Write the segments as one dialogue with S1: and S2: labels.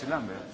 S1: si Lambert.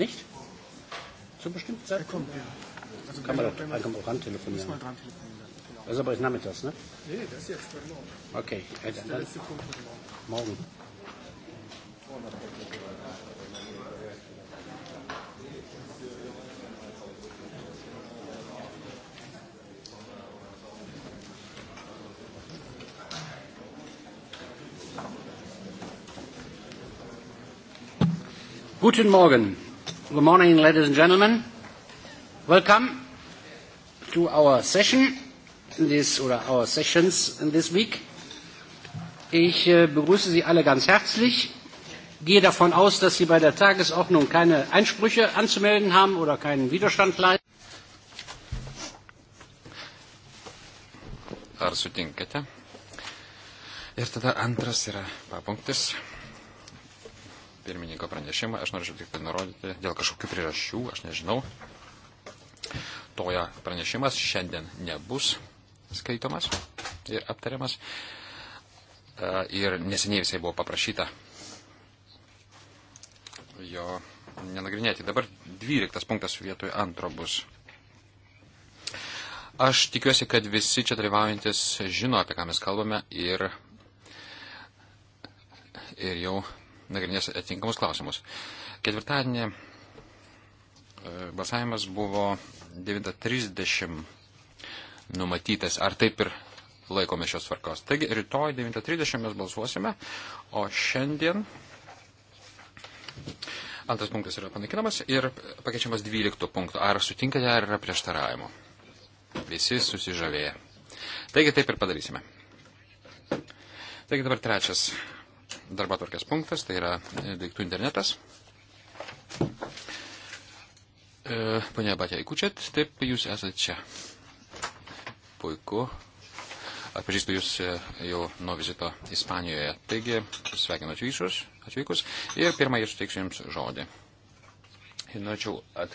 S1: Nicht? Zu bestimmten Zeit? Er kommt, ja. Also kann man doch dann kommt auch ran telefonieren. Muss man dran telefonieren. Genau. Das ist aber nicht nachmittags, ne? Nee, das ist jetzt dann morgen. Okay. Das ist der letzte Punkt heute Morgen. Morgen. Guten Morgen. Good morning, ladies and gentlemen. Welcome to our session in this oder our sessions in this week. Ich äh, begrüße Sie alle ganz herzlich. Gehe davon aus, dass Sie bei der Tagesordnung keine Einsprüche anzumelden haben oder keinen Widerstand leisten.
S2: Ar sutinkate? Ir tada antras yra papunktis pirmininko pranešimą. Aš norėčiau tik tai nurodyti, dėl kažkokių priežasčių, aš nežinau, toja pranešimas šiandien nebus skaitomas ir aptariamas. E, ir neseniai visai buvo paprašyta jo nenagrinėti. Dabar 12 punktas vietoj antro bus. Aš tikiuosi, kad visi čia dalyvaujantis žino, apie ką mes kalbame ir, ir jau nagrinės atinkamus klausimus. Ketvirtadienį e, balsavimas buvo 9.30 numatytas, ar taip ir laikome šios tvarkos. Taigi rytoj 9.30 mes balsuosime, o šiandien antras punktas yra panaikinamas ir pakeičiamas 12 punktų. Ar sutinkate, ar yra prieštaravimo? Visi susižavėję. Taigi taip ir padarysime. Taigi dabar trečias darbo atvarkės punktas, tai yra e, daiktų internetas. E, Pane Batė, kučiat, taip, jūs esate čia. Puiku. Atpažįstu jūs e, jau nuo vizito Ispanijoje. Taigi, sveikinu atvykus, atvykus ir pirmą ir suteiksiu jums žodį. Ir norėčiau at,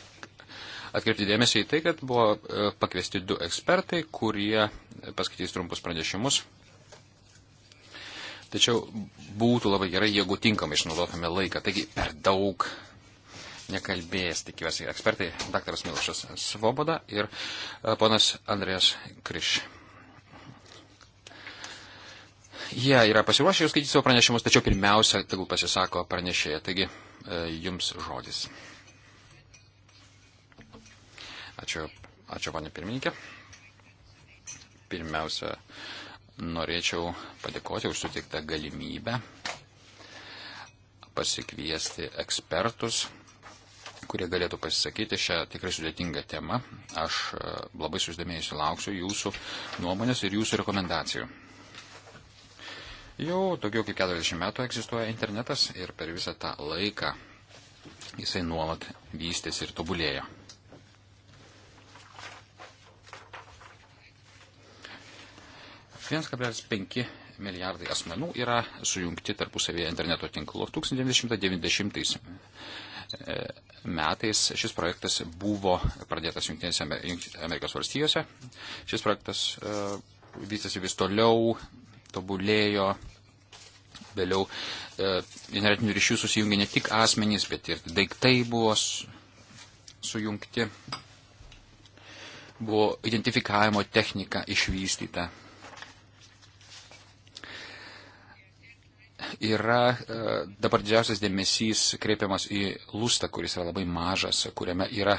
S2: atkreipti dėmesį į tai, kad buvo e, pakviesti du ekspertai, kurie paskaitys trumpus pranešimus Tačiau būtų labai gerai, jeigu tinkamai išnaudotume laiką. Taigi per daug nekalbėjęs, tikiuosi, ekspertai, dr. Milošas Svoboda ir e, ponas Andrės Kriš. Jie yra pasiruošę jau skaityti savo pranešimus, tačiau pirmiausia, tegul pasisako pranešėja. Taigi, e, jums žodis. Ačiū, ačiū ponė pirmininkė. Pirmiausia, uh, norėčiau padėkoti už sutiktą galimybę pasikviesti ekspertus, kurie galėtų pasisakyti šią tikrai sudėtingą temą. Aš e, labai susidomėjusi lauksiu jūsų nuomonės ir jūsų rekomendacijų. Jau daugiau kaip 40 metų egzistuoja internetas ir per visą tą laiką jisai nuolat vystėsi ir tobulėjo. 1,5 milijardai asmenų yra sujungti tarpusavėje interneto tinklu. 1990 e, metais šis projektas buvo pradėtas Junktinėse Amerikos valstijose. Šis projektas e, vystėsi vis toliau, tobulėjo. Vėliau e, internetinių ryšių susijungė ne tik asmenys, bet ir daiktai buvo sujungti. Buvo identifikavimo technika išvystyta yra e, dabar didžiausias dėmesys kreipiamas į lustą, kuris yra labai mažas, kuriame yra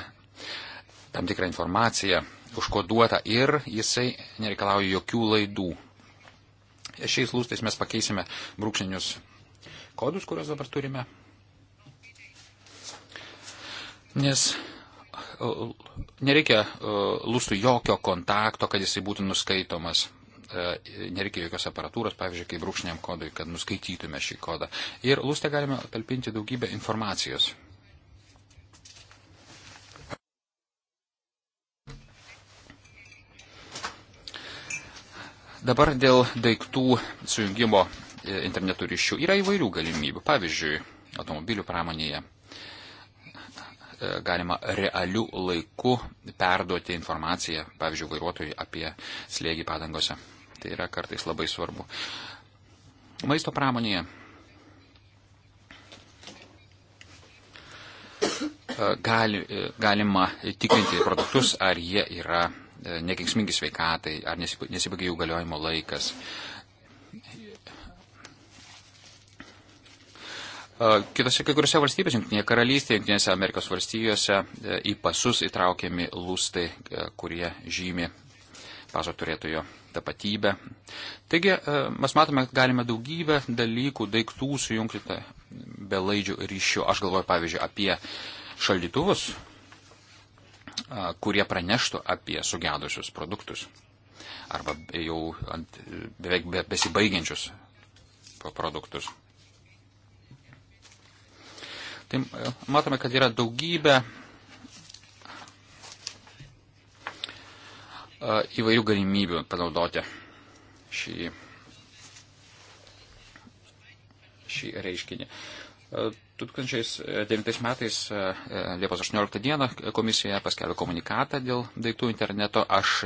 S2: tam tikra informacija užkoduota ir jisai nereikalauja jokių laidų. Šiais lūstais mes pakeisime brūkšninius kodus, kuriuos dabar turime. Nes e, nereikia e, lūstų jokio kontakto, kad jisai būtų nuskaitomas. E, nereikia jokios aparatūros, pavyzdžiui, kaip brūkšniam kodui, kad nuskaitytume šį kodą. Ir lūstę galime talpinti daugybę informacijos. Dabar dėl daiktų sujungimo e, internetu ryšių yra įvairių galimybių. Pavyzdžiui, automobilių pramonėje e, galima realių laikų perduoti informaciją, pavyzdžiui, vairuotojui apie slėgį padangose. Tai yra kartais labai svarbu. Maisto pramonėje. Gali, galima tikrinti produktus, ar jie yra e, nekenksmingi sveikatai, ar nesibaigia jų galiojimo laikas. E, kitose kai kuriuose valstybėse, Junktinėje karalystėje, Junktinėse Amerikos valstijose e, į pasus įtraukiami lūstai, kurie žymi paso turėtojo tapatybę. Taigi e, mes matome, kad galime daugybę dalykų, daiktų sujungti be laidžių ryšių. Aš galvoju, pavyzdžiui, apie šaldytuvus, e, kurie praneštų apie sugedusius produktus arba jau ant beveik be, besibaigiančius produktus. Tai matome, kad yra daugybė įvairių galimybių panaudoti šį, šį reiškinį. 2009 metais Liepos 18 dieną komisija paskelbė komunikatą dėl daiktų interneto. Aš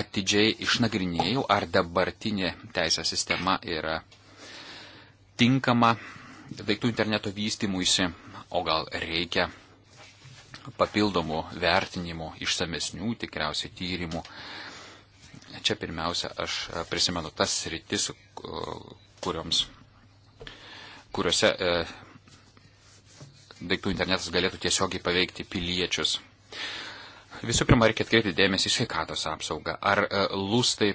S2: atidžiai išnagrinėjau, ar dabartinė teisės sistema yra tinkama daiktų interneto vystimuisi, o gal reikia papildomų vertinimų, išsamesnių tikriausiai tyrimų. Čia pirmiausia, aš e, prisimenu tas rytis, kurioms, kuriuose e, daiktų internetas galėtų tiesiogiai paveikti piliečius. Visų pirma, reikia atkreipti dėmesį į sveikatos apsaugą. Ar e, lūstai,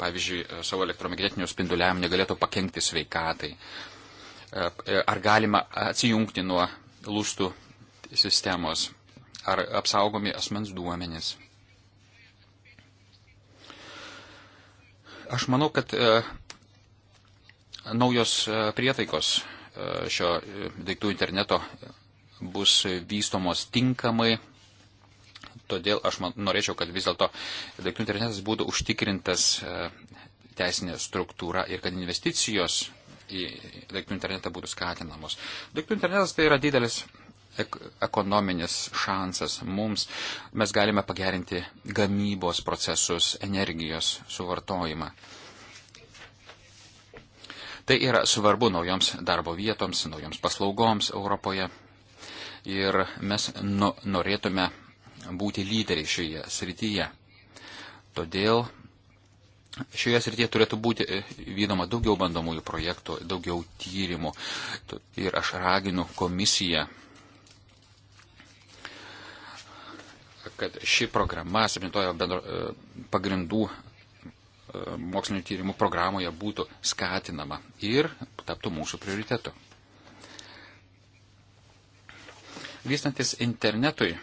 S2: pavyzdžiui, e, savo elektromagnetinių spinduliavimų negalėtų pakengti sveikatai? E, e, ar galima atsijungti nuo lūstų sistemos, ar apsaugomi asmens duomenys. Aš manau, kad e, naujos e, prietaikos e, šio e, daiktų interneto bus vystomos tinkamai, todėl aš man, norėčiau, kad vis dėlto daiktų internetas būtų užtikrintas e, teisinė struktūra ir kad investicijos į daiktų internetą būtų skatinamos. Daiktų internetas tai yra didelis ek ekonominis šansas mums. Mes galime pagerinti gamybos procesus, energijos suvartojimą. Tai yra svarbu naujoms darbo vietoms, naujoms paslaugoms Europoje. Ir mes nu, norėtume būti lyderiai šioje srityje. Todėl šioje srityje turėtų būti e, vykdoma daugiau bandomųjų projektų, daugiau tyrimų. Ir aš raginu komisiją kad ši programa, septintojo bendro, e, pagrindų e, mokslinio tyrimų programoje būtų skatinama ir taptų mūsų prioritetu. Vystantis internetui e,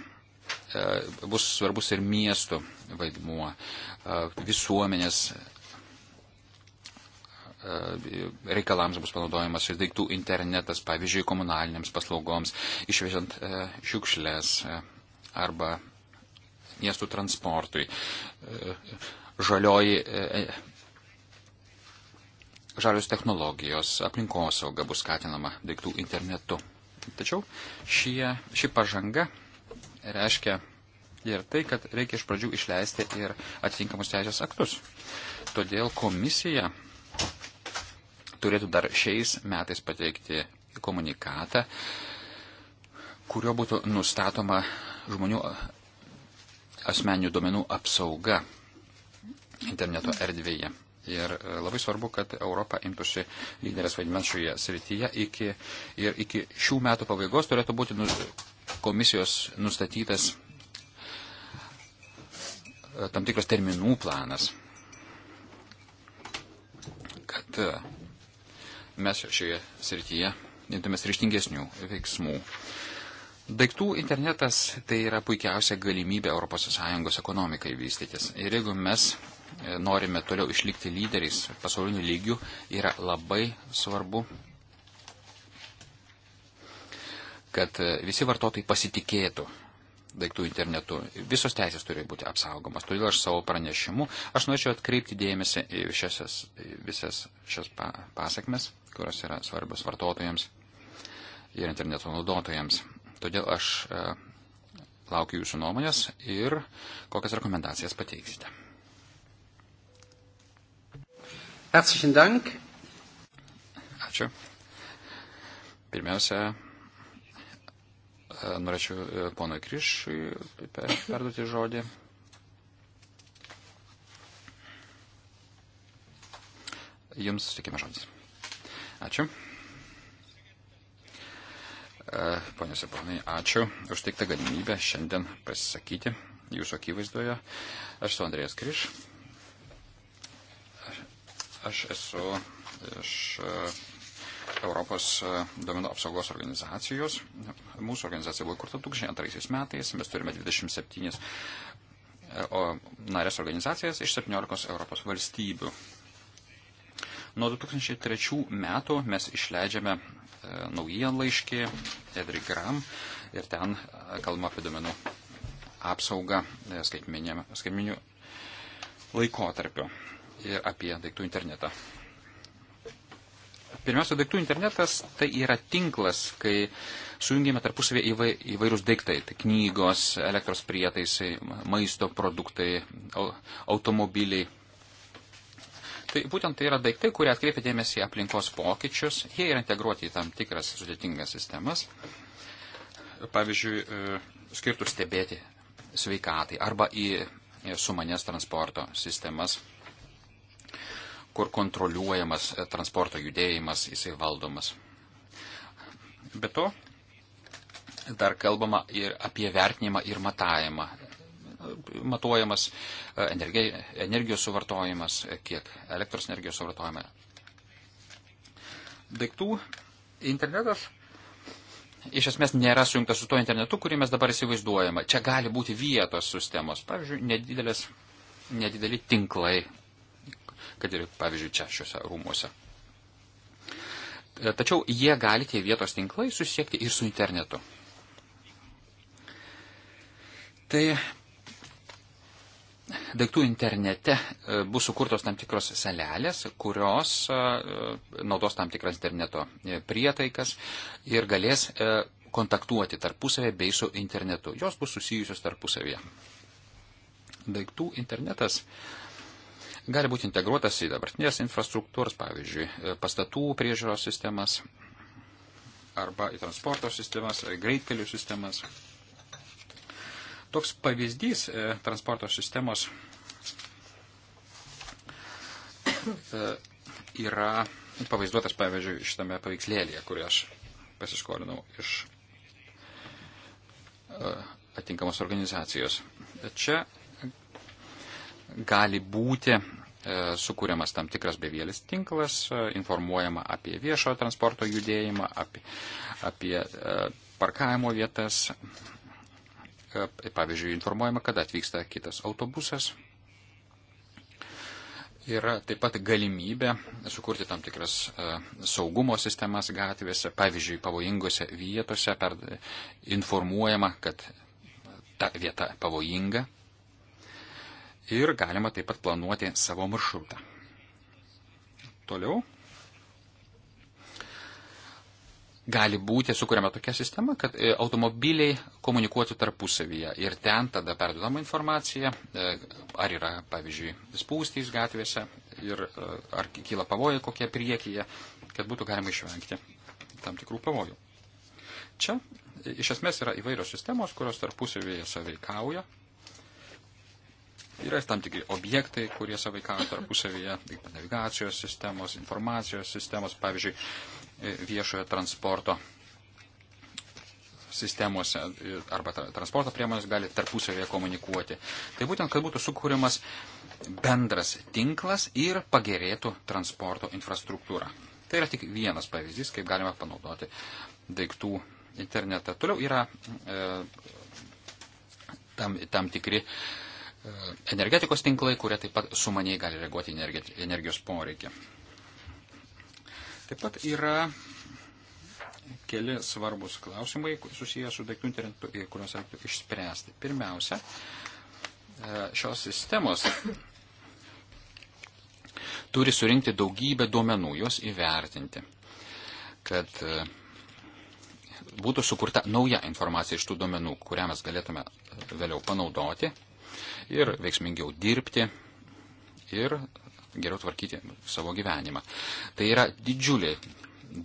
S2: bus svarbus ir miestų vaidmuo, visuomenės reikalams bus panaudojamas ir daiktų internetas, pavyzdžiui, komunaliniams paslaugoms, išvežant šiukšlės arba miestų transportui. E, žalioji, e, e, žalios technologijos, aplinkosauga bus skatinama daiktų internetu. Tačiau šie, ši pažanga reiškia ir tai, kad reikia iš pradžių išleisti ir atitinkamus teisės aktus. Todėl komisija turėtų dar šiais metais pateikti komunikatą, kurio būtų nustatoma žmonių asmeninių duomenų apsauga interneto erdvėje. Ir e, labai svarbu, kad Europa imtųsi lyderės vaidmens šioje srityje iki, ir iki šių metų pabaigos turėtų būti nu, komisijos nustatytas e, tam tikras terminų planas, kad e, mes šioje srityje imtumės ryštingesnių veiksmų. Daiktų internetas tai yra puikiausia galimybė ES ekonomikai vystytis. Ir jeigu mes e, norime toliau išlikti lyderiais pasaulinių lygių, yra labai svarbu, kad e, visi vartotojai pasitikėtų daiktų internetu. Visos teisės turi būti apsaugomas. Todėl aš savo pranešimu, aš norėčiau atkreipti dėmesį į šias, visas šias pasakmes, kurios yra svarbios vartotojams ir interneto naudotojams. Todėl aš e, laukiu jūsų nuomonės ir kokias rekomendacijas pateiksite. Herzlichen Dank. Ačiū. Pirmiausia, e, norėčiau e, ponui Krišui perduoti žodį. Jums sutikime žodis. Ačiū. E, ponios ir ponai, ačiū už teiktą galimybę šiandien pasisakyti jūsų akivaizdoje. Aš esu Andrėjas Kriš. Aš esu iš e, Europos e, duomenų apsaugos organizacijos. Mūsų organizacija buvo kurta 2002 metais. Mes turime 27 narės organizacijas iš 17 Europos valstybių. Nuo 2003 metų mes išleidžiame E, naujienlaiškį Edri Gram ir ten e, kalbama apie duomenų apsaugą e, skaitmeninių laikotarpių ir apie daiktų internetą. Pirmiausia, daiktų internetas tai yra tinklas, kai sujungiame tarpusavį įvai, įvairius daiktai. Tai knygos, elektros prietaisai, maisto produktai, automobiliai, Tai būtent tai yra daiktai, kurie atkreipia dėmesį į aplinkos pokyčius, jie yra integruoti į tam tikras sudėtingas sistemas, pavyzdžiui, e, skirtų stebėti sveikatai arba į sumanės transporto sistemas, kur kontroliuojamas e, transporto judėjimas, jisai valdomas. Be to, dar kalbama ir apie vertinimą ir matavimą matuojamas e, energijos suvartojimas, e, kiek elektros energijos suvartojama. Daiktų internetas iš esmės nėra sujungtas su tuo internetu, kurį mes dabar įsivaizduojame. Čia gali būti vietos sistemos, pavyzdžiui, nedidelės, nedideli tinklai, kad ir, pavyzdžiui, čia šiuose rūmuose. E, tačiau jie gali tie vietos tinklai susiekti ir su internetu. Tai daiktų internete e, bus sukurtos tam tikros salelės, kurios e, naudos tam tikras interneto e, prietaikas ir galės kontaktuoti tarpusavę bei su internetu. Jos bus susijusios tarpusavėje. Daiktų internetas gali būti integruotas į dabartinės infrastruktūros, pavyzdžiui, pastatų priežiūros sistemas arba į transporto sistemas, greitkelių sistemas. Toks pavyzdys e, transporto sistemos e, yra pavaizduotas, pavyzdžiui, šitame paveikslėlėje, kurį aš pasiskolinau iš e, atinkamos organizacijos. Čia gali būti sukūriamas tam tikras bevėlis tinklas, informuojama apie viešojo transporto judėjimą, apie, apie parkavimo vietas, E, pavyzdžiui, informuojama, kada atvyksta kitas autobusas. Yra taip pat galimybė sukurti tam tikras e, saugumo sistemas gatvėse, pavyzdžiui, pavojingose vietose, per, informuojama, kad ta vieta pavojinga. Ir galima taip pat planuoti savo maršrutą. Toliau gali būti sukuriama tokia sistema, kad e, automobiliai komunikuotų tarpusavyje ir ten tada perduodama informacija, e, ar yra, pavyzdžiui, spūstys gatvėse ir e, ar kyla pavojai kokie priekyje, kad būtų galima išvengti tam tikrų pavojų. Čia iš esmės yra įvairios sistemos, kurios tarpusavyje saveikauja Yra ir tam tikri objektai, kurie savaikauja tarpusavyje, kaip navigacijos sistemos, informacijos sistemos, pavyzdžiui, e, viešojo transporto sistemose e, arba transporto priemonės gali tarpusavėje komunikuoti. Tai būtent, kad būtų sukūrimas bendras tinklas ir pagerėtų transporto infrastruktūra. Tai yra tik vienas pavyzdys, kaip galima panaudoti daiktų internetą. Toliau yra e, tam, tam tikri e, energetikos tinklai, kurie taip pat sumaniai gali reaguoti energijos poreikį. Taip pat yra keli svarbus klausimai susijęs su daiktų internetu, kuriuos reiktų išspręsti. Pirmiausia, e, šios sistemos turi surinkti daugybę duomenų, juos įvertinti, kad e, būtų sukurta nauja informacija iš tų duomenų, kurią mes galėtume e, vėliau panaudoti ir veiksmingiau dirbti ir geriau tvarkyti savo gyvenimą. Tai yra didžiuliai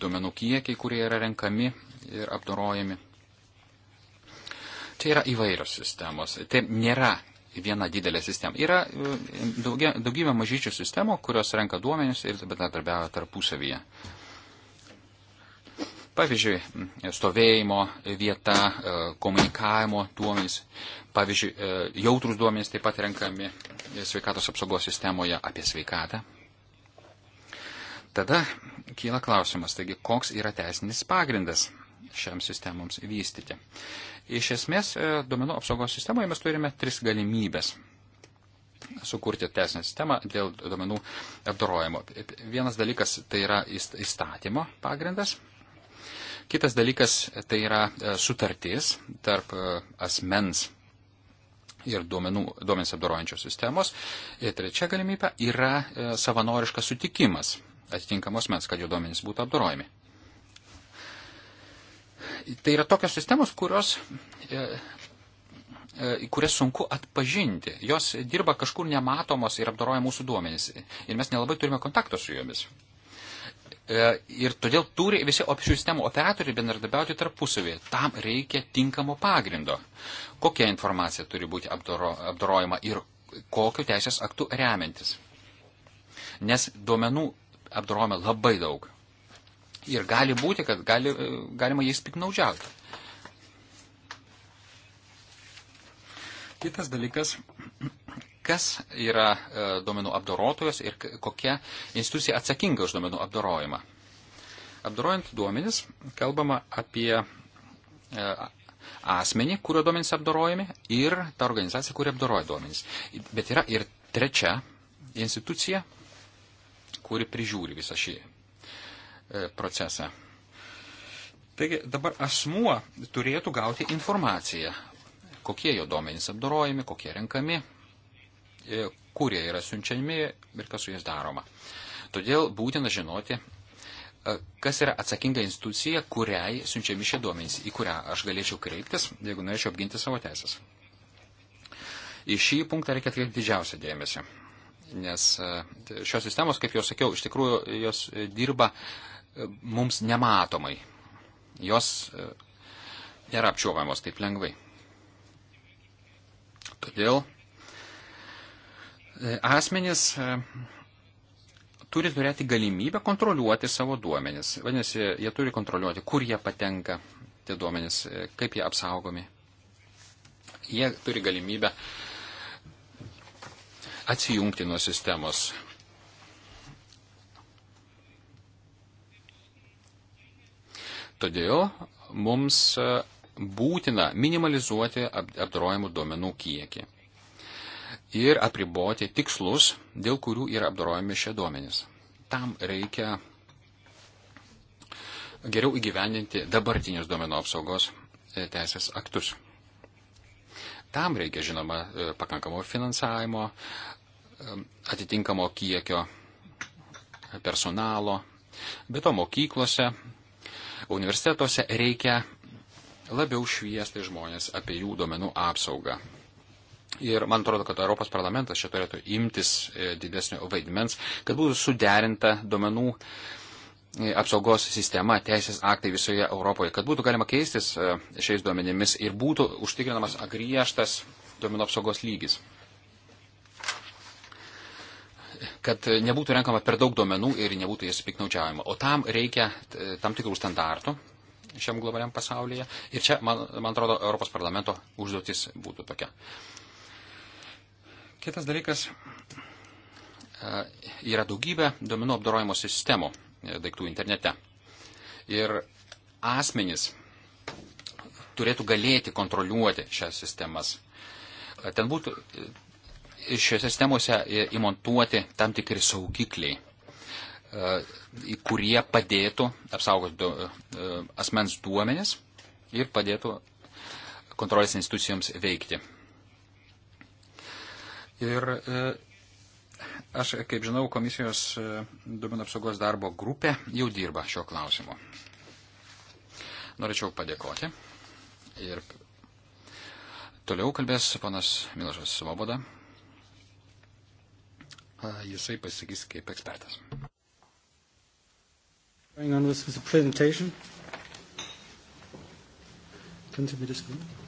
S2: duomenų kiekiai, kurie yra renkami ir apdorojami. Čia tai yra įvairios sistemos. Tai nėra viena didelė sistema. Yra e, daugia, daugybė mažyčių sistemų, kurios renka duomenis ir bendradarbiavo tarpusavyje. Uh, Pavyzdžiui, stovėjimo vieta, e, komunikavimo duomenys, pavyzdžiui, e, jautrus duomenys taip pat renkami sveikatos apsaugos sistemoje apie sveikatą. Tada kyla klausimas, taigi, koks yra teisinis pagrindas šiam sistemoms vystyti. Iš esmės, e, duomenų apsaugos sistemoje mes turime tris galimybės sukurti teisinę sistemą dėl duomenų apdorojimo. Vienas dalykas tai yra įstatymo pagrindas, Kitas dalykas tai yra e, sutartis tarp e, asmens ir duomenų, duomenys apdorojančios sistemos. Ir trečia galimybė yra e, savanoriškas sutikimas atitinkamos mens, kad jo duomenys būtų apdorojami. Tai yra tokios sistemos, kurios, e, e, kurias sunku atpažinti. Jos dirba kažkur nematomos ir apdoroja mūsų duomenys. Ir mes nelabai turime kontakto su jomis. E, ir todėl turi visi šių sistemų operatoriai bendradarbiauti tarpusavėje. Tam reikia tinkamo pagrindo. Kokia informacija turi būti apdoro, apdorojama ir kokiu teisės aktu remiantis. Nes duomenų apdorojama labai daug. Ir gali būti, kad gali, e, galima jais piknaudžiauti. Kitas dalykas kas yra e, duomenų apdorotojas ir kokia institucija atsakinga už duomenų apdorojimą. Apdorojant duomenis, kalbama apie e, asmenį, kurio duomenys apdorojami ir ta organizacija, kuri apdoroja duomenys. Bet yra ir trečia institucija, kuri prižiūri visą šį e, procesą. Taigi dabar asmuo turėtų gauti informaciją, kokie jo duomenys apdorojami, kokie renkami, E, kurie yra siunčiami ir kas su jais daroma. Todėl būtina žinoti, e, kas yra atsakinga institucija, kuriai siunčiami šie duomenys, į kurią aš galėčiau kreiptis, jeigu norėčiau apginti savo teisės. Į šį punktą reikia atkreipti didžiausią dėmesį, nes e, šios sistemos, kaip jau sakiau, iš tikrųjų jos dirba mums nematomai. Jos nėra apčiuopiamos taip lengvai. Todėl E, asmenys e, turi turėti galimybę kontroliuoti savo duomenis. Vadinasi, jie turi kontroliuoti, kur jie patenka, tie duomenis, e, kaip jie apsaugomi. Jie turi galimybę atsijungti nuo sistemos. Todėl mums būtina minimalizuoti apdorojimų duomenų kiekį ir apriboti tikslus, dėl kurių yra apdorojami šie duomenys. Tam reikia geriau įgyvendinti dabartinius duomenų apsaugos e, teisės aktus. Tam reikia, žinoma, e, pakankamo finansavimo, e, atitinkamo kiekio personalo. Be to mokyklose, universitetuose reikia labiau šviesti žmonės apie jų duomenų apsaugą. Ir man atrodo, kad Europos parlamentas čia turėtų imtis e, didesnio vaidmens, kad būtų suderinta duomenų e, apsaugos sistema, teisės aktai visoje Europoje, kad būtų galima keistis e, šiais duomenimis ir būtų užtikrinamas griežtas duomenų apsaugos lygis. Kad nebūtų renkama per daug duomenų ir nebūtų jais piknaudžiaujama. O tam reikia tam tikrų standartų šiam globaliam pasaulyje. Ir čia, man, man atrodo, Europos parlamento užduotis būtų tokia. Uh, Kitas dalykas e, yra daugybė duomenų apdorojimo sistemų e, daiktų internete. Ir asmenys turėtų galėti kontroliuoti šias sistemas. E, ten būtų šiuose sistemuose įmontuoti tam tikri saugikliai, kurie padėtų apsaugoti asmens duomenis ir padėtų kontrolės institucijoms veikti. Ir e, aš, kaip žinau, komisijos e, duomenų apsaugos darbo grupė jau dirba šio klausimu. Norėčiau padėkoti. Ir toliau kalbės panas Milošas Svoboda. Jisai pasisakys kaip ekspertas.
S1: Going on with the presentation. Can you be disconnected?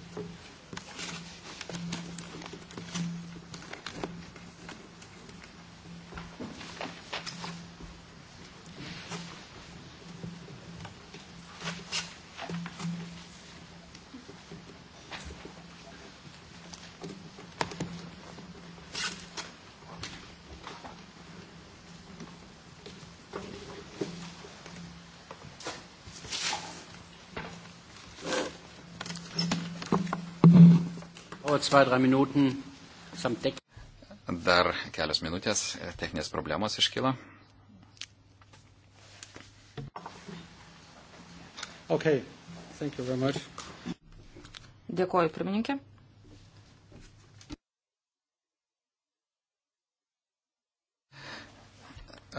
S2: Dar kelios minutės, techninės problemos iškyla.
S1: Okay.
S3: Dėkoju, pirmininkė.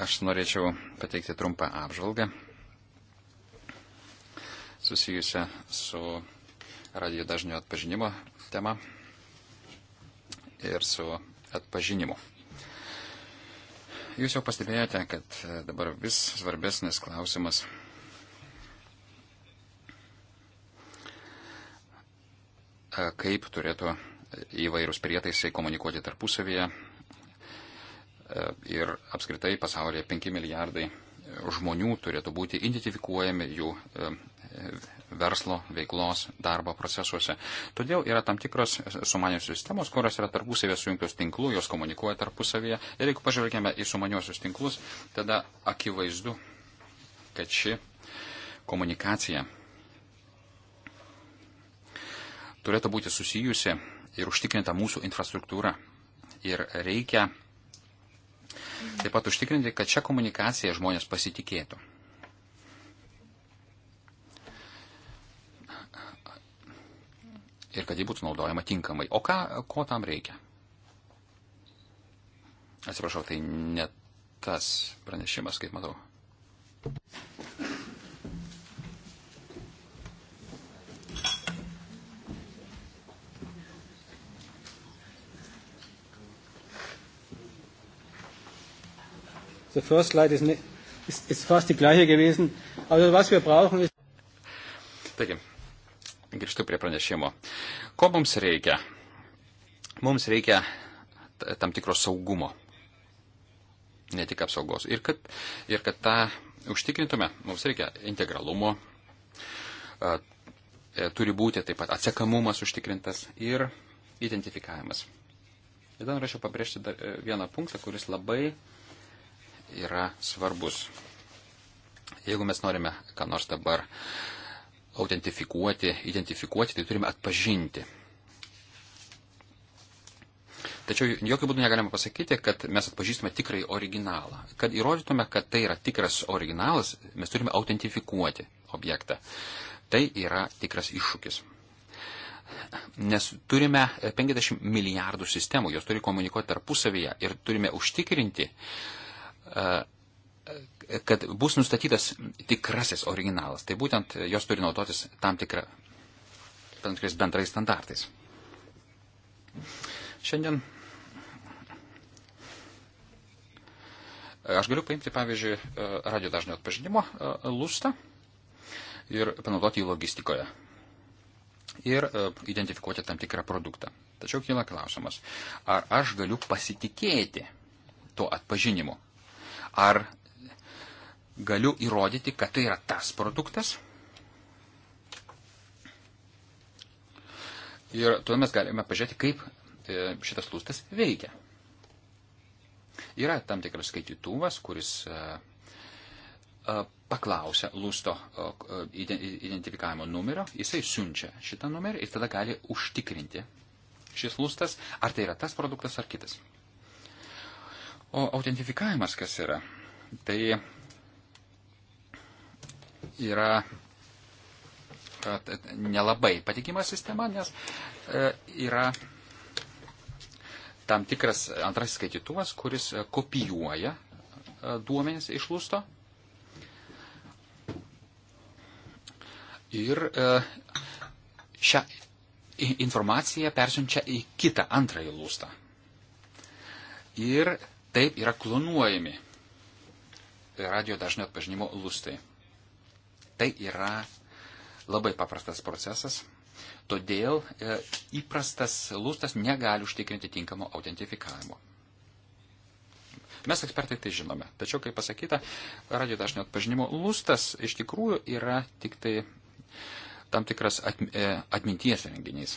S2: Aš norėčiau pateikti trumpą apžvalgą susijusią su radio dažnio atpažinimo tema ir su atpažinimu. Jūs jau pastebėjote, kad e, dabar vis svarbesnis klausimas e, kaip turėtų įvairūs prietaisai komunikuoti tarpusavyje e, ir apskritai pasaulyje 5 milijardai žmonių turėtų būti identifikuojami jų verslo veiklos darbo procesuose. Todėl yra tam tikros sumanios sistemos, kurios yra tarpusavėje sujungtos tinklų, jos komunikuoja tarpusavėje. Ir jeigu pažvelgėme į sumaniosius tinklus, tada akivaizdu, kad ši komunikacija turėtų būti susijusi ir užtikrinta mūsų infrastruktūra. Ir reikia taip pat užtikrinti, kad šią komunikaciją žmonės pasitikėtų. ir kad ji būtų naudojama tinkamai. O ką, ko tam reikia? Atsiprašau, tai ne tas pranešimas, kaip matau.
S1: The first slide is, ist, ist fast die gleiche gewesen. Also was wir brauchen ist.
S2: Taigi, grįžtu prie pranešimo. Ko mums reikia? Mums reikia tam tikro saugumo, ne tik apsaugos. Ir kad, ir kad tą užtikrintume, mums reikia integralumo, e, turi būti taip pat atsekamumas užtikrintas ir identifikavimas. Ir dar norėčiau pabrėžti dar e, vieną punktą, kuris labai yra svarbus. Jeigu mes norime, ką nors dabar uh, autentifikuoti, identifikuoti, tai turime atpažinti. Tačiau jokių būdų negalima pasakyti, kad mes atpažįstame tikrai originalą. Kad įrodytume, kad tai yra tikras originalas, mes turime autentifikuoti objektą. Tai yra tikras iššūkis. Nes turime 50 milijardų sistemų, jos turi komunikuoti tarpusavyje ir turime užtikrinti, kad bus nustatytas tikrasis originalas. Tai būtent jos turi naudotis tam, tikra, tam tikrais bendrais standartais. Šiandien aš galiu paimti, pavyzdžiui, radio dažnio atpažinimo e, lustą ir panaudoti jį logistikoje ir e, identifikuoti tam tikrą produktą. Tačiau kyla klausimas, ar aš galiu pasitikėti tuo atpažinimu? Ar galiu įrodyti, kad tai yra tas produktas. Ir tuomet mes galime pažiūrėti, kaip e, šitas lustas veikia. Yra tam tikras skaitytuvas, kuris e, e, paklausia lusto identifikavimo numerio, jisai siunčia šitą numerį ir tada gali užtikrinti šis lustas, ar tai yra tas produktas ar kitas. O autentifikavimas kas yra? Tai yra nelabai patikima sistema, nes e, yra tam tikras antrasis skaitytuvas, kuris e, kopijuoja e, duomenys iš lūsto. Ir šią informaciją persiunčia į kitą antrąjį lūstą. Ir taip yra klonuojami radio dažnio atpažinimo lūstai. Tai yra labai paprastas procesas, todėl e, įprastas lūstas negali užtikrinti tinkamo autentifikavimo. Mes ekspertai tai žinome, tačiau, kaip pasakyta, radio dažnio atpažinimo lūstas iš tikrųjų yra tik tai tam tikras e, atminties renginys.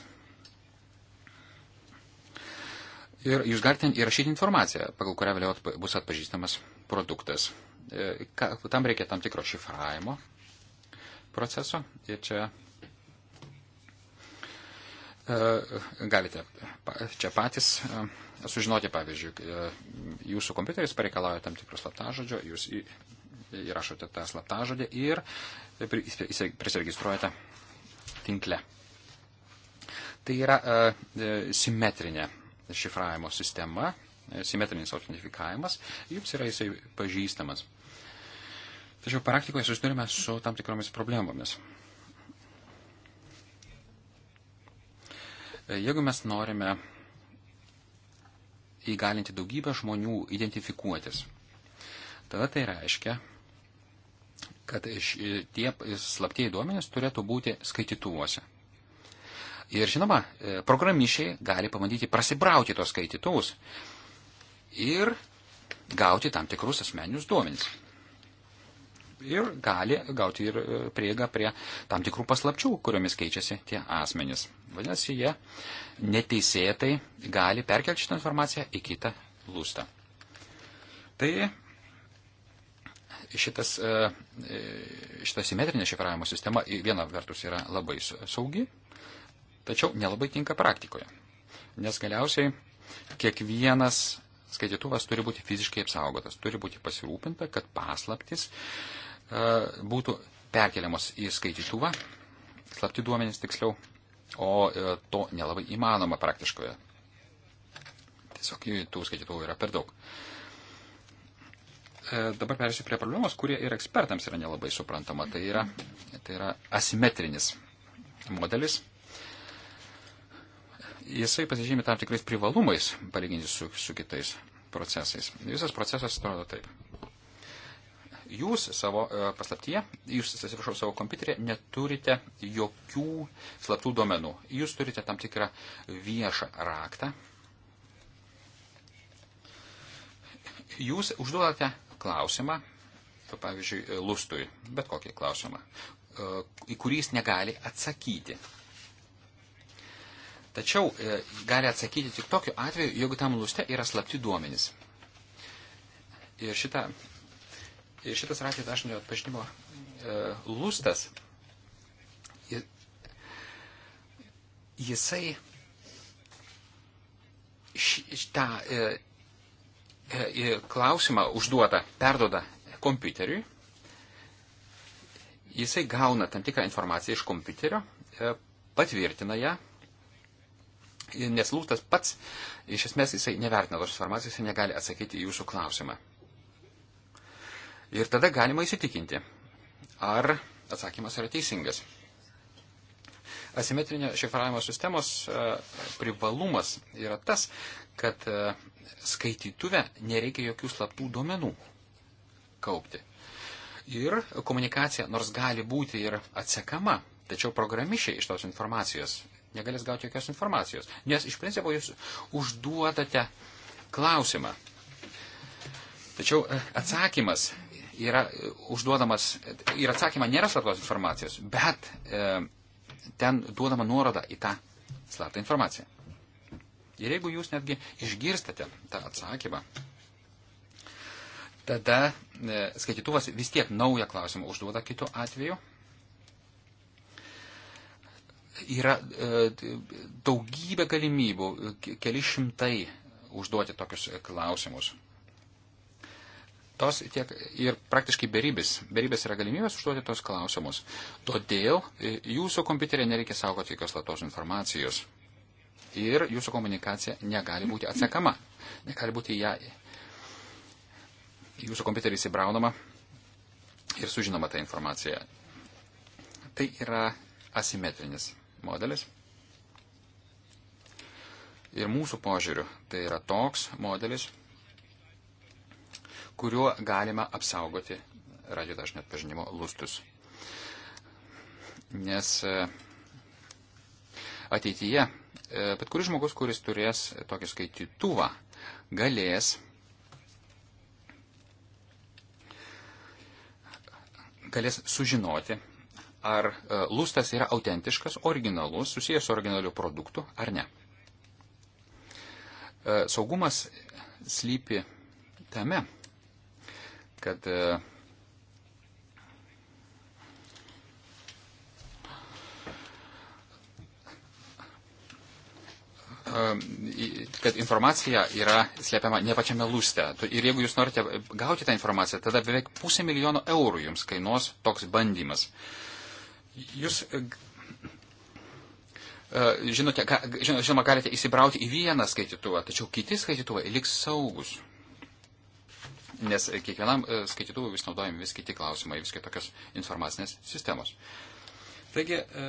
S2: Ir jūs galite įrašyti informaciją, pagal kurią vėliau bus atpažįstamas produktas. E, tam reikia tam tikro šifravimo, proceso. Ir čia e, galite čia patys e, sužinoti, pavyzdžiui, e, jūsų kompiuteris pareikalauja tam tikrų slaptažodžio, jūs įrašote tą slaptažodį ir prisiregistruojate tinkle. Tai yra simetrinė šifravimo sistema, simetrinis autentifikavimas, jums yra jisai pažįstamas. Tačiau praktikoje susidurime su tam tikromis problemomis. Jeigu mes norime įgalinti daugybę žmonių identifikuotis, tada tai reiškia, kad tie slaptieji duomenys turėtų būti skaitytuvuose. Ir žinoma, e, programišiai gali pamatyti prasibrauti tos skaitytuvus ir gauti tam tikrus asmeninius duomenys ir gali gauti ir e, prieigą prie tam tikrų paslapčių, kuriomis keičiasi tie asmenys. Vadinasi, jie neteisėtai gali perkelti šitą informaciją į kitą lūstą. Tai šitas, e, e, šita simetrinė šifravimo sistema viena vertus yra labai saugi, tačiau nelabai tinka praktikoje. Nes galiausiai kiekvienas skaitytuvas turi būti fiziškai apsaugotas, turi būti pasirūpinta, kad paslaptis E, būtų perkeliamos į skaitytuvą, slapti duomenys tiksliau, o e, to nelabai įmanoma praktiškoje. Tiesiog tų skaitytuvų yra per daug. E, dabar perėsiu prie problemos, kurie ir ekspertams yra nelabai suprantama. Tai yra, tai yra asimetrinis modelis. Jisai pasižymė tam tikrais privalumais palyginti su, su kitais procesais. Visas procesas atrodo taip. Jūs savo e, paslaptyje, jūs, atsiprašau, savo kompiuterėje neturite jokių slaptų duomenų. Jūs turite tam tikrą viešą raktą. Jūs užduodate klausimą, pavyzdžiui, lustui, bet kokį klausimą, e, į kurį jis negali atsakyti. Tačiau e, gali atsakyti tik tokiu atveju, jeigu tam luste yra slapti duomenys. Ir šitą šitas ratinio dažnio atpažinimo
S1: e,
S2: lustas, jisai šitą e, e, klausimą užduoda, perdoda kompiuteriui, jisai gauna tam tikrą informaciją iš kompiuterio, patvirtina ją, nes lūtas pats, iš esmės jisai nevertina tos informacijos ir negali atsakyti į jūsų klausimą. Ir tada galima įsitikinti, ar atsakymas yra teisingas. Asimetrinio šifravimo sistemos e, privalumas yra tas, kad e, skaitytuve nereikia jokių slaptų duomenų kaupti. Ir komunikacija, nors gali būti ir atsekama, tačiau programišiai iš tos informacijos negalės gauti jokios informacijos, nes iš principo jūs užduodate klausimą. Tačiau e, atsakymas yra e, užduodamas, ir atsakymą nėra slaptos informacijos, bet e, ten duodama nuoroda į tą slaptą informaciją. Ir jeigu jūs netgi išgirstate tą atsakymą, tada e, skaitytuvas vis tiek naują klausimą užduoda kitų atveju. Yra e, daugybė galimybių, keli šimtai užduoti tokius klausimus tos tiek ir praktiškai beribis. Beribės yra galimybės užduoti tos klausimus. Todėl e, jūsų kompiuterė nereikia saugoti jokios latos informacijos. Ir jūsų komunikacija negali būti atsekama. Negali būti ją. Jūsų kompiuterį įsibraunama ir sužinoma ta informacija. Tai yra asimetrinis modelis. Ir mūsų požiūriu tai yra toks modelis, kuriuo galima apsaugoti radio dažnio atpažinimo lustus. Nes e, ateityje e, bet kuris žmogus, kuris turės tokį skaitytuvą, galės galės sužinoti, ar e, lustas yra autentiškas, originalus, susijęs su originaliu produktu ar ne. Saugumas slypi tame, kad e, e, kad informacija yra slepiama ne pačiame lūste. Ir jeigu jūs norite gauti tą informaciją, tada beveik pusę milijono eurų jums kainuos toks bandymas. Jūs e, žinote, žinoma, galite įsibrauti į vieną skaitytuvą, tačiau kiti skaitytuvai liks saugus nes kiekvienam e, skaitytuvui vis naudojami vis kiti klausimai, vis kitokios informacinės sistemos. Taigi, e,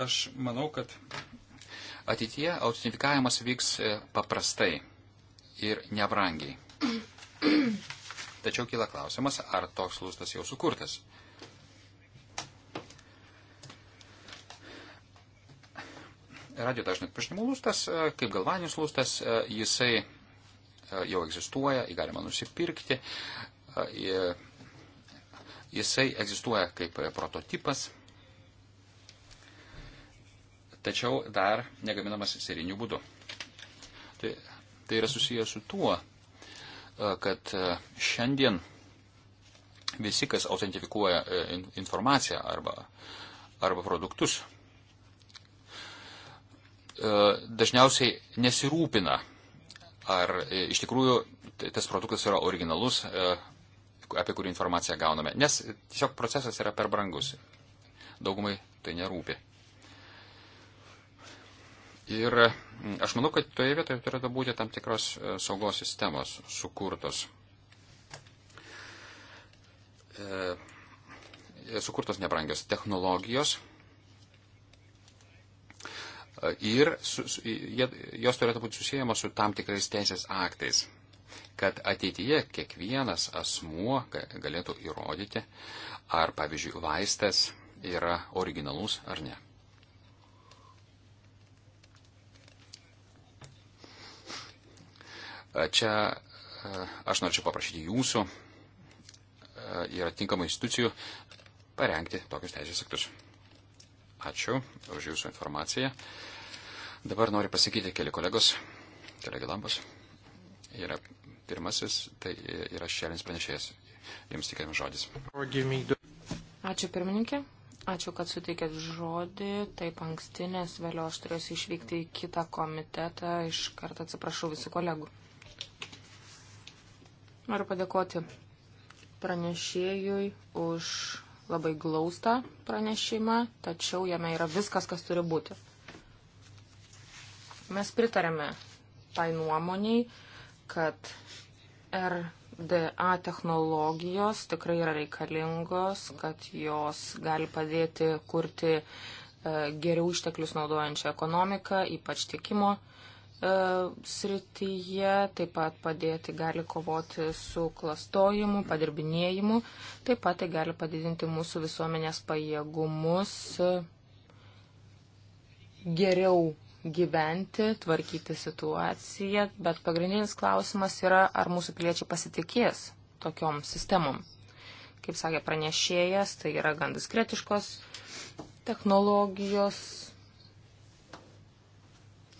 S2: aš manau, kad ateityje autentifikavimas vyks e, paprastai ir nebrangiai. Tačiau kyla klausimas, ar toks lūstas jau sukurtas. Radio dažnai atpažinimo lūstas, kaip galvanius lūstas, jisai E, jau egzistuoja, jį galima nusipirkti. E, jisai egzistuoja kaip prototipas, tačiau dar negaminamas seriniu būdu. Tai, tai yra susijęs su tuo, e, kad šiandien visi, kas autentifikuoja informaciją arba, arba produktus, dažniausiai nesirūpina ar e, iš tikrųjų tas produktas yra originalus, e, apie kurį informaciją gauname. Nes tiesiog procesas yra per brangus. Daugumai tai nerūpi. Ir aš manau, kad toje vietoje turėtų būti tam tikros e, saugos sistemos sukurtos. E, sukurtos nebrangios technologijos, E, ir su, su, jie, jos turėtų būti susijęma su tam tikrais teisės aktais, kad ateityje kiekvienas asmuo galėtų įrodyti, ar, pavyzdžiui, vaistas yra originalus ar ne. E, čia e, aš norėčiau paprašyti jūsų ir atinkamų institucijų parengti tokius teisės aktus. Ačiū už Jūsų informaciją. Dabar noriu pasakyti keli kolegos, keli lambos. Yra pirmasis, tai yra šėlinis pranešėjas. Jums tikėjim žodis.
S3: Ačiū pirmininkė. Ačiū, kad suteikėt žodį. Taip anksti, nes vėliau aš turėsiu išvykti į kitą komitetą. Iš karto atsiprašau visų kolegų. Noriu padėkoti pranešėjui už labai glaustą pranešimą, tačiau jame yra viskas, kas turi būti. Mes pritarėme tai nuomoniai, kad RDA technologijos tikrai yra reikalingos, kad jos gali padėti kurti e, geriau išteklius naudojančią ekonomiką, ypač tikimo E, srityje, taip pat padėti gali kovoti su klastojimu, padirbinėjimu, taip pat tai gali padidinti mūsų visuomenės pajėgumus e, geriau gyventi, tvarkyti situaciją, bet pagrindinis klausimas yra, ar mūsų piliečiai pasitikės tokiom sistemom. Kaip sakė pranešėjas, tai yra gan diskretiškos technologijos,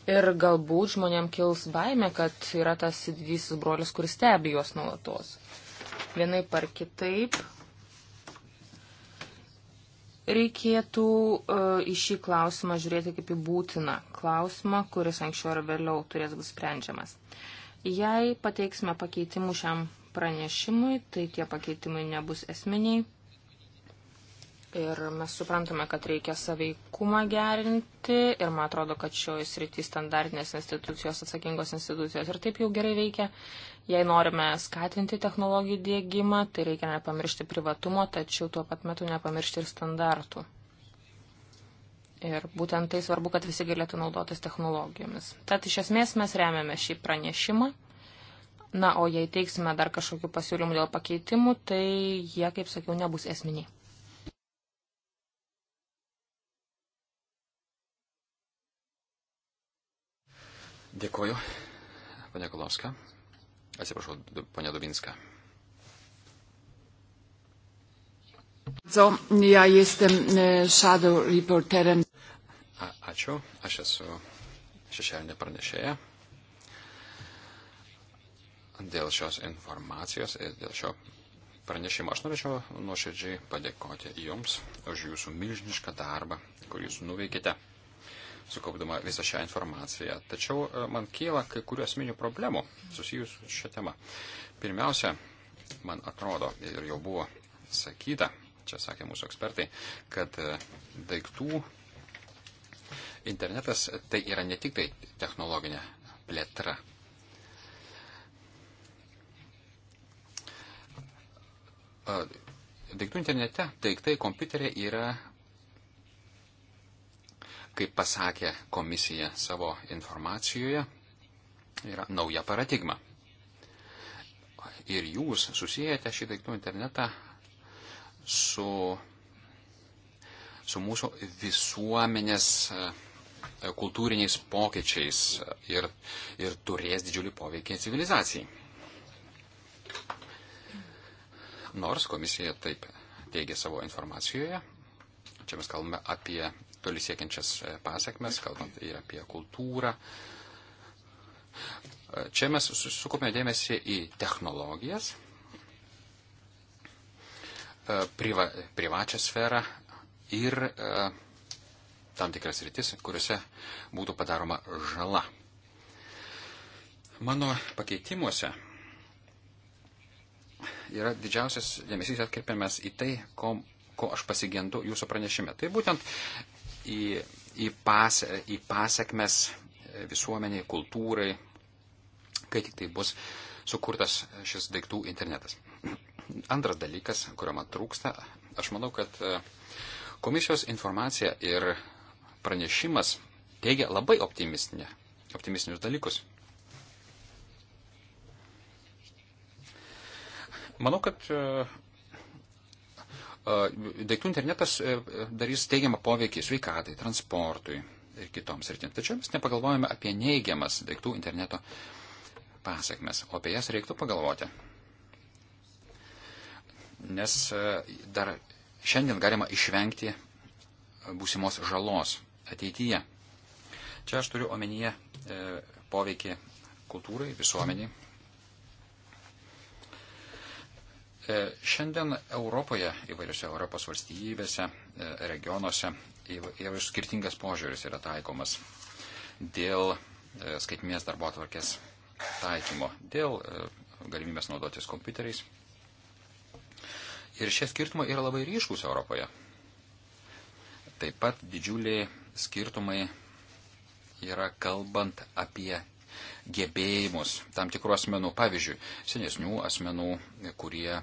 S3: Ir galbūt žmonėm kils baime, kad yra tas didysis brolis, kuris stebi juos nuolatos. Vienai par kitaip reikėtų uh, į šį klausimą žiūrėti kaip į būtiną klausimą, kuris anksčiau ar vėliau turės būti sprendžiamas. Jei pateiksime pakeitimų šiam pranešimui, tai tie pakeitimai nebus esminiai ir mes suprantame, kad reikia saveikumą gerinti ir man atrodo, kad šioje srityje standartinės institucijos, atsakingos institucijos ir taip jau gerai veikia. Jei norime skatinti technologijų dėgymą, tai reikia nepamiršti privatumo, tačiau tuo pat metu nepamiršti ir standartų. Ir būtent tai svarbu, kad visi galėtų naudotis technologijomis. Tad iš esmės mes remiame šį pranešimą. Na, o jei teiksime dar kažkokių pasiūlymų dėl pakeitimų, tai jie, kaip sakiau, nebus esminiai.
S2: Dėkuoju, ponia Kolovska. Atsiprašau, ponia Dubinska.
S4: So, ja jestem e, shadow reporterem.
S2: A, ačiū, aš esu šešėlinė pranešėja dėl šios informacijos ir dėl šio pranešimo. Aš norėčiau nuoširdžiai padėkoti Jums už Jūsų milžinišką darbą, kurį Jūs nuveikite sukaupdama visą šią informaciją. Tačiau e, man kyla kai kurių asmenių problemų susijusių šią temą. Pirmiausia, man atrodo, ir jau buvo sakyta, čia sakė mūsų ekspertai, kad e, daiktų internetas e, tai yra ne tik tai technologinė plėtra. Daiktų internete daiktai kompiuteriai yra kaip pasakė komisija savo informacijoje, yra nauja paradigma. Ir jūs susijęte šį daiktų internetą su, su mūsų visuomenės e, kultūriniais pokyčiais ir, ir turės didžiulį poveikį civilizacijai. Nors komisija taip teigia savo informacijoje, čia mes kalbame apie toli siekiančias e, pasiekmes, kalbant ir apie kultūrą. E, čia mes sukupėme dėmesį į technologijas, e, priva, privačią sferą ir tam tikras rytis, kuriuose būtų padaroma žala. Mano pakeitimuose yra didžiausias dėmesys atkreipiamas į tai, ko, ko aš pasigendu jūsų pranešime. Tai būtent į, į, pas, į pasiekmes visuomeniai, kultūrai, kai tik tai bus sukurtas šis daiktų internetas. Antras dalykas, kurio man trūksta, aš manau, kad e, komisijos informacija ir pranešimas teigia labai optimistinius dalykus. Manau, kad e, daiktų internetas e, darys teigiamą poveikį sveikatai, transportui ir kitoms rytims. Tačiau mes nepagalvojame apie neigiamas daiktų interneto pasiekmes, o apie jas reiktų pagalvoti. Nes e, dar šiandien galima išvengti būsimos žalos ateityje. Čia aš turiu omenyje e, poveikį kultūrai, visuomeniai, E, šiandien Europoje, įvairiose Europos valstybėse, e, regionuose įvairius skirtingas požiūris yra taikomas dėl e, skaitmės darbo atvarkės taikymo, dėl galimybės naudotis kompiuteriais. Ir šie skirtumai yra labai ryškus Europoje. Taip pat didžiuliai skirtumai yra kalbant apie gebėjimus tam tikrų asmenų, pavyzdžiui, senesnių asmenų, kurie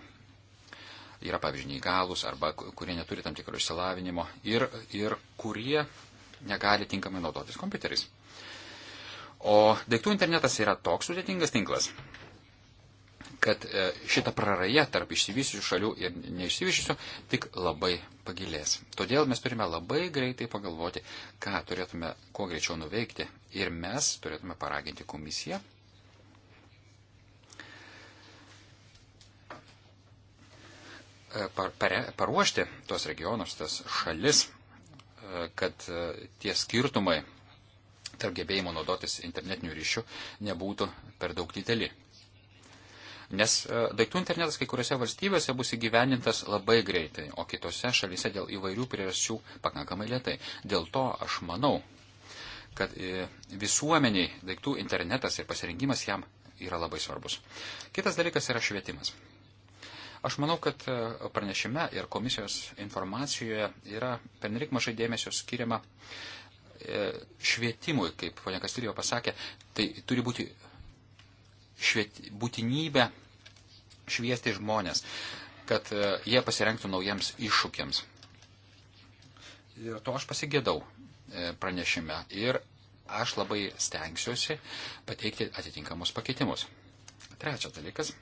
S2: yra, pavyzdžiui, neįgalus arba kurie neturi tam tikro išsilavinimo ir, ir kurie negali tinkamai naudotis kompiuteriais. O daiktų internetas yra toks sudėtingas tinklas, kad e, šita praraja tarp išsivysiusių šalių ir neišsivysiusių tik labai pagilės. Todėl mes turime labai greitai pagalvoti, ką turėtume kuo greičiau nuveikti ir mes turėtume paraginti komisiją paruošti tuos regionus, tas šalis, e, kad e, tie skirtumai tarp gebėjimo naudotis internetiniu ryšiu nebūtų per daug dideli. Nes e, daiktų internetas kai kuriuose valstybėse bus įgyvendintas labai greitai, o kitose šalyse dėl įvairių priežasčių pakankamai lietai. Dėl to aš manau, kad visuomeniai daiktų internetas ir pasirinkimas jam yra labai svarbus. Kitas dalykas yra švietimas. Aš manau, kad e, pranešime ir komisijos informacijoje yra pernelik mažai dėmesio skiriama e, švietimui, kaip ponia Kastilijo pasakė, tai turi būti šviet, būtinybė šviesti žmonės, kad e, jie pasirenktų naujiems iššūkiams. Ir to aš pasigėdau pranešime. Ir aš labai stengsiuosi pateikti atitinkamus pakeitimus. Trečias dalykas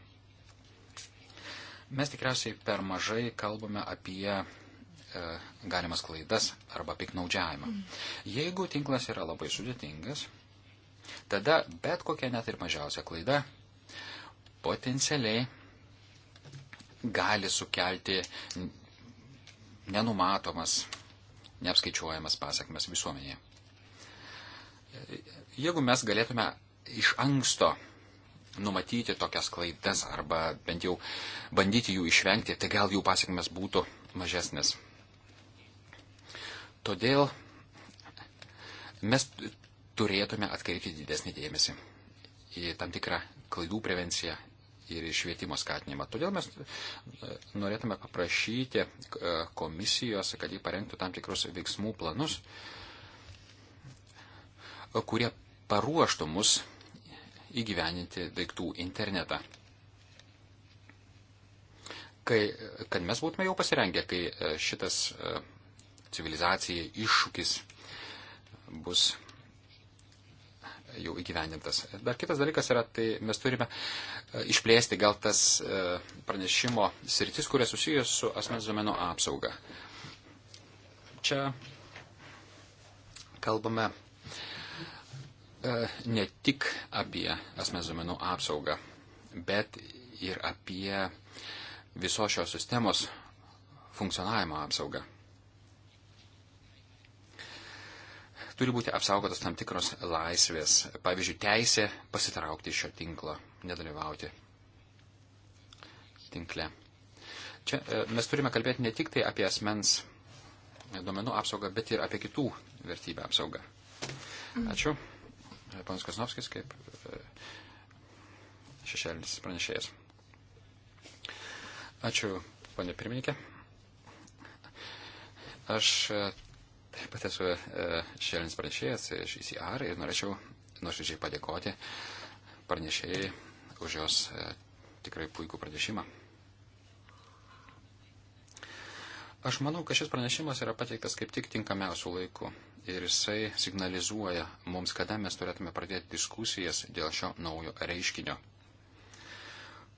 S2: Mes tikriausiai per mažai kalbame apie e, galimas klaidas arba piknaudžiavimą. Jeigu tinklas yra labai sudėtingas, tada bet kokia net ir mažiausia klaida potencialiai gali sukelti nenumatomas, neapskaičiuojamas pasakmes visuomenėje. Jeigu mes galėtume iš anksto numatyti tokias klaidas arba bent jau bandyti jų išvengti, tai gal jų pasiekmes būtų mažesnės. Todėl mes turėtume atkreipti didesnį dėmesį į tam tikrą klaidų prevenciją ir švietimo skatinimą. Todėl mes e, norėtume paprašyti e, komisijos, kad jį parengtų tam tikrus veiksmų planus, kurie paruoštų mus įgyveninti daiktų internetą. Kai, kad mes būtume jau pasirengę, kai e, šitas e, civilizacijai iššūkis bus jau įgyvendintas. Dar kitas dalykas yra, tai mes turime e, išplėsti gal tas pranešimo sritis, kurias susijęs su asmens duomenų apsauga. Čia kalbame E, ne tik apie asmens duomenų apsaugą, bet ir apie visos šios sistemos funkcionavimo apsaugą. Turi būti apsaugotas tam tikros laisvės, pavyzdžiui, teisė pasitraukti iš šio tinklo, nedalyvauti tinkle. Čia e, mes turime kalbėti ne tik tai apie asmens duomenų apsaugą, bet ir apie kitų vertybių apsaugą. Mm. Ačiū panas Kosnovskis kaip e, šešėlinis pranešėjas. Ačiū, ponė pirmininkė. Aš e, taip pat esu e, šešėlinis pranešėjas iš ICR ir norėčiau nuoširdžiai padėkoti pranešėjai už jos tikrai puikų pranešimą. Aš manau, kad šis pranešimas yra pateiktas kaip tik tinkamiausių laikų ir jisai signalizuoja mums, kada mes turėtume pradėti diskusijas dėl šio naujo reiškinio,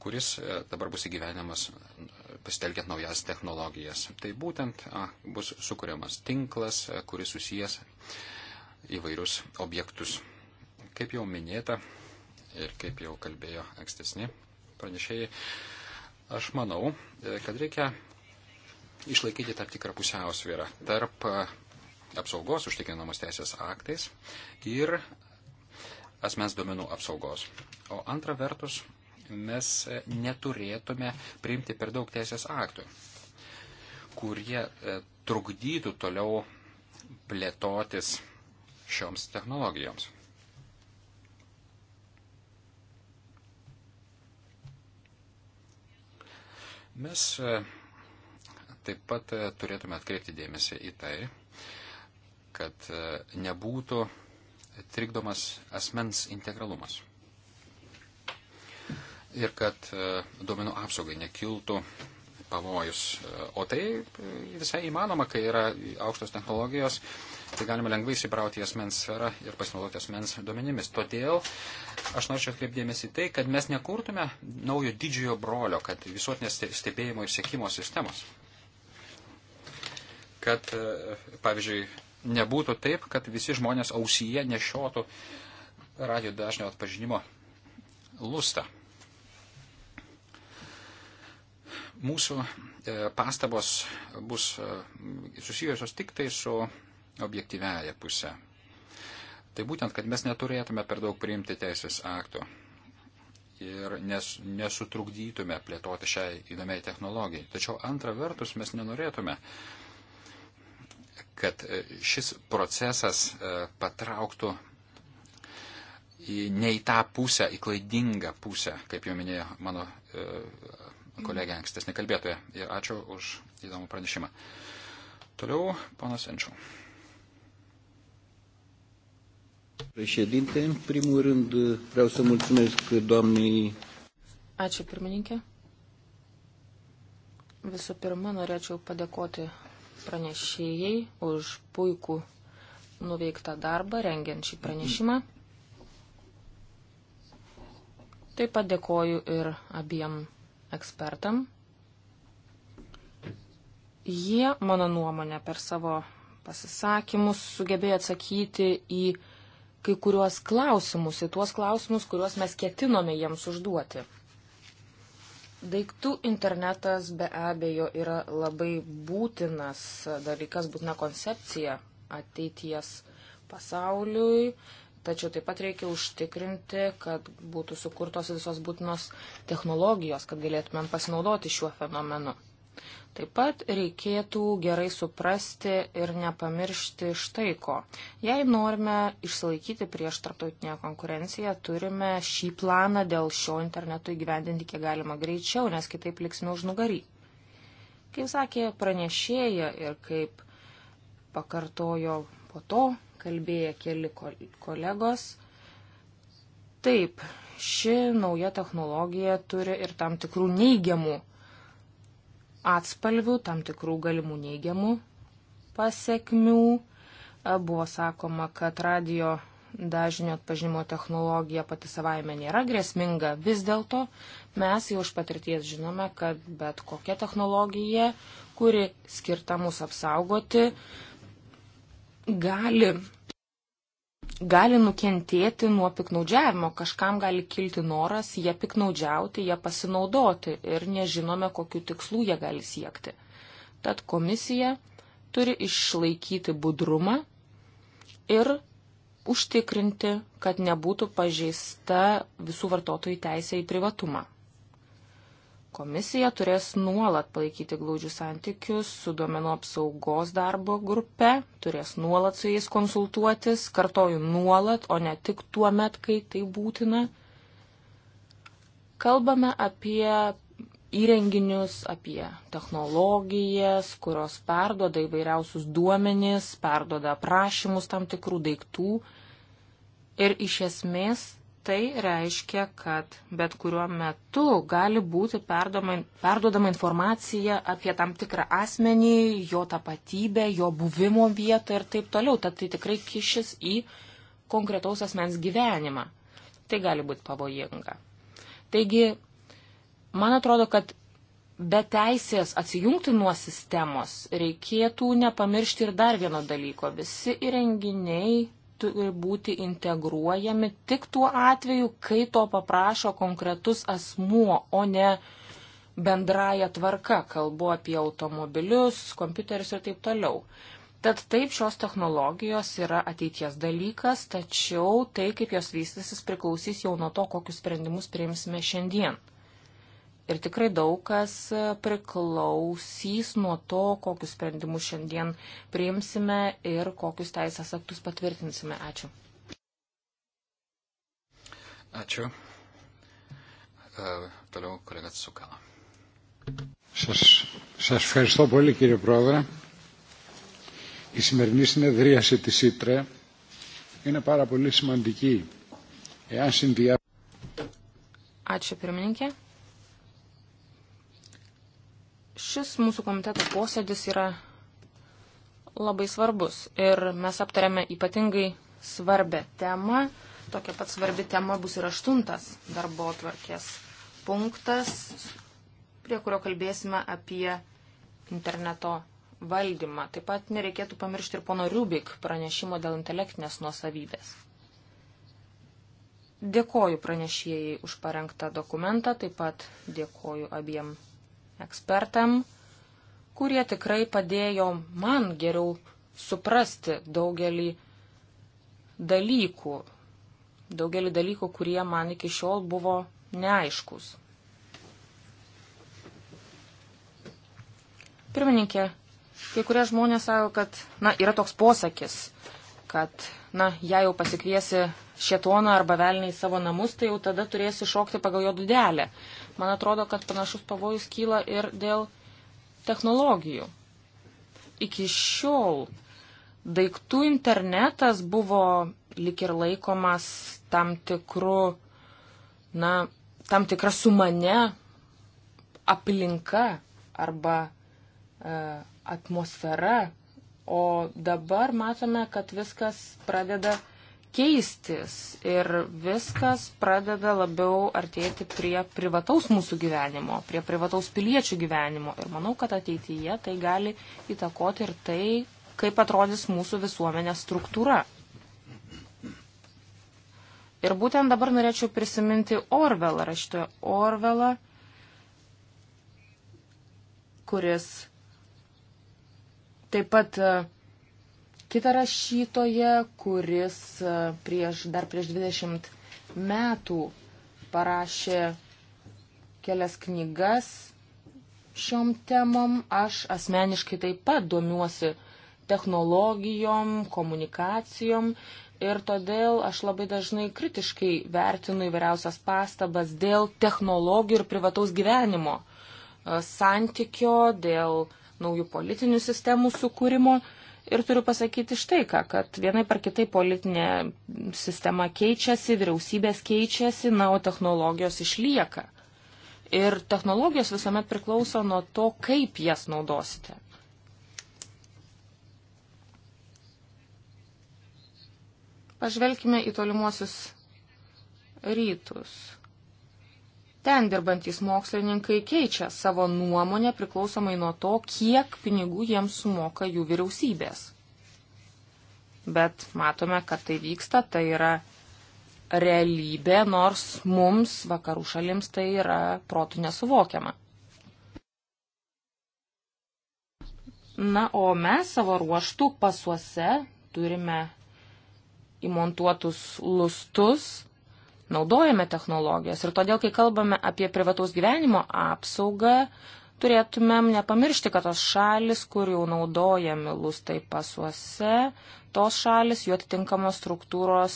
S2: kuris e, dabar bus įgyvenimas e, pasitelkiant naujas technologijas. Tai būtent a, bus sukūriamas tinklas, e, kuris susijęs įvairius objektus. Kaip jau minėta ir kaip jau kalbėjo ankstesni pranešėjai, aš manau, kad reikia išlaikyti tam tikrą pusiausvyrą tarp apsaugos užtikrinamos teisės aktais ir asmens duomenų apsaugos. O antra vertus, mes neturėtume priimti per daug teisės aktų, kurie e, trukdytų toliau plėtotis šioms technologijoms. Mes e, taip pat e, turėtume atkreipti dėmesį į tai, kad e, nebūtų trikdomas asmens integralumas. Ir kad e, duomenų apsaugai nekiltų pavojus. E, o tai visai įmanoma, kai yra aukštos technologijos, tai galima lengvai įsibrauti į asmens sferą ir pasinaudoti asmens duomenimis. Todėl aš norėčiau atkreipdėmėsi tai, kad mes nekurtume naujo didžiojo brolio, kad visuotinės stebėjimo ir sėkimo sistemos. Kad, pavyzdžiui, nebūtų taip, kad visi žmonės ausyje nešiotų radio dažnio atpažinimo lustą. Mūsų e, pastabos bus e, susijusios tik tai su objektyviaja pusė. Tai būtent, kad mes neturėtume per daug priimti teisės aktų ir nes, nesutrukdytume plėtoti šiai įdomiai technologijai. Tačiau antra vertus, mes nenorėtume uh, kad e, šis procesas e, patrauktų į, ne į tą pusę, į klaidingą pusę, kaip jau minėjo mano e, kolegė ankstesnė kalbėtoja. Ir ačiū už įdomų pranešimą. Toliau, ponas Enčiau. Președinte, în primul rând vreau să mulțumesc doamnei.
S3: Ačiū pirmininkė. Visų pirma, norėčiau padėkoti pranešėjai už puikų nuveiktą darbą rengiant šį pranešimą. Taip pat dėkoju ir abiem ekspertam. Jie, mano nuomonė, per savo pasisakymus sugebėjo atsakyti į kai kuriuos klausimus, į tuos klausimus, kuriuos mes ketinome jiems užduoti. Daiktų internetas be abejo yra labai būtinas dalykas, būtina koncepcija ateities pasauliui, tačiau taip pat reikia užtikrinti, kad būtų sukurtos visos būtinos technologijos, kad galėtumėm pasinaudoti šiuo fenomenu. Taip pat reikėtų gerai suprasti ir nepamiršti štai ko. Jei norime išsilaikyti prieš tarptautinę konkurenciją, turime šį planą dėl šio internetu įgyvendinti kiek galima greičiau, nes kitaip liksime už nugarį. Kaip sakė pranešėja ir kaip pakartojo po to kalbėję keli kolegos, taip, ši nauja technologija turi ir tam tikrų neigiamų atspalvių, tam tikrų galimų neigiamų pasiekmių. E, Buvo sakoma, kad radio dažnio atpažinimo technologija pati savaime nėra grėsminga. Vis dėlto mes jau iš patirties žinome, kad bet kokia technologija, kuri skirta mus apsaugoti, gali gali nukentėti nuo piknaudžiavimo. Kažkam gali kilti noras jie piknaudžiauti, jie pasinaudoti ir nežinome, kokiu tikslu jie gali siekti. Tad komisija turi išlaikyti budrumą ir užtikrinti, kad nebūtų pažeista visų vartotojų teisė į privatumą. Komisija turės nuolat palaikyti glaudžius santykius su duomenų apsaugos darbo grupe, turės nuolat su jais konsultuotis, kartoju nuolat, o ne tik tuo met, kai tai būtina. Kalbame apie įrenginius, apie technologijas, kurios perdoda įvairiausius duomenys, perdoda aprašymus tam tikrų daiktų ir iš esmės tai reiškia, kad bet kuriuo metu gali būti perdoma, perduodama informacija apie tam tikrą asmenį, jo tapatybę, jo buvimo vietą ir taip toliau. Tad tai tikrai kišis į konkretaus asmens gyvenimą. Tai gali būti pavojinga. Taigi, man atrodo, kad be teisės atsijungti nuo sistemos reikėtų nepamiršti ir dar vieno dalyko. Visi įrenginiai turi e, būti integruojami tik tuo atveju, kai to paprašo konkretus asmuo, o ne bendraja tvarka. Kalbu apie automobilius, kompiuterius ir taip toliau. Tad taip šios technologijos yra ateities dalykas, tačiau tai, kaip jos vystysis, priklausys jau nuo to, kokius sprendimus priimsime šiandien. Ir tikrai daug kas priklausys nuo to, kokius sprendimus šiandien priimsime ir kokius teisės aktus patvirtinsime. Ačiū.
S2: Ačiū. E, toliau kolega Tsukala. Σας ευχαριστώ πολύ κύριε Πρόεδρε. Η σημερινή συνεδρίαση της
S1: ΣΥΤΡΕ είναι πάρα πολύ σημαντική. Εάν συνδυάσουμε...
S3: Ačiū pirmininkė. Šis mūsų komiteto posėdis yra labai svarbus ir mes aptarėme ypatingai svarbę temą. Tokia pat svarbi tema bus ir aštuntas darbo atvarkės punktas, prie kurio kalbėsime apie interneto valdymą. Taip pat nereikėtų pamiršti ir pono Rubik pranešimo dėl intelektinės nuosavybės. Dėkoju pranešėjai už parengtą dokumentą, taip pat dėkoju abiem ekspertam, kurie tikrai padėjo man geriau suprasti daugelį dalykų, daugelį dalykų, kurie man iki šiol buvo neaiškus. Pirmininkė, kai kurie žmonės sako, kad, na, yra toks posakis, kad, na, jei jau pasikviesi šetoną arba velnį į savo namus, tai jau tada turėsi šokti pagal jo dudelę. Man atrodo, kad panašus pavojus kyla ir dėl technologijų. Iki šiol daiktų internetas buvo lik ir laikomas tam tikru, na, tam tikra sumane aplinka arba e, atmosfera, o dabar matome, kad viskas pradeda keistis ir viskas pradeda labiau artėti prie privataus mūsų gyvenimo, prie privataus piliečių gyvenimo. Ir manau, kad ateityje tai gali įtakoti ir tai, kaip atrodys mūsų visuomenės struktūra. Ir būtent dabar norėčiau prisiminti Orvelą, rašytoją Orvelą, kuris taip pat uh, kitą rašytoją, kuris e, prieš, dar prieš 20 metų parašė kelias knygas šiom temom. Aš asmeniškai taip pat domiuosi technologijom, komunikacijom ir todėl aš labai dažnai kritiškai vertinu įvairiausias pastabas dėl technologijų ir privataus gyvenimo e, santykio, dėl naujų politinių sistemų sukūrimo. Ir turiu pasakyti štai ką, kad vienai par kitai politinė sistema keičiasi, vyriausybės keičiasi, na, o technologijos išlieka. Ir technologijos visuomet priklauso nuo to, kaip jas naudosite. Pažvelkime į tolimuosius rytus ten dirbantys mokslininkai keičia savo nuomonę priklausomai nuo to, kiek pinigų jiems sumoka jų vyriausybės. Bet matome, kad tai vyksta, tai yra realybė, nors mums, vakarų šalims, tai yra protų nesuvokiama. Na, o mes savo ruoštų pasuose turime įmontuotus lustus, naudojame technologijas. Ir todėl, kai kalbame apie privataus gyvenimo apsaugą, turėtumėm nepamiršti, kad tos šalis, kur jau naudojami lustai pasuose, tos šalis, jų atitinkamos struktūros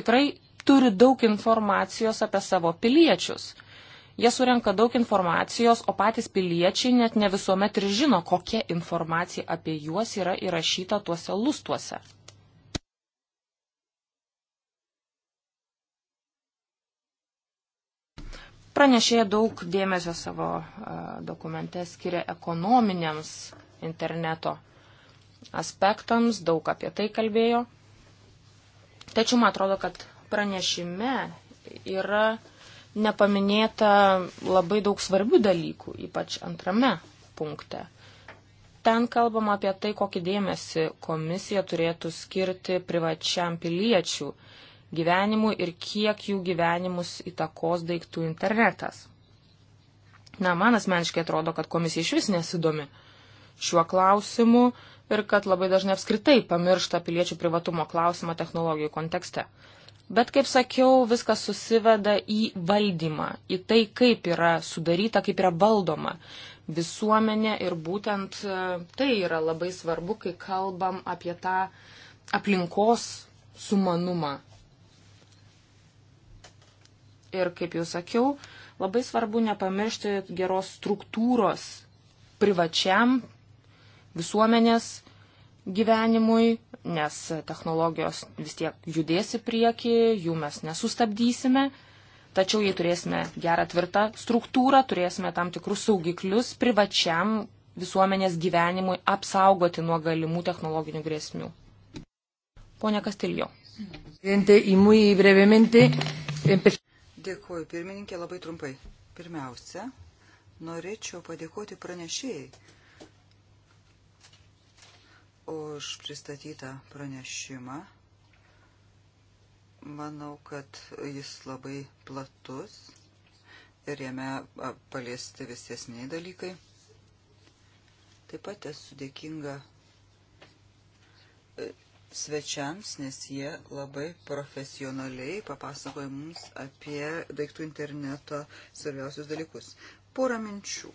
S3: tikrai turi daug informacijos apie savo piliečius. Jie surenka daug informacijos, o patys piliečiai net ne visuomet ir žino, kokia informacija apie juos yra įrašyta tuose lustuose. Pranešėja daug dėmesio savo dokumente skiria ekonominiams interneto aspektams, daug apie tai kalbėjo. Tačiau man atrodo, kad pranešime yra nepaminėta labai daug svarbių dalykų, ypač antrame punkte. Ten kalbama apie tai, kokį dėmesį komisija turėtų skirti privačiam piliečių gyvenimų ir kiek jų gyvenimus įtakos daiktų internetas. Na, man asmeniškai atrodo, kad komisija iš vis nesidomi šiuo klausimu ir kad labai dažnai apskritai pamiršta piliečių privatumo klausimą technologijų kontekste. Bet, kaip sakiau, viskas susiveda į valdymą, į tai, kaip yra sudaryta, kaip yra valdoma visuomenė ir būtent e, tai yra labai svarbu, kai kalbam apie tą aplinkos sumanumą, Ir, kaip jau sakiau, labai svarbu nepamiršti geros struktūros privačiam visuomenės gyvenimui, nes technologijos vis tiek judės į priekį, jų mes nesustabdysime. Tačiau jei turėsime gerą tvirtą struktūrą, turėsime tam tikrus saugiklius privačiam visuomenės gyvenimui apsaugoti nuo galimų technologinių grėsmių. Pone Kastiljo.
S4: Dėkuoju, pirmininkė, labai trumpai. Pirmiausia, norėčiau padėkoti pranešėjai už pristatytą pranešimą. Manau, kad jis labai platus ir jame paliesti visi esminiai dalykai. Taip pat esu dėkinga svečiams, nes jie labai profesionaliai papasakoja mums apie daiktų interneto svarbiausius dalykus. Porą minčių.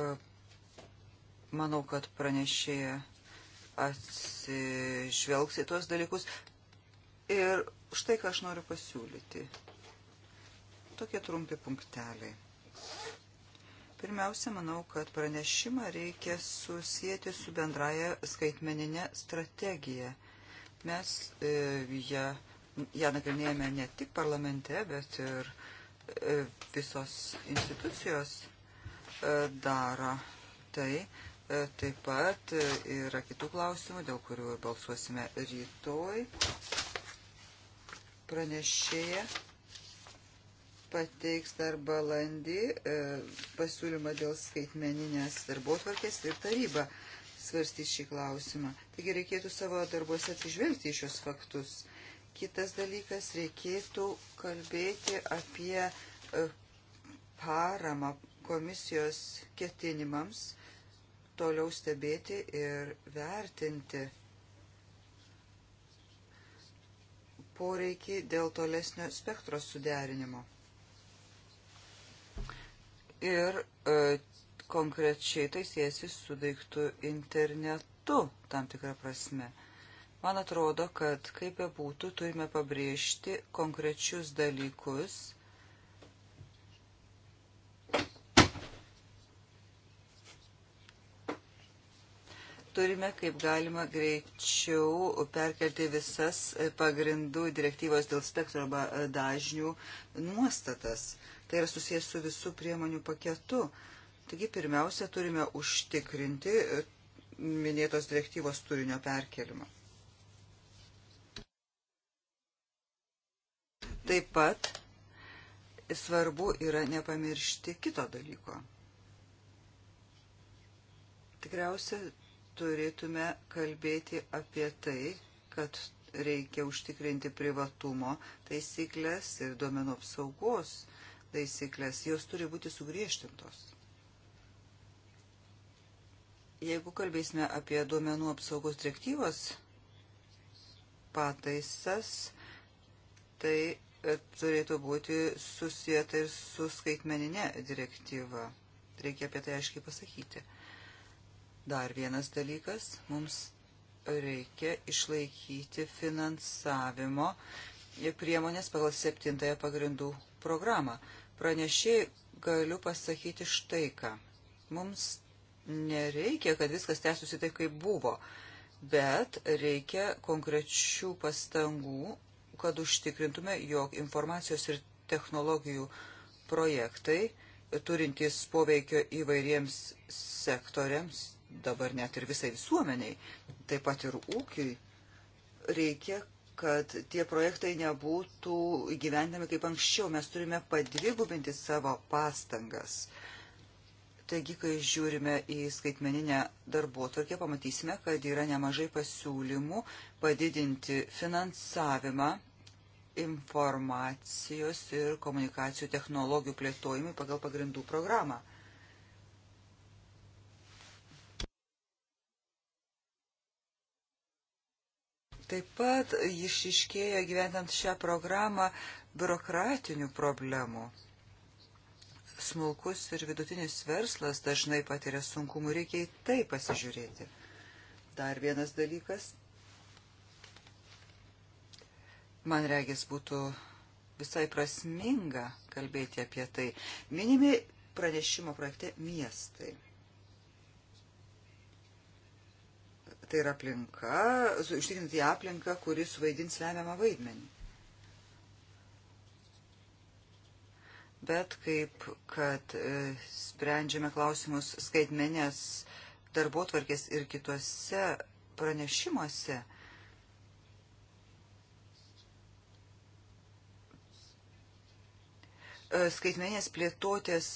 S4: E, manau, kad pranešėja atsižvelgs į tuos dalykus. Ir štai ką aš noriu pasiūlyti. Tokie trumpi punkteliai. Pirmiausia, manau, kad pranešimą reikia susijęti su bendraja skaitmeninė strategija. Mes e, ją, ją nagrinėjame ne tik parlamente, bet ir e, visos institucijos e, daro tai. E, taip pat e, yra kitų klausimų, dėl kurių balsuosime rytoj. Pranešėja pateiks dar balandį e, pasiūlymą dėl skaitmeninės darbotvarkės ir taryba svarstys šį klausimą. Taigi reikėtų savo darbuose atsižvelgti į šios faktus. Kitas dalykas, reikėtų kalbėti apie e, paramą komisijos ketinimams toliau stebėti ir vertinti poreikį dėl tolesnio spektro suderinimo ir e, konkrečiai tai siejasi su daiktų internetu tam tikrą prasme. Man atrodo, kad kaip be būtų, turime pabrėžti konkrečius dalykus. Turime kaip galima greičiau perkelti visas pagrindų direktyvos dėl spektro arba e, dažnių nuostatas. E, Tai yra susijęs su visų priemonių paketu. Taigi pirmiausia, turime užtikrinti e, minėtos direktyvos turinio perkelimą. Taip pat svarbu yra nepamiršti kito dalyko. Tikriausia, turėtume kalbėti apie tai, kad reikia užtikrinti privatumo taisyklės ir duomenų apsaugos taisyklės, jos turi būti sugriežtintos. Jeigu kalbėsime apie duomenų apsaugos direktyvos pataisas, tai e, turėtų būti susijęta ir su skaitmeninė direktyva. Reikia apie tai aiškiai pasakyti. Dar vienas dalykas, mums reikia išlaikyti finansavimo priemonės pagal septintąją pagrindų programą. Pranešiai galiu pasakyti štai ką. Mums nereikia, kad viskas tęsiusi taip, kaip buvo, bet reikia konkrečių pastangų, kad užtikrintume, jog informacijos ir technologijų projektai, turintys poveikio įvairiems sektoriams, dabar net ir visai visuomeniai, taip pat ir ūkiui, reikia, kad tie projektai nebūtų įgyvendami kaip anksčiau. Mes turime padvigubinti savo pastangas. Taigi, kai žiūrime į skaitmeninę darbuotvarkę, pamatysime, kad yra nemažai pasiūlymų padidinti finansavimą informacijos ir komunikacijų technologijų plėtojimui pagal pagrindų programą. Taip pat išiškėjo gyventant šią programą biurokratinių problemų. Smulkus ir vidutinis verslas dažnai patiria sunkumų, reikia į tai pasižiūrėti. Dar vienas dalykas. Man regis būtų visai prasminga kalbėti apie tai. Minimi pranešimo projekte miestai. tai yra aplinka, užtikrinti aplinką, kuris vaidins lemiamą vaidmenį. Bet kaip, kad e, sprendžiame klausimus skaitmenės darbotvarkės ir kitose pranešimuose, e, skaitmenės plėtotės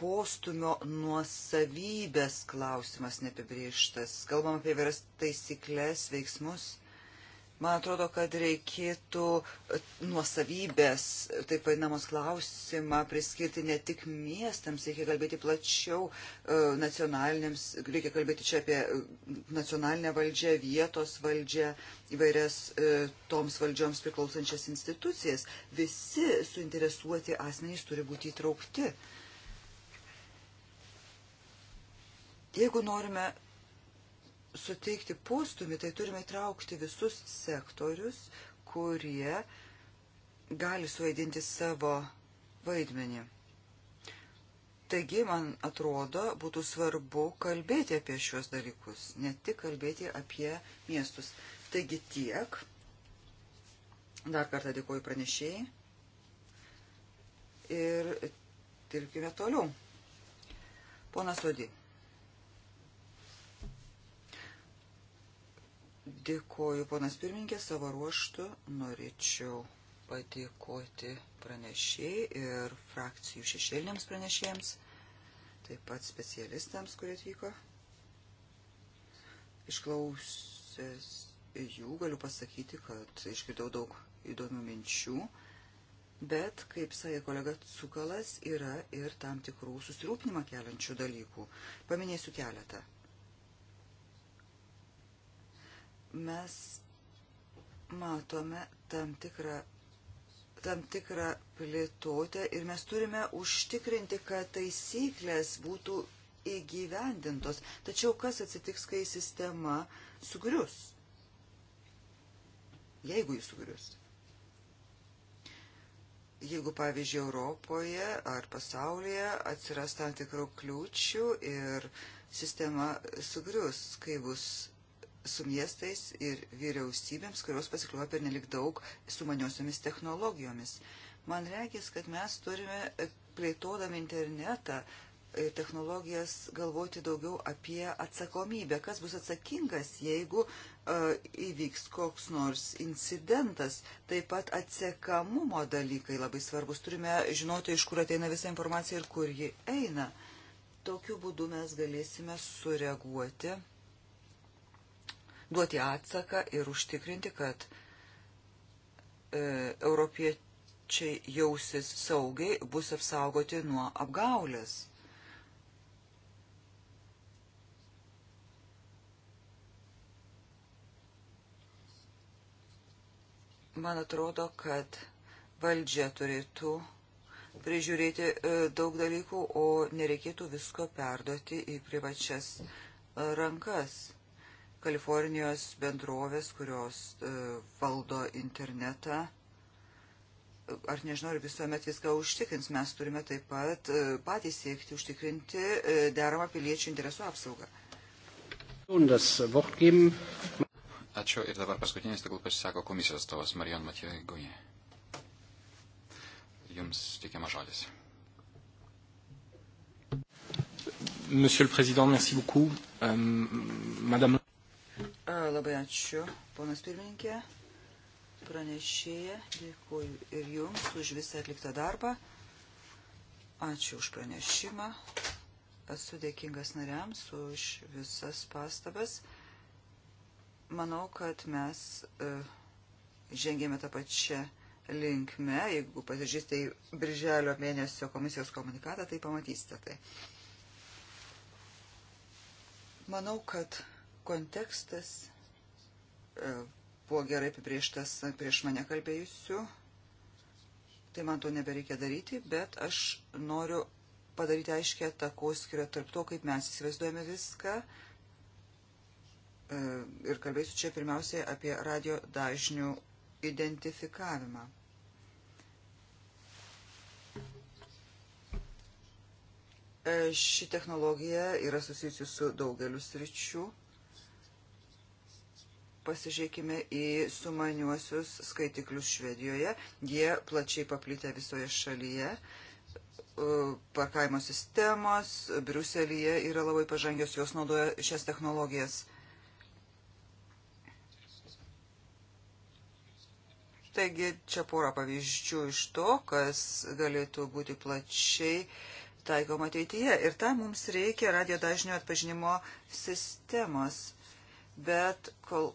S4: postumio nuosavybės klausimas neapibrieštas. Kalbam apie įvairias taisyklės, veiksmus. Man atrodo, kad reikėtų nuosavybės, taip vadinamos klausimą, priskirti ne tik miestams, reikia kalbėti plačiau e, nacionaliniams, reikia kalbėti čia apie e, nacionalinę valdžią, vietos valdžią, įvairias e, toms valdžioms priklausančias institucijas. Visi suinteresuoti asmenys turi būti įtraukti. Jeigu norime suteikti postumį, tai turime įtraukti visus sektorius, kurie gali suvaidinti savo vaidmenį. Taigi, man atrodo, būtų svarbu kalbėti apie šios dalykus, ne tik kalbėti apie miestus. Taigi tiek. Dar kartą dėkoju pranešėjai. Ir dirbkime toliau. Ponas Sodį. Dėkoju, ponas pirmininkė, savo ruoštų norėčiau padėkoti pranešėjai ir frakcijų šešėliniams pranešėjams, taip pat specialistams, kurie atvyko. Išklausęs jų galiu pasakyti, kad išgirdau daug įdomių minčių, bet, kaip sakė kolega Cukalas, yra ir tam tikrų susirūpinimą keliančių dalykų. Paminėsiu keletą. mes matome tam tikrą, tam tikrą plėtotę ir mes turime užtikrinti, kad taisyklės būtų įgyvendintos. Tačiau kas atsitiks, kai sistema sugrius? Jeigu jis sugrius. Jeigu, pavyzdžiui, Europoje ar pasaulyje atsiras tam tikrų kliūčių ir sistema sugrius, kai bus su miestais ir vyriausybėms, kurios pasikliuoja per nelik daug sumaniosiomis technologijomis. Man reikia, kad mes turime, e, plėtodami internetą, e, technologijas galvoti daugiau apie atsakomybę. Kas bus atsakingas, jeigu uh, įvyks koks nors incidentas. Taip pat atsekamumo dalykai labai svarbus. Turime žinoti, iš kur ateina visa informacija ir kur ji eina. Tokiu būdu mes galėsime sureaguoti duoti atsaką ir užtikrinti, kad e, europiečiai jausis saugiai, bus apsaugoti nuo apgaulės. Man atrodo, kad valdžia turėtų prižiūrėti e, daug dalykų, o nereikėtų visko perduoti į privačias rankas. Kalifornijos bendrovės, kurios e, valdo internetą. Ar nežinau, ar visuomet viską užtikrins, mes turime taip pat e, patys siekti užtikrinti e, deramą piliečių interesų apsaugą.
S2: Ačiū ir dabar paskutinis tegul pasisako komisijos atstovas Marijon Matijo Guje. Jums teikiama žodis. Monsieur le Président, merci beaucoup. Euh, Madame.
S4: Labai ačiū, ponas pirmininkė, pranešėja, dėkuoju ir jums už visą atliktą darbą. Ačiū už pranešimą. Esu dėkingas nariams už visas pastabas. Manau, kad mes uh, žengėme tą pačią linkme. Jeigu pasižiūrėsite į birželio mėnesio komisijos komunikatą, tai pamatysite tai. Manau, kad Kontekstas e, buvo gerai apibrieštas prieš mane kalbėjusių, tai man to nebereikia daryti, bet aš noriu padaryti aiškę takoskirą tarp to, kaip mes įsivaizduojame viską. E, ir kalbėsiu čia pirmiausiai apie radio dažnių identifikavimą. E, ši technologija yra susijusi su daugeliu sričių pasižiūrėkime į sumaniuosius skaitiklius Švedijoje. Jie plačiai paplitę visoje šalyje. Parkavimo sistemos Briuselyje yra labai pažangios, jos naudoja šias technologijas. Taigi čia pora pavyzdžių iš to, kas galėtų būti plačiai taikoma ateityje. Ir tam mums reikia radio dažnio atpažinimo sistemos. Bet kol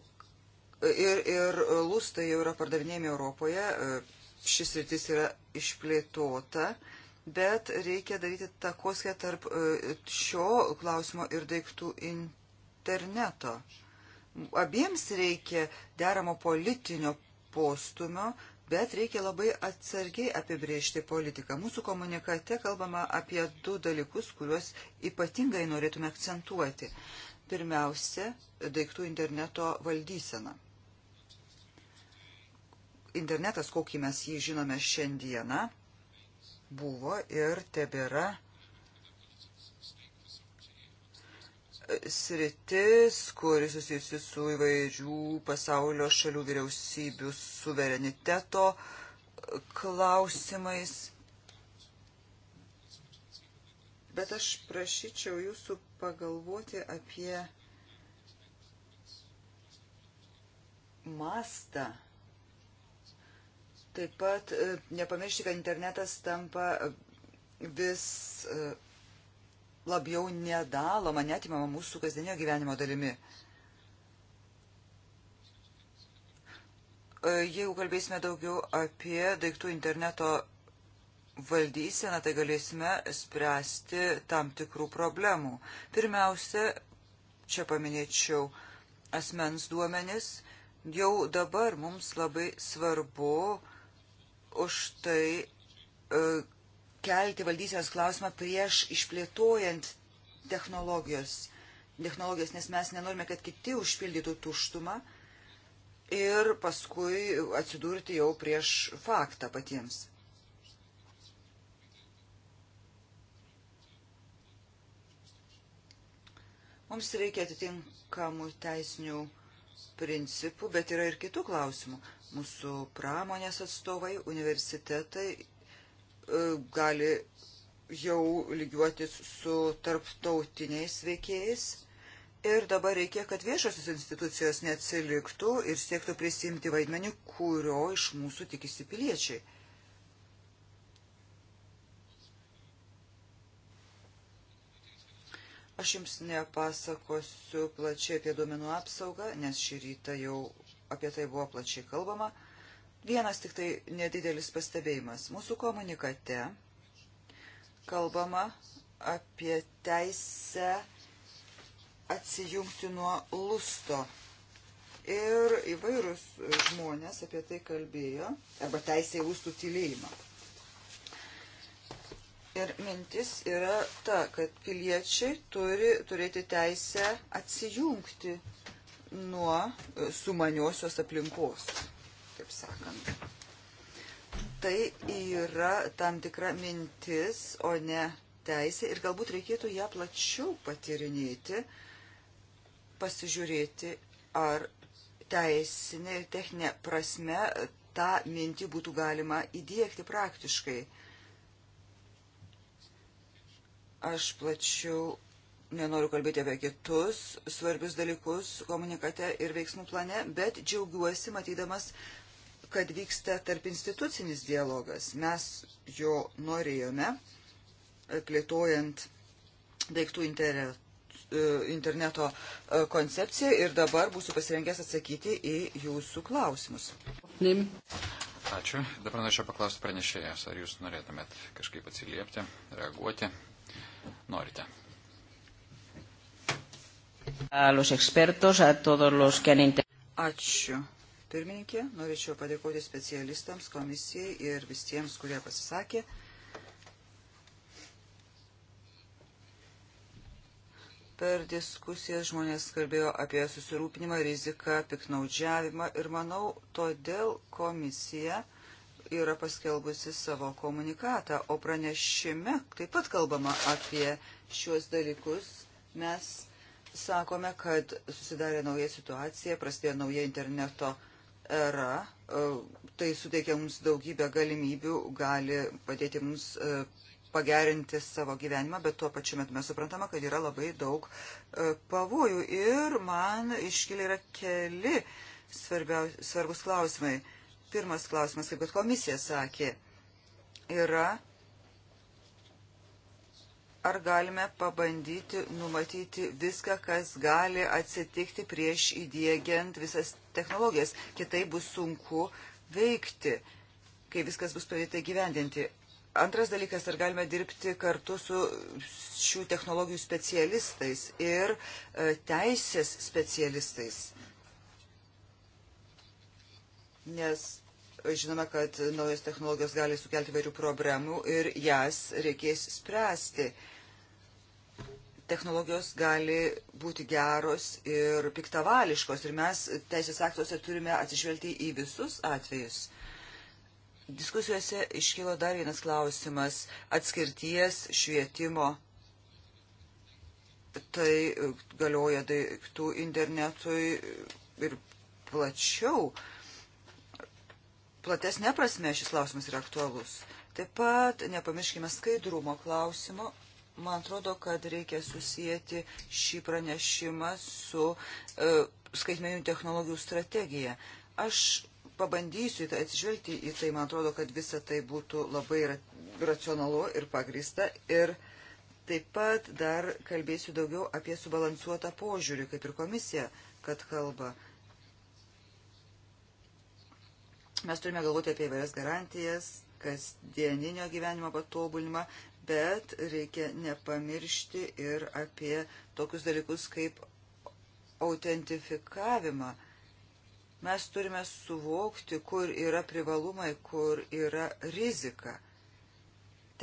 S4: ir, ir lustai jau yra pardavinėjami Europoje, šis rytis yra išplėtota, bet reikia daryti takoskę tarp e, šio klausimo ir daiktų interneto. Abiems reikia deramo politinio postumio, bet reikia labai atsargiai apibriežti politiką. Mūsų komunikate kalbama apie du dalykus, kuriuos ypatingai norėtume akcentuoti. Pirmiausia, daiktų interneto valdysena internetas, kokį mes jį žinome šiandieną, buvo ir tebėra sritis, kuri susijusi su įvairių pasaulio šalių vyriausybių suvereniteto klausimais. Bet aš prašyčiau jūsų pagalvoti apie mastą Taip pat e, nepamiršti, kad internetas tampa e, vis e, labiau nedaloma, netimama mūsų kasdienio gyvenimo dalimi. Jeigu kalbėsime daugiau apie daiktų interneto valdyseną, tai galėsime spręsti tam tikrų problemų. Pirmiausia, čia paminėčiau asmens duomenis. Jau dabar mums labai svarbu uh, už tai e, kelti valdysenos klausimą prieš išplėtojant technologijos, technologijos, nes mes nenorime, kad kiti užpildytų tuštumą ir paskui atsidurti jau prieš faktą patiems. Mums reikia atitinkamų teisinių principų, bet yra ir kitų klausimų. Mūsų pramonės atstovai, universitetai e, gali jau lygiuotis su tarptautiniais veikėjais. Ir dabar reikia, kad viešosios institucijos neatsiliktų ir siektų prisimti vaidmenį, kurio iš mūsų tikisi piliečiai. Aš jums nepasakosiu plačiai apie duomenų apsaugą, nes šį rytą jau apie tai buvo plačiai kalbama. Vienas tik tai nedidelis pastebėjimas. Mūsų komunikate kalbama apie teisę atsijungti nuo lusto. Ir įvairūs žmonės apie tai kalbėjo, arba teisė į lustų tylėjimą. Ir mintis yra ta, kad piliečiai turi turėti teisę atsijungti nuo e, sumaniosios aplinkos, taip sakant. Tai yra tam tikra mintis, o ne teisė ir galbūt reikėtų ją plačiau patirinėti, pasižiūrėti, ar teisinė ir techninė prasme tą mintį būtų galima įdėkti praktiškai. Aš plačiau nenoriu kalbėti apie kitus svarbius dalykus komunikate ir veiksmų plane, bet džiaugiuosi matydamas, kad vyksta tarp institucinis dialogas. Mes jo norėjome, plėtojant daiktų internetu e, interneto e, koncepciją ir dabar būsiu pasirengęs atsakyti į jūsų klausimus.
S1: Nim.
S2: Ačiū. Dabar norėčiau paklausti pranešėjas, ar jūs norėtumėt kažkaip atsiliepti, reaguoti. Norite.
S3: Ačiū.
S2: Pirmininkė,
S4: norėčiau padėkoti specialistams, komisijai ir visiems, kurie pasisakė. Per diskusijas žmonės kalbėjo apie susirūpinimą, riziką, piknaudžiavimą ir manau, todėl komisija yra paskelbusi savo komunikatą, o pranešime taip pat kalbama apie šiuos dalykus. Mes sakome, kad susidarė nauja situacija, prasidėjo nauja interneto era, e, tai suteikia mums daugybę galimybių, gali padėti mums e, pagerinti savo gyvenimą, bet tuo pačiu metu mes suprantame, kad yra labai daug e, pavojų. Ir man iškilia yra keli svarbus klausimai. Pirmas klausimas, kaip kad komisija sakė, yra ar galime pabandyti numatyti viską, kas gali atsitikti prieš įdėgiant visas technologijas. Kitai bus sunku veikti, kai viskas bus pradėta gyvendinti. Antras dalykas, ar galime dirbti kartu su šių technologijų specialistais ir e, teisės specialistais. Nes žinome, kad naujos technologijos gali sukelti vairių problemų ir jas reikės spręsti. Technologijos gali būti geros ir piktavališkos ir mes teisės aktuose turime atsižvelgti į visus atvejus. Diskusijose iškilo dar vienas klausimas - atskirties švietimo. Tai galioja daiktų internetui ir plačiau platesnė prasme šis klausimas yra aktualus. Taip pat nepamirškime skaidrumo klausimo. Man atrodo, kad reikia susijęti šį pranešimą su e, skaitmeninių technologijų strategija. Aš pabandysiu tai atsižvelgti į tai, man atrodo, kad visa tai būtų labai racionalu ir pagrįsta. Ir taip pat dar kalbėsiu daugiau apie subalansuotą požiūrį, kaip ir komisija, kad kalba. E, Mes turime galvoti apie įvairias garantijas, kasdieninio gyvenimo patobulinimą, bet reikia nepamiršti ir apie tokius dalykus kaip autentifikavimą. Mes turime suvokti, kur yra privalumai, kur yra rizika.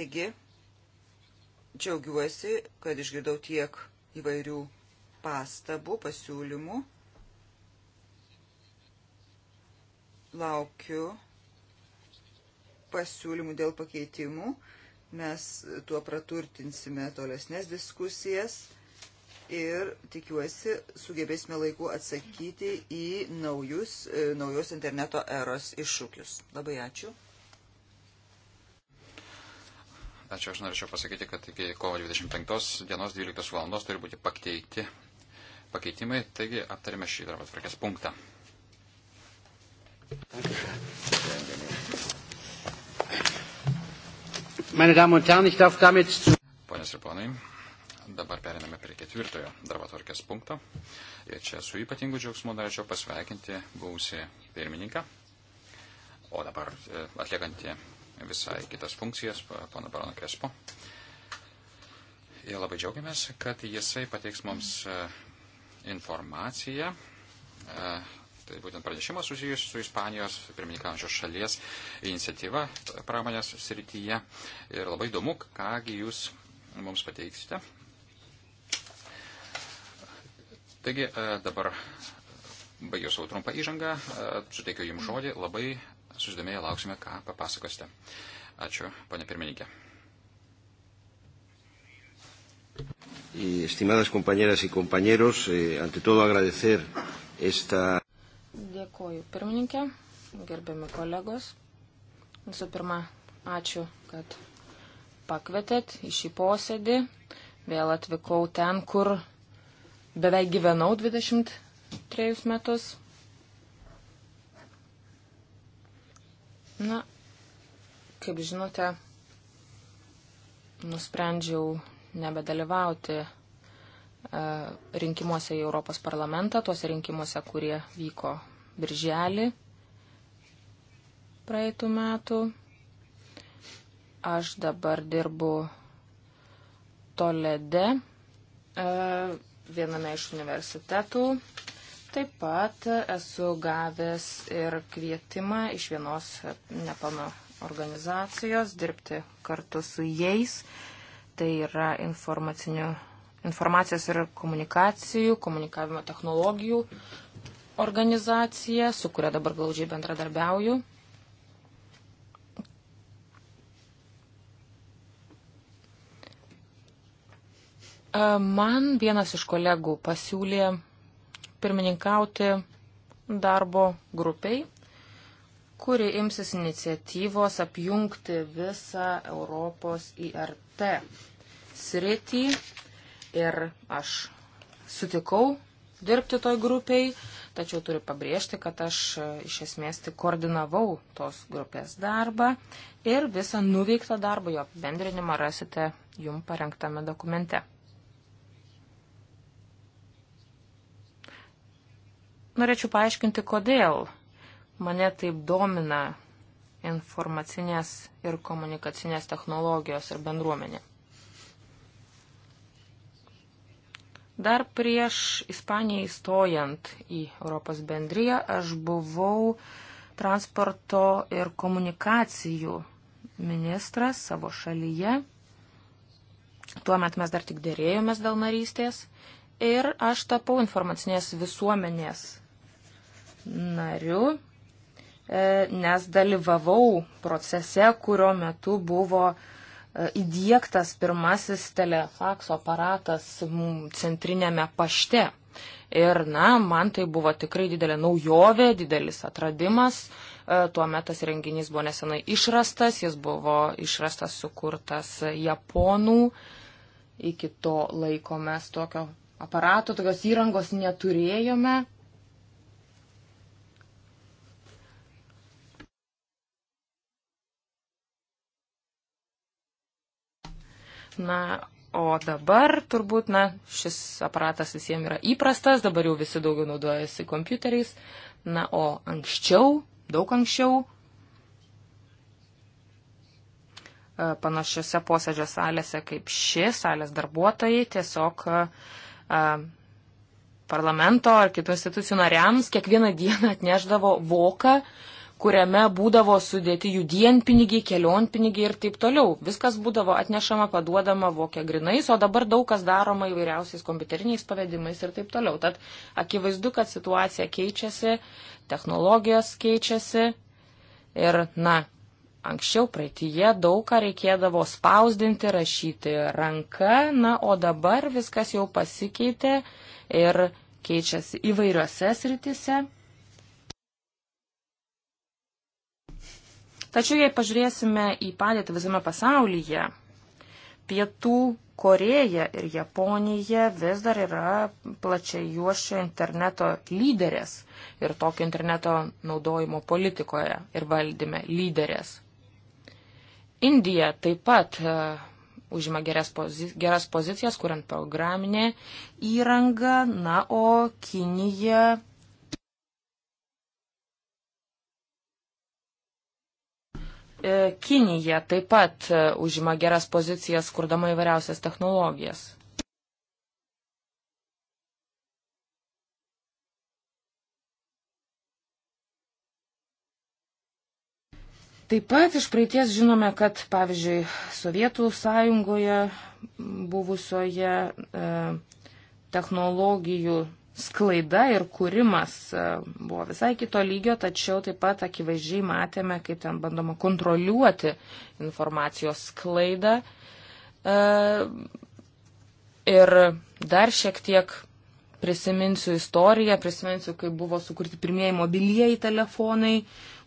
S4: Taigi, džiaugiuosi, kad išgirdau tiek įvairių pastabų, pasiūlymų. laukiu pasiūlymų dėl pakeitimų. Mes tuo praturtinsime tolesnės diskusijas ir tikiuosi sugebėsime laiku atsakyti į naujus, e, naujos interneto eros iššūkius. Labai ačiū.
S2: Ačiū, aš norėčiau pasakyti, kad iki kovo 25 dienos 12 valandos turi būti pakeiti pakeitimai, taigi aptarėme šį darbo tvarkės punktą. Ponios ir ponai, dabar periname prie ketvirtojo darbo tvarkės punkto. Ir čia su ypatingu džiaugsmu norėčiau pasveikinti buvusį pirmininką, o dabar e, atliekantį visai kitas funkcijas, pana Barono Krespo. Ir labai džiaugiamės, kad jisai pateiks mums e, informaciją e, Tai būtent pranešimas susijęs su Ispanijos, pirmininkaujančios šalies iniciatyva pramonės srityje. Ir labai įdomu, kągi jūs mums pateiksite. Taigi e, dabar baigiau savo trumpą įžangą, e, suteikiu jums žodį, labai susidomėję lauksime, ką papasakosite. Ačiū, ponė pirmininkė.
S1: Estimadas compañeras y compañeros, eh, ante todo agradecer esta
S3: Dėkuoju pirmininkė, gerbiami kolegos. Visų pirma, ačiū, kad pakvietėt į šį posėdį. Vėl atvykau ten, kur beveik gyvenau 23 metus. Na, kaip žinote, nusprendžiau nebedalyvauti e, rinkimuose į Europos parlamentą, tuose rinkimuose, kurie vyko birželį praeitų metų. Aš dabar dirbu Tolede e, viename iš universitetų. Taip pat esu gavęs ir kvietimą iš vienos nepano organizacijos dirbti kartu su jais. Tai yra informacinių informacijos ir komunikacijų, komunikavimo technologijų organizacija, su kuria dabar glaudžiai bendradarbiauju. E, man vienas iš kolegų pasiūlė pirmininkauti darbo grupiai, kuri imsis iniciatyvos apjungti visą Europos IRT sritį. Ir aš sutikau dirbti toj grupiai, tačiau turiu pabrėžti, kad aš e, iš esmės tik koordinavau tos grupės darbą ir visą nuveiktą darbą, jo bendrinimą rasite jum parengtame dokumente. Norėčiau paaiškinti, kodėl mane taip domina informacinės ir komunikacinės technologijos ir bendruomenė. Dar prieš Ispaniją įstojant į Europos bendriją aš buvau transporto ir komunikacijų ministras savo šalyje. Tuomet mes dar tik dėrėjomės dėl narystės ir aš tapau informacinės visuomenės nariu, e, nes dalyvavau procese, kurio metu buvo E, įdėktas pirmasis telefakso aparatas centrinėme pašte. Ir, na, man tai buvo tikrai didelė naujovė, didelis atradimas. E, tuomet tas renginys buvo nesenai išrastas, jis buvo išrastas, sukurtas japonų. Iki to laiko mes tokio aparato, tokios įrangos neturėjome. Na, o dabar turbūt, na, šis aparatas visiems yra įprastas, dabar jau visi daugiau naudojasi kompiuteriais. Na, o anksčiau, daug anksčiau, e, panašiose posėdžio salėse kaip ši, salės darbuotojai tiesiog e, e, parlamento ar kitų institucijų nariams kiekvieną dieną atneždavo voką kuriame būdavo sudėti jų dienpinigiai, kelionpinigiai ir taip toliau. Viskas būdavo atnešama, paduodama vokia grinais, o dabar daug kas daroma įvairiausiais kompiuteriniais pavedimais ir taip toliau. Tad akivaizdu, kad situacija keičiasi, technologijos keičiasi ir, na, Anksčiau praeitie daug ką reikėdavo spausdinti, rašyti ranka, na, o dabar viskas jau pasikeitė ir keičiasi įvairiose sritise. Tačiau jei pažiūrėsime į padėtį visame pasaulyje, pietų Koreja ir Japonija vis dar yra plačiai juošio interneto lyderės ir tokio interneto naudojimo politikoje ir valdyme lyderės. Indija taip pat uh, užima geras, pozi geras pozicijas, kuriant programinę įrangą, na, o Kinija E, Kinija taip pat e, užima geras pozicijas, kurdama įvairiausias technologijas. Taip pat iš praeities žinome, kad, pavyzdžiui, Sovietų sąjungoje buvusioje e, technologijų sklaida ir kūrimas e, buvo visai kito lygio, tačiau taip pat akivaizdžiai matėme, kaip ten bandoma kontroliuoti informacijos sklaidą. E, ir dar šiek tiek prisiminsiu istoriją, prisiminsiu, kaip buvo sukurti pirmieji mobilieji telefonai,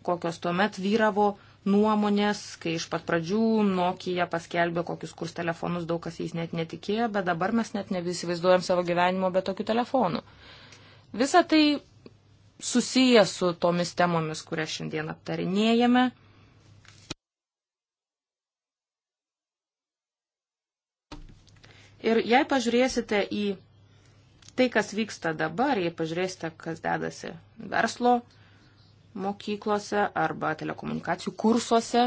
S3: kokios tuomet vyravo nuomonės, kai iš pat pradžių Nokia paskelbė, kokius kurs telefonus daug kas jais net netikėjo, bet dabar mes net nevisi vaizduojam savo gyvenimo be tokių telefonų. Visa tai susiję su tomis temomis, kurias šiandien aptarinėjame. Ir jei pažiūrėsite į tai, kas vyksta dabar, jei pažiūrėsite, kas dedasi verslo mokyklose arba telekomunikacijų kursuose,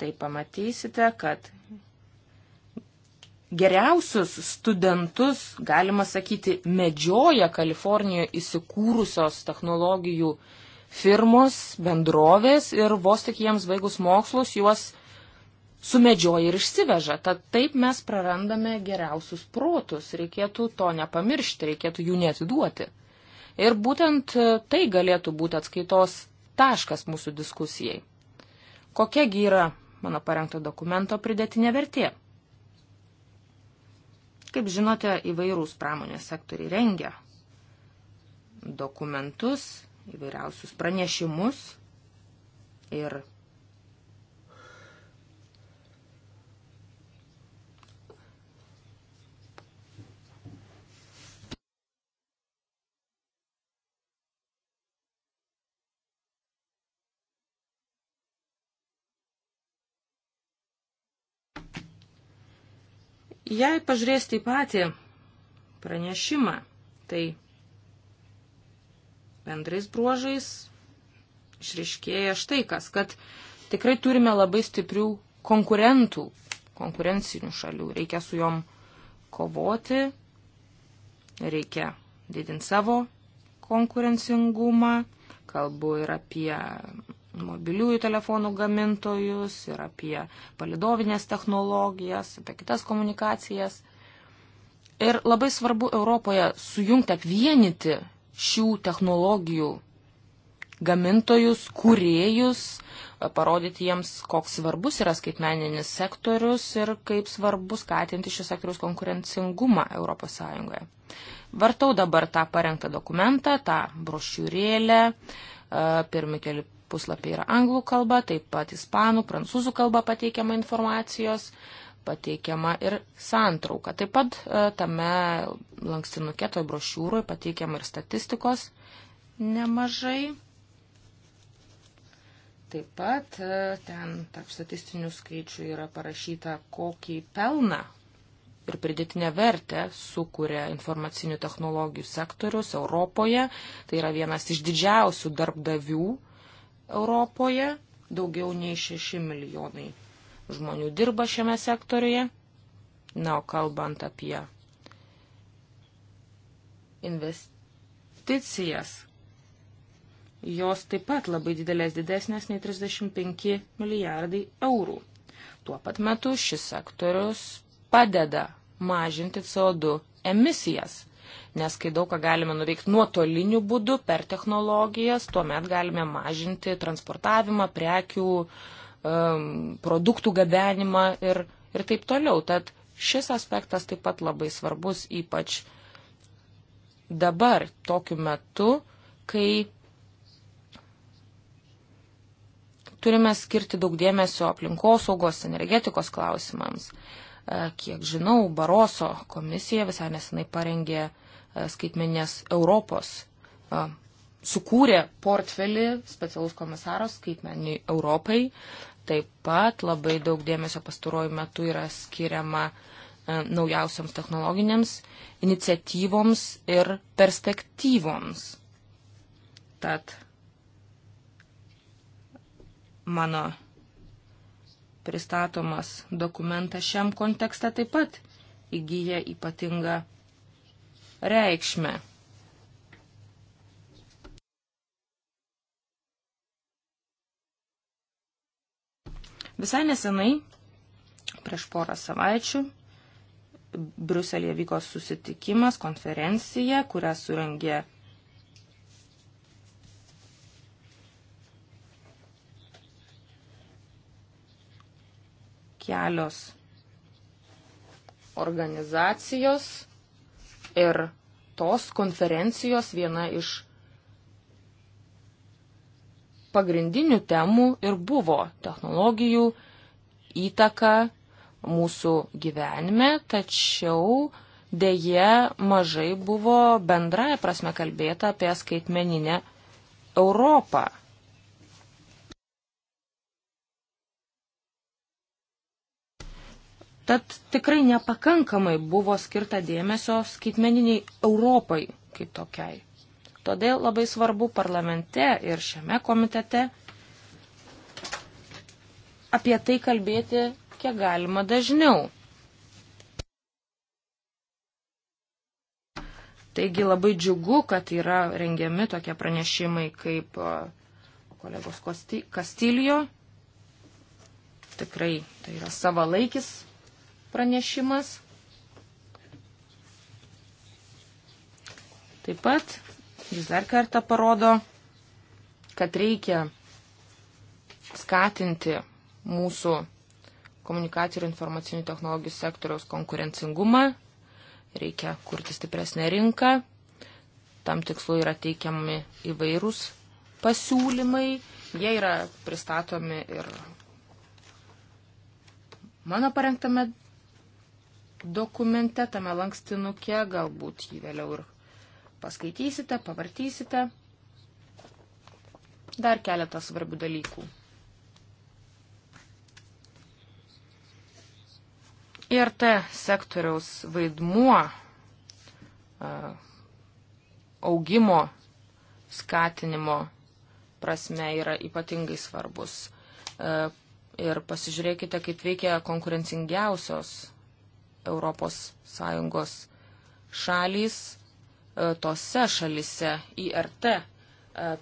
S3: tai pamatysite, kad geriausius studentus, galima sakyti, medžioja Kalifornijoje įsikūrusios technologijų firmos, bendrovės ir vos tik jiems baigus mokslus juos sumedžioja ir išsiveža. Tad taip mes prarandame geriausius protus. Reikėtų to nepamiršti, reikėtų jų netiduoti. Ir būtent tai galėtų būti atskaitos taškas mūsų diskusijai. Kokiagi yra mano parengto dokumento pridėtinė vertė? Kaip žinote, įvairūs pramonės sektoriai rengia dokumentus, įvairiausius pranešimus ir Jei pažiūrėsite į patį pranešimą, tai bendrais bruožais išriškėja štai kas, kad tikrai turime labai stiprių konkurentų, konkurencinių šalių. Reikia su jom kovoti, reikia didinti savo konkurencingumą, kalbu ir apie mobiliųjų telefonų gamintojus, ir apie palidovinės technologijas, apie kitas komunikacijas. Ir labai svarbu Europoje sujungti, apvienyti šių technologijų gamintojus, kuriejus, parodyti jiems, koks svarbus yra skaitmeninis sektorius ir kaip svarbu skatinti šis sektorius konkurencingumą ES. Vartau dabar tą parengtą dokumentą, tą brošiūrėlę, e, pirmi keli puslapį yra anglų kalba, taip pat ispanų, prancūzų kalba pateikiama informacijos, pateikiama ir santrauka. Taip pat e, tame lankstinuke toj brošiūroje pateikiama ir statistikos nemažai. Taip pat e, ten tarp statistinių skaičių yra parašyta, kokį pelną ir pridėtinę vertę sukuria informacinių technologijų sektorius Europoje. Tai yra vienas iš didžiausių darbdavių Europoje, daugiau nei 6 milijonai žmonių dirba šiame sektoriuje. Na, o kalbant apie investicijas, jos taip pat labai didelės didesnės nei 35 milijardai eurų. Tuo pat metu šis sektorius padeda mažinti CO2 emisijas nes kai daug ką galime nuveikti nuotoliniu būdu per technologijas, tuomet galime mažinti transportavimą, prekių, produktų gabenimą ir, ir taip toliau. Tad šis aspektas taip pat labai svarbus, ypač dabar, tokiu metu, kai turime skirti daug dėmesio aplinkosaugos, energetikos klausimams. Kiek žinau, Baroso komisija visai nesinai parengė e, skaitmenės Europos, e, sukūrė portfelį specialus komisaros skaitmeniai Europai. Taip pat labai daug dėmesio pastaruoju metu yra skiriama e, naujausiams technologinėms iniciatyvoms ir perspektyvoms. Tad mano pristatomas dokumentas šiam kontekste taip pat įgyja ypatingą reikšmę. Visai nesenai, prieš porą savaičių, Bruselėje vyko susitikimas, konferencija, kurią surengė kelios organizacijos ir tos konferencijos viena iš pagrindinių temų ir buvo technologijų įtaka mūsų gyvenime, tačiau dėje mažai buvo bendraja prasme kalbėta apie skaitmeninę Europą. Tad tikrai nepakankamai buvo skirta dėmesio skaitmeniniai Europai kaip tokiai. Todėl labai svarbu parlamente ir šiame komitete apie tai kalbėti kiek galima dažniau. Taigi labai džiugu, kad yra rengiami tokie pranešimai kaip kolegos Kastilijo. Tikrai tai yra savalaikis pranešimas. Taip pat jis dar kartą parodo, kad reikia skatinti mūsų komunikacijų ir informacinių technologijų sektoriaus konkurencingumą, reikia kurti stipresnę rinką, tam tikslu yra teikiami įvairūs pasiūlymai, jie yra pristatomi ir mano parengtame dokumente, tame lankstinuke, galbūt jį vėliau ir paskaitysite, pavartysite. Dar keletą svarbių dalykų. IRT sektoriaus vaidmuo augimo skatinimo prasme yra ypatingai svarbus. Ir pasižiūrėkite, kaip veikia konkurencingiausios ES šalys e, tose šalise IRT e,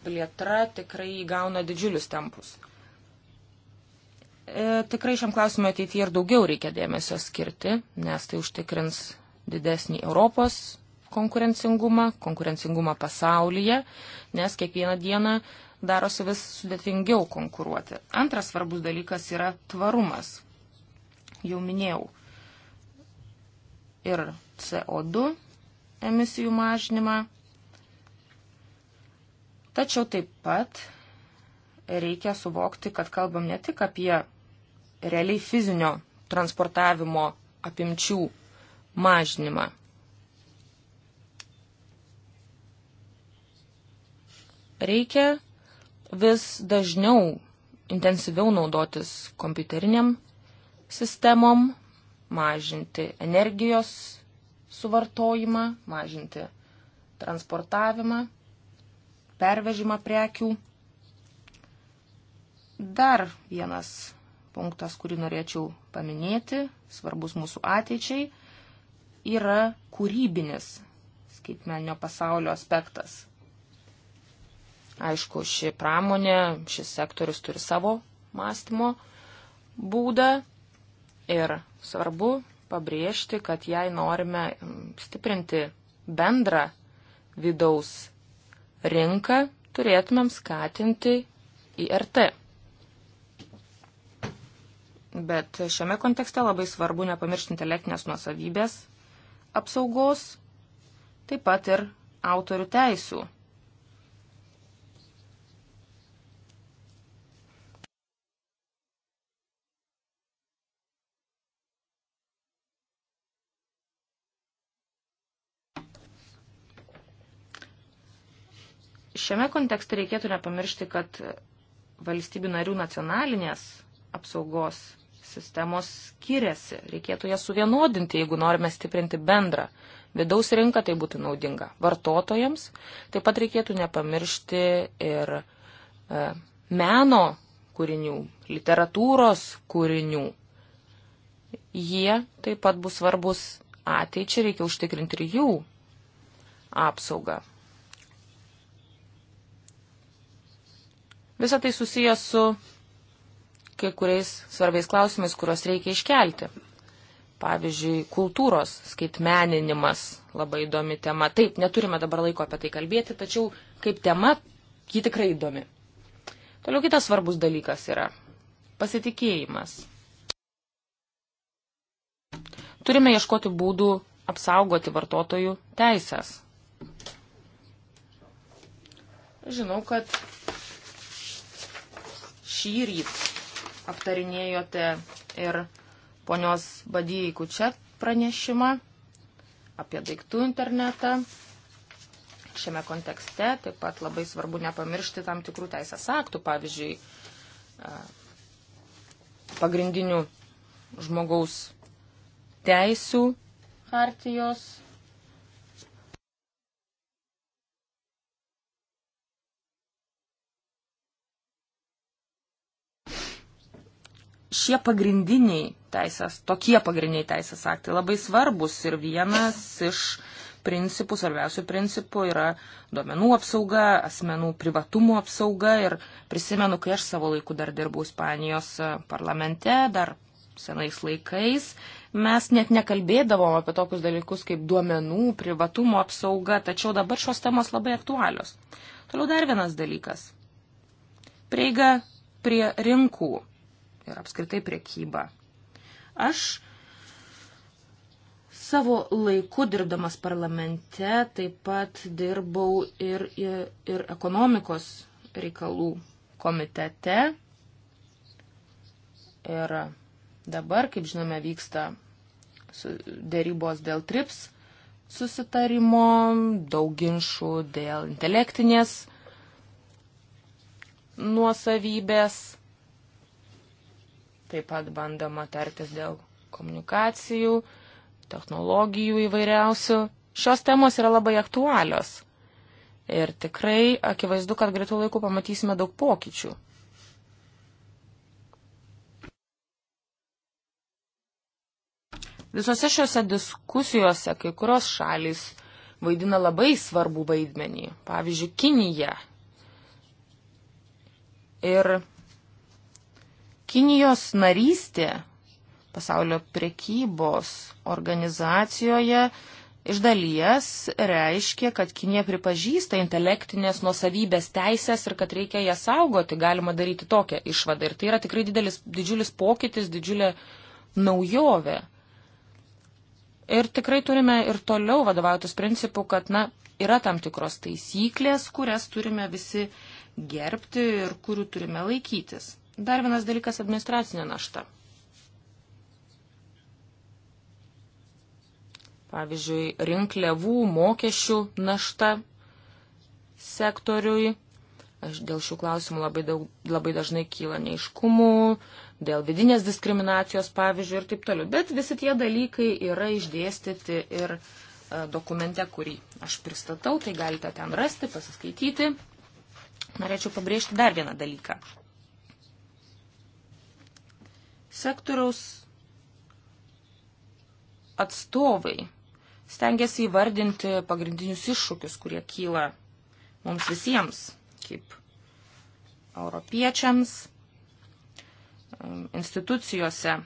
S3: plėtra tikrai įgauna didžiulius tempus. E, tikrai šiam klausimui ateityje ir daugiau reikia dėmesio skirti, nes tai užtikrins didesnį Europos konkurencingumą, konkurencingumą pasaulyje, nes kiekvieną dieną darosi vis sudėtingiau konkuruoti. Antras svarbus dalykas yra tvarumas. Jau minėjau, ir CO2 emisijų mažinimą. Tačiau taip pat reikia suvokti, kad kalbam ne tik apie realiai fizinio transportavimo apimčių mažinimą. Reikia vis dažniau intensyviau naudotis kompiuteriniam sistemom mažinti energijos suvartojimą, mažinti transportavimą, pervežimą prekių. Dar vienas punktas, kurį norėčiau paminėti, svarbus mūsų ateičiai, yra kūrybinis skaitmenio pasaulio aspektas. Aišku, ši pramonė, šis sektorius turi savo mąstymo būdą, Ir svarbu pabrėžti, kad jei norime stiprinti bendrą vidaus rinką, turėtumėm skatinti IRT. Bet šiame kontekste labai svarbu nepamiršti intelektinės nuosavybės apsaugos, taip pat ir autorių teisų Šiame kontekste reikėtų nepamiršti, kad valstybių narių nacionalinės apsaugos sistemos skiriasi. Reikėtų jas suvienodinti, jeigu norime stiprinti bendrą vidaus rinką, tai būtų naudinga vartotojams. Taip pat reikėtų nepamiršti ir e, meno kūrinių, literatūros kūrinių. Jie taip pat bus svarbus ateičiai, reikia užtikrinti ir jų apsaugą. Visą tai susijęs su kai kuriais svarbiais klausimais, kuriuos reikia iškelti. Pavyzdžiui, kultūros skaitmeninimas labai įdomi tema. Taip, neturime dabar laiko apie tai kalbėti, tačiau kaip tema ji tikrai įdomi. Toliau kitas svarbus dalykas yra pasitikėjimas. Turime ieškoti būdų apsaugoti vartotojų teisės. Žinau, kad šį rytą aptarinėjote ir ponios Badijai Kučia pranešimą apie daiktų internetą. Šiame kontekste taip pat labai svarbu nepamiršti tam tikrų teisės aktų, pavyzdžiui, pagrindinių žmogaus teisių hartijos šie pagrindiniai teisės, tokie pagrindiniai teisės aktai labai svarbus ir vienas iš principų, svarbiausių principų yra duomenų apsauga, asmenų privatumo apsauga ir prisimenu, kai aš savo laiku dar dirbau Ispanijos e, parlamente, dar senais laikais, mes net nekalbėdavom apie tokius dalykus kaip duomenų privatumo apsauga, tačiau dabar šios temos labai aktualios. Toliau dar vienas dalykas. Prieiga prie rinkų ir apskritai priekybą. Aš savo laiku dirbdamas parlamente taip pat dirbau ir, ir, ir ekonomikos reikalų komitete. Ir dabar, kaip žinome, vyksta dėrybos dėl trips susitarimo, daug ginčių dėl intelektinės nuosavybės. Taip pat bandoma tartis dėl komunikacijų, technologijų įvairiausių. Šios temos yra labai aktualios. Ir tikrai akivaizdu, kad greitų laikų pamatysime daug pokyčių. Visose šiuose diskusijose kai kurios šalys vaidina labai svarbų vaidmenį. Pavyzdžiui, Kinija. Ir Kinijos narystė pasaulio prekybos organizacijoje iš dalies reiškia, kad Kinija pripažįsta intelektinės nuosavybės teisės ir kad reikia jas saugoti. Galima daryti tokią išvadą. Ir tai yra tikrai didelis, didžiulis pokytis, didžiulė naujovė. Ir tikrai turime ir toliau vadovautis principu, kad, na, yra tam tikros taisyklės, kurias turime visi gerbti ir kurių turime laikytis. Dar vienas dalykas - administracinė našta. Pavyzdžiui, rinkliavų mokesčių našta sektoriui. Aš dėl šių klausimų labai, daug, labai dažnai kyla neiškumų, dėl vidinės diskriminacijos, pavyzdžiui, ir taip toliau. Bet visi tie dalykai yra išdėstyti ir e, dokumente, kurį aš pristatau, tai galite ten rasti, pasiskaityti. Norėčiau pabrėžti dar vieną dalyką sektoriaus atstovai stengiasi įvardinti pagrindinius iššūkius, kurie kyla mums visiems, kaip europiečiams, institucijose.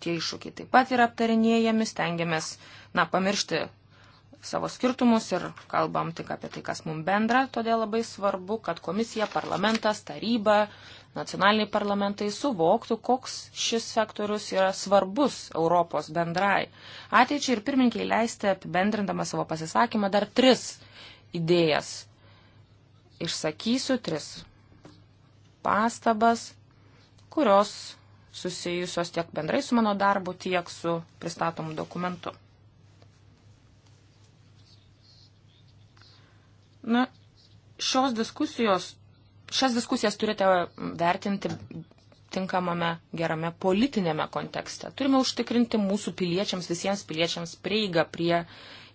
S3: Tie iššūkiai taip pat yra aptarinėjami, stengiamės, na, pamiršti savo skirtumus ir kalbam tik apie tai, kas mums bendra, todėl labai svarbu, kad komisija, parlamentas, taryba, nacionaliniai parlamentai suvoktų, koks šis sektorius yra svarbus Europos bendrai. Ateičiai ir pirmininkiai leisti apibendrindama savo pasisakymą dar tris idėjas. Išsakysiu tris pastabas, kurios susijusios tiek bendrai su mano darbu, tiek su pristatomu dokumentu. Na, šios diskusijos šias diskusijas turite vertinti tinkamame gerame politinėme kontekste. Turime užtikrinti mūsų piliečiams, visiems piliečiams prieigą prie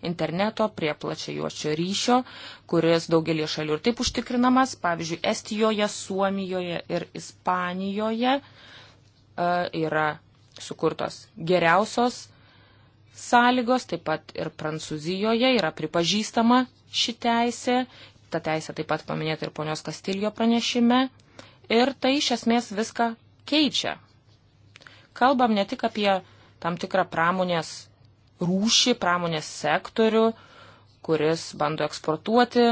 S3: interneto, prie plačiajuočio ryšio, kuris daugelį šalių ir taip užtikrinamas, pavyzdžiui, Estijoje, Suomijoje ir Ispanijoje e, yra sukurtos geriausios sąlygos, taip pat ir Prancūzijoje yra pripažįstama ši teisė, ta teisė taip pat paminėta ir ponios Kastiljo pranešime. Ir tai iš esmės viską keičia. Kalbam ne tik apie tam tikrą pramonės rūšį, pramonės sektorių, kuris bando eksportuoti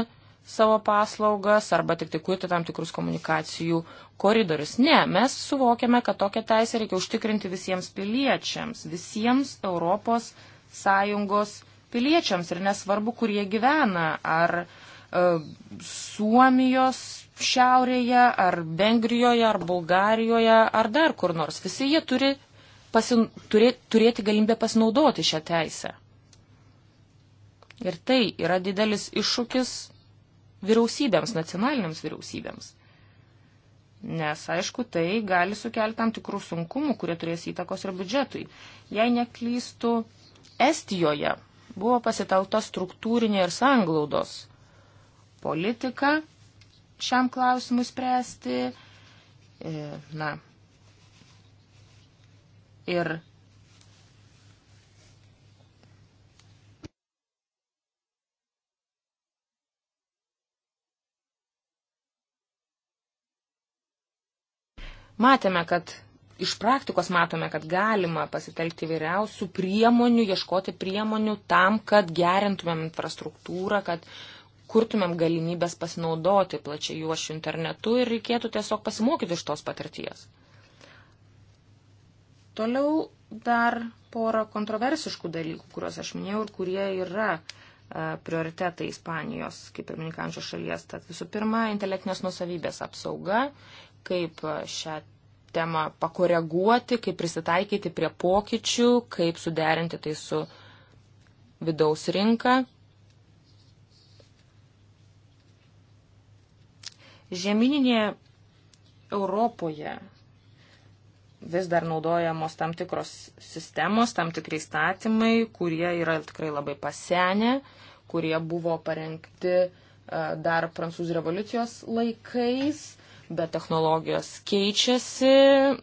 S3: savo paslaugas arba tik tai kurti tam tikrus komunikacijų koridorius. Ne, mes suvokiame, kad tokią teisę reikia užtikrinti visiems piliečiams, visiems Europos Sąjungos piliečiams ir nesvarbu, kur jie gyvena, ar uh, E, Suomijos šiaurėje, ar Vengrijoje, ar Bulgarijoje, ar dar kur nors. Visi jie turi pasin, turė, turėti galimybę pasinaudoti šią teisę. Ir tai yra didelis iššūkis vyriausybėms, nacionaliniams vyriausybėms. Nes, aišku, tai gali sukelti tam tikrų sunkumų, kurie turės įtakos ir biudžetui. Jei neklystų, Estijoje buvo pasitelta struktūrinė ir sanglaudos politiką šiam klausimui spręsti. E, na. Ir matėme, kad iš praktikos matome, kad galima pasitelkti vyriausių priemonių, ieškoti priemonių tam, kad gerintumėm infrastruktūrą, kad uh, kurtumėm galimybės pasinaudoti plačiai juošių internetu ir reikėtų tiesiog pasimokyti iš tos patirties. Toliau dar porą kontroversiškų dalykų, kuriuos aš minėjau ir kurie yra e, prioritetai Ispanijos kaip ir minkančios šalies. Tad visų pirma, intelektinės nusavybės apsauga, kaip e, šią temą pakoreguoti, kaip prisitaikyti prie pokyčių, kaip suderinti tai su vidaus rinka. Žemyninėje Europoje vis dar naudojamos tam tikros sistemos, tam tikrai statymai, kurie yra tikrai labai pasenę, kurie buvo parengti e, dar prancūzų revoliucijos laikais bet technologijos keičiasi,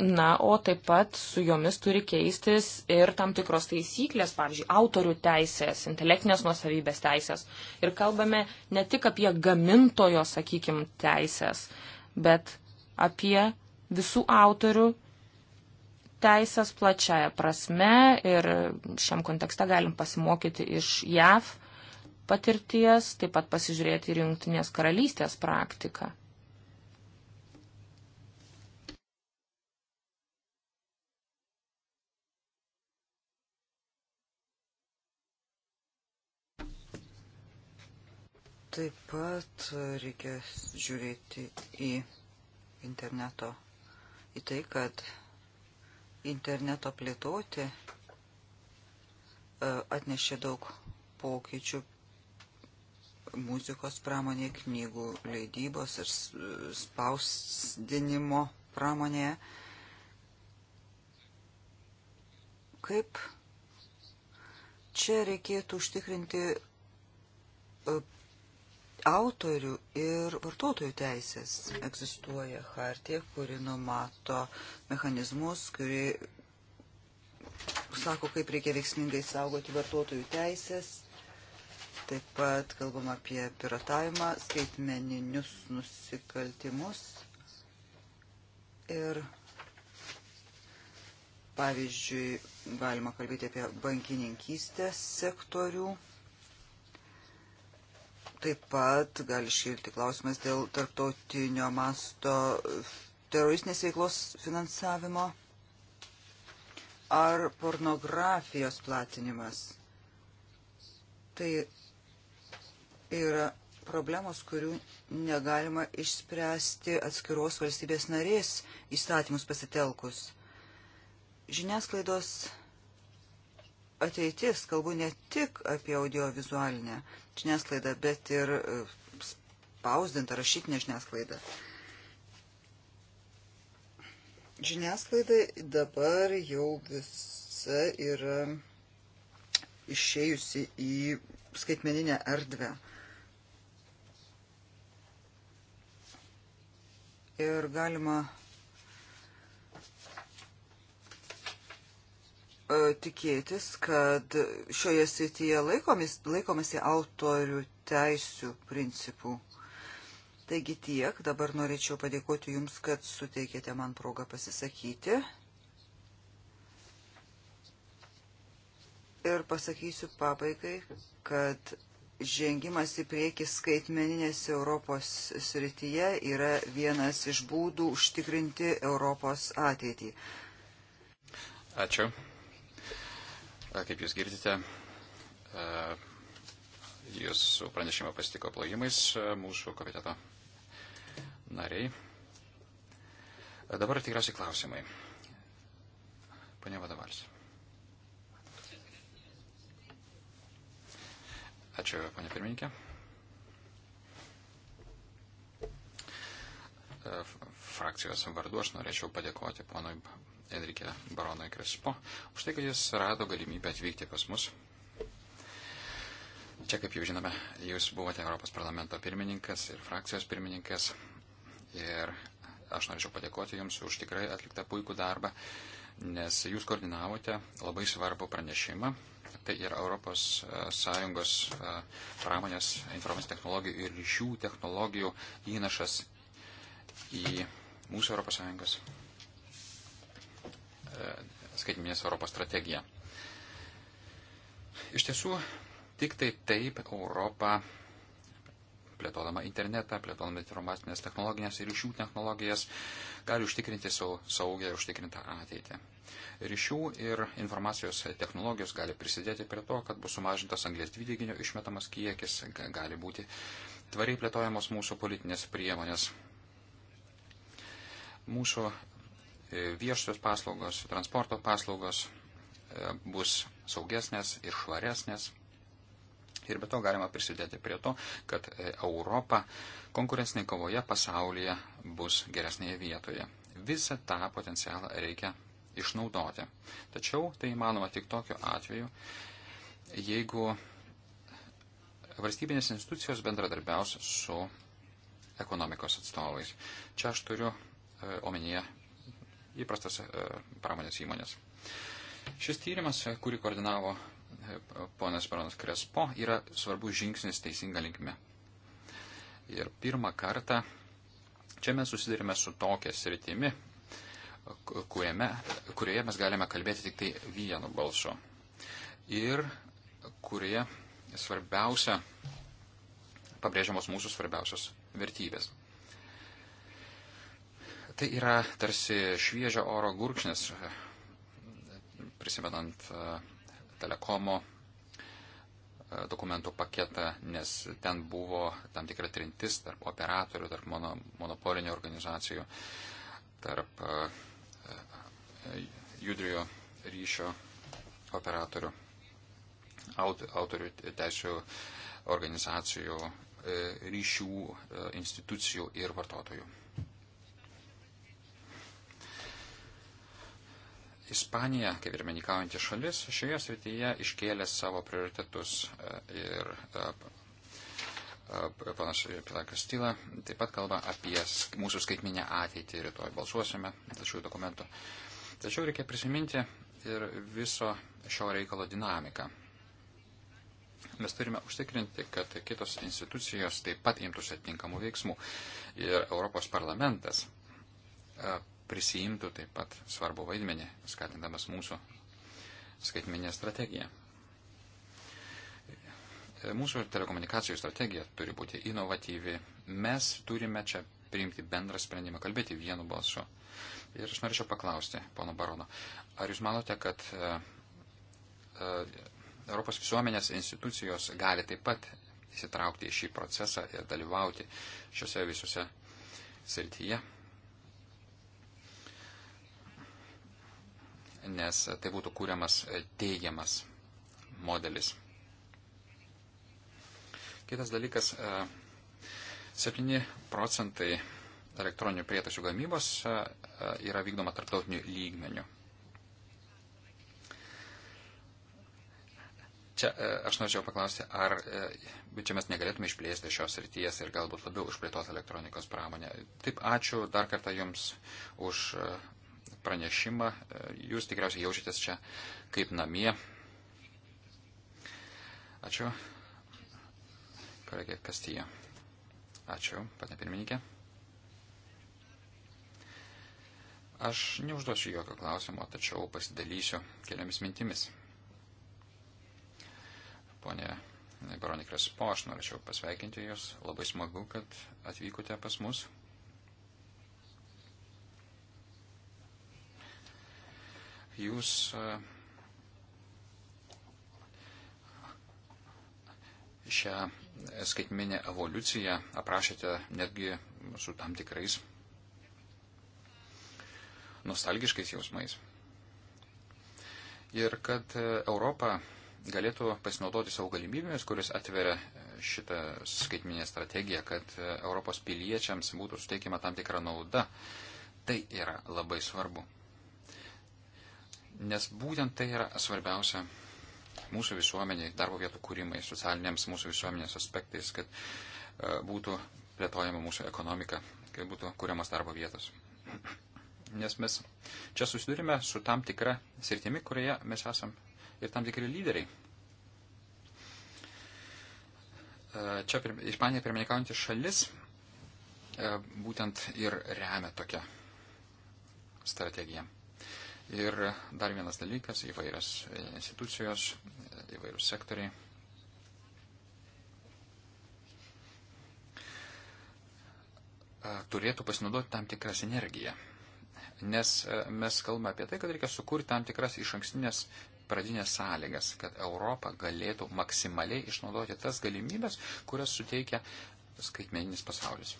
S3: na, o taip pat su jomis turi keistis ir tam tikros taisyklės, pavyzdžiui, autorių teisės, intelektinės nuosavybės teisės. Ir kalbame ne tik apie gamintojo, sakykim, teisės, bet apie visų autorių teisės plačiaja prasme ir šiam kontekste galim pasimokyti iš JAV patirties, taip pat pasižiūrėti ir Junktinės karalystės praktiką.
S4: Taip pat reikia žiūrėti į interneto, į tai, kad interneto plėtoti e, atnešė daug pokyčių muzikos pramonėje, knygų leidybos ir spausdinimo pramonėje. Kaip čia reikėtų užtikrinti e, autorių ir vartotojų teisės. Egzistuoja hartija, kuri numato mechanizmus, kuri sako, kaip reikia veiksmingai saugoti vartotojų teisės. Taip pat kalbam apie piratavimą, skaitmeninius nusikaltimus. Ir pavyzdžiui, galima kalbėti apie bankininkystės sektorių Taip pat gali iškilti klausimas dėl tarptautinio masto teroristinės veiklos finansavimo ar pornografijos platinimas. Tai yra problemos, kurių negalima išspręsti atskiros valstybės narės įstatymus pasitelkus. Žiniasklaidos ateitis, kalbu ne tik apie audiovizualinę žiniasklaidą, bet ir e, spausdintą rašytinę žiniasklaidą. Žiniasklaidai dabar jau visa yra išėjusi į skaitmeninę erdvę. Ir galima E, tikėtis, kad šioje srityje laikomis, laikomasi autorių teisių principų. Taigi tiek, dabar norėčiau padėkoti Jums, kad suteikėte man progą pasisakyti. Ir pasakysiu pabaigai, kad žengimas į priekį skaitmeninės Europos srityje yra vienas iš būdų užtikrinti Europos ateitį.
S2: Ačiū. Kaip jūs girdite, jūsų pranešimą pasitiko plojimais mūsų komiteto nariai. Dabar tikriausiai klausimai. Pane Vadovals. Ačiū, pane pirmininkė. Frakcijos vardu aš norėčiau padėkoti ponui Enrique Baronai Krespo už tai, kad jis rado galimybę atvykti pas mus. Čia, kaip jau žinome, jūs buvote Europos parlamento pirmininkas ir frakcijos pirmininkas. Ir aš norėčiau padėkoti Jums už tikrai atliktą puikų darbą, nes Jūs koordinavote labai svarbų pranešimą. Tai yra ES e, e, pramonės informacinių technologijų ir ryšių technologijų įnašas į mūsų ES E, skaitminės Europos strategiją. Iš tiesų, tik tai taip Europa, plėtodama internetą, plėtodama informacinės technologinės ir ryšių technologijas, gali užtikrinti saugę ir užtikrintą ateitį. Ryšių ir informacijos technologijos gali prisidėti prie to, kad bus sumažintas anglės dvideginio išmetamas kiekis, gali būti tvariai plėtojamos mūsų politinės priemonės, mūsų E, viešosios paslaugos, transporto paslaugos e, bus saugesnės ir švaresnės. Ir be to galima prisidėti prie to, kad e, Europa konkurencinėje kovoje pasaulyje bus geresnėje vietoje. Visą tą potencialą reikia išnaudoti. Tačiau tai įmanoma tik tokiu atveju, jeigu valstybinės institucijos bendradarbiaus su ekonomikos atstovais. Čia aš turiu omenyje įprastas e, pramonės įmonės. Šis tyrimas, e, kurį koordinavo e, ponas Baronas Krespo, yra svarbus žingsnis teisinga linkme. Ir pirmą kartą čia mes susidurime su tokia sritimi, kuriame, kurioje mes galime kalbėti tik tai vienu balsu. Ir kurioje svarbiausia, pabrėžiamos mūsų svarbiausios vertybės. Tai yra tarsi šviežio oro gurkšnis, prisimenant e, telekomo e, dokumentų paketą, nes ten buvo tam tikra trintis tarp operatorių, tarp mono, monopolinių organizacijų, tarp e, judriojo ryšio operatorių, aut, autorių teisų organizacijų, ryšių institucijų ir vartotojų. Ispanija, kaip ir menikaujantis šalis, šioje srityje iškėlė savo prioritetus e, ir e, e, panas Pilakas Tyla taip pat kalba apie mūsų skaitminę ateitį, rytoj balsuosime dėl šių dokumentų. Tačiau reikia prisiminti ir viso šio reikalo dinamiką. Mes turime užtikrinti, kad kitos institucijos taip pat imtųsi atitinkamų veiksmų. Ir Europos parlamentas prisijimtų taip pat svarbu vaidmenį, skatindamas mūsų skaitminę strategiją. Mūsų telekomunikacijų strategija turi būti inovatyvi. Mes turime čia priimti bendrą sprendimą, kalbėti vienu balsu. Ir aš norėčiau paklausti, pono barono, ar jūs manote, kad e, e, Europos visuomenės institucijos gali taip pat įsitraukti į šį procesą ir dalyvauti šiuose visose srityje? nes tai būtų kūriamas e, teigiamas modelis. Kitas dalykas, 7 e, procentai elektroninių prietaisų gamybos e, yra vykdoma tarptautiniu lygmeniu. Čia aš norėčiau paklausti, ar čia mes negalėtume išplėsti šios ryties ir galbūt labiau užplėtoti elektronikos pramonę. Taip, ačiū dar kartą Jums už pranešimą. E, jūs tikriausiai jaučiatės čia kaip namie. Ačiū. Kolegė Kastyja. Ačiū, pane pirmininkė. Aš neužduosiu jokio klausimo, tačiau pasidalysiu keliomis mintimis. Pone Baronikras Po, aš norėčiau pasveikinti Jūs. Labai smagu, kad atvykote pas mus. jūs e, šią skaitminę evoliuciją aprašėte netgi su tam tikrais nostalgiškais jausmais. Ir kad Europa galėtų pasinaudoti savo galimybėmis, kuris atveria šitą skaitminę strategiją, kad Europos piliečiams būtų suteikima tam tikra nauda, tai yra labai svarbu. Nes būtent tai yra svarbiausia mūsų visuomeniai, darbo vietų kūrimai, socialiniams mūsų visuomenės aspektais, kad e, būtų plėtojama mūsų ekonomika, kad būtų kūriamas darbo vietos. Nes mes čia susidurime su tam tikra sritimi, kurioje mes esam ir tam tikri lyderiai. E, čia Ispanija pirmininkaujantis šalis e, būtent ir remia tokią strategiją. Ir dar vienas dalykas - įvairias institucijos, įvairūs sektoriai. turėtų pasinaudoti tam tikrą sinergiją. Nes mes kalbame apie tai, kad reikia sukurti tam tikras iš ankstinės pradinės sąlygas, kad Europa galėtų maksimaliai išnaudoti tas galimybės, kurias suteikia skaitmeninis pasaulis.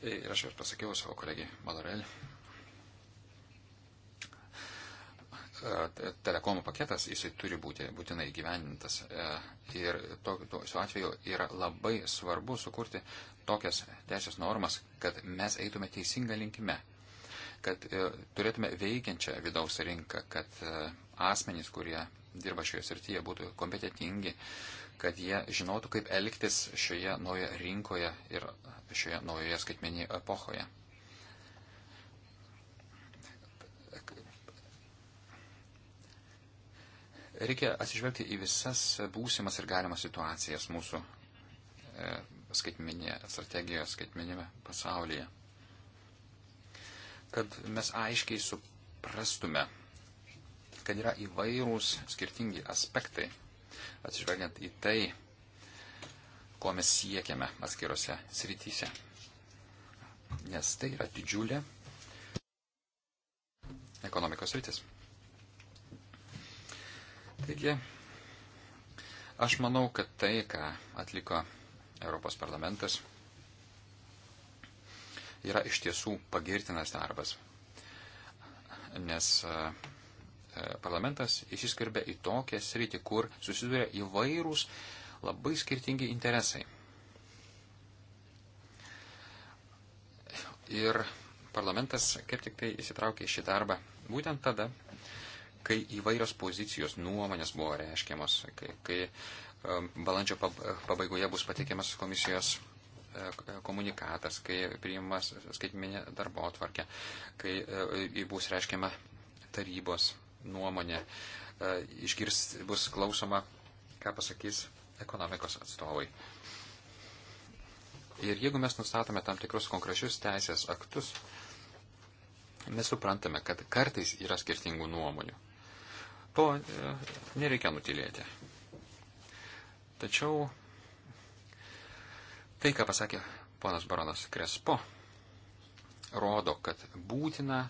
S2: Ir aš jau pasakiau savo kolegiai Madurelį. Telekomų paketas, jisai turi būti būtinai gyvenintas. E, ir to, to, su atveju yra labai svarbu sukurti tokias teisės normas, kad mes eitume teisinga linkime, kad e, turėtume veikiančią vidaus rinką, kad e, asmenys, kurie dirba šioje srityje, būtų kompetitingi, uh, kad jie žinotų, kaip elgtis šioje naujoje rinkoje ir šioje naujoje skaitmeninėje epochoje. Reikia atsižvelgti į visas būsimas ir galimas situacijas mūsų e, skaitmeninėje strategijoje, skaitmeninėme pasaulyje. Kad mes aiškiai suprastume, kad yra įvairūs skirtingi aspektai atsižvelgiant į tai, ko mes siekiame atskirose srityse. Nes tai yra didžiulė ekonomikos sritis. Taigi, aš manau, kad tai, ką atliko Europos parlamentas, yra iš tiesų pagirtinas darbas. Nes uh, E, parlamentas išsiskirbė į tokią sritį, kur susiduria įvairūs labai skirtingi interesai. Ir parlamentas kaip tik tai įsitraukė į šį darbą būtent tada, kai įvairios pozicijos nuomonės buvo reiškiamos, kai, kai e, balandžio pabaigoje bus pateikiamas komisijos e, komunikatas, kai priimamas skaitminė darbo atvarkė, kai bus reiškiama tarybos nuomonė e, išgirs, bus klausoma, ką pasakys ekonomikos atstovai. Ir jeigu mes nustatome tam tikrus konkrečius teisės aktus, mes suprantame, kad kartais yra skirtingų nuomonių. To e, nereikia nutilėti. Tačiau tai, ką pasakė ponas baronas Krespo, rodo, kad būtina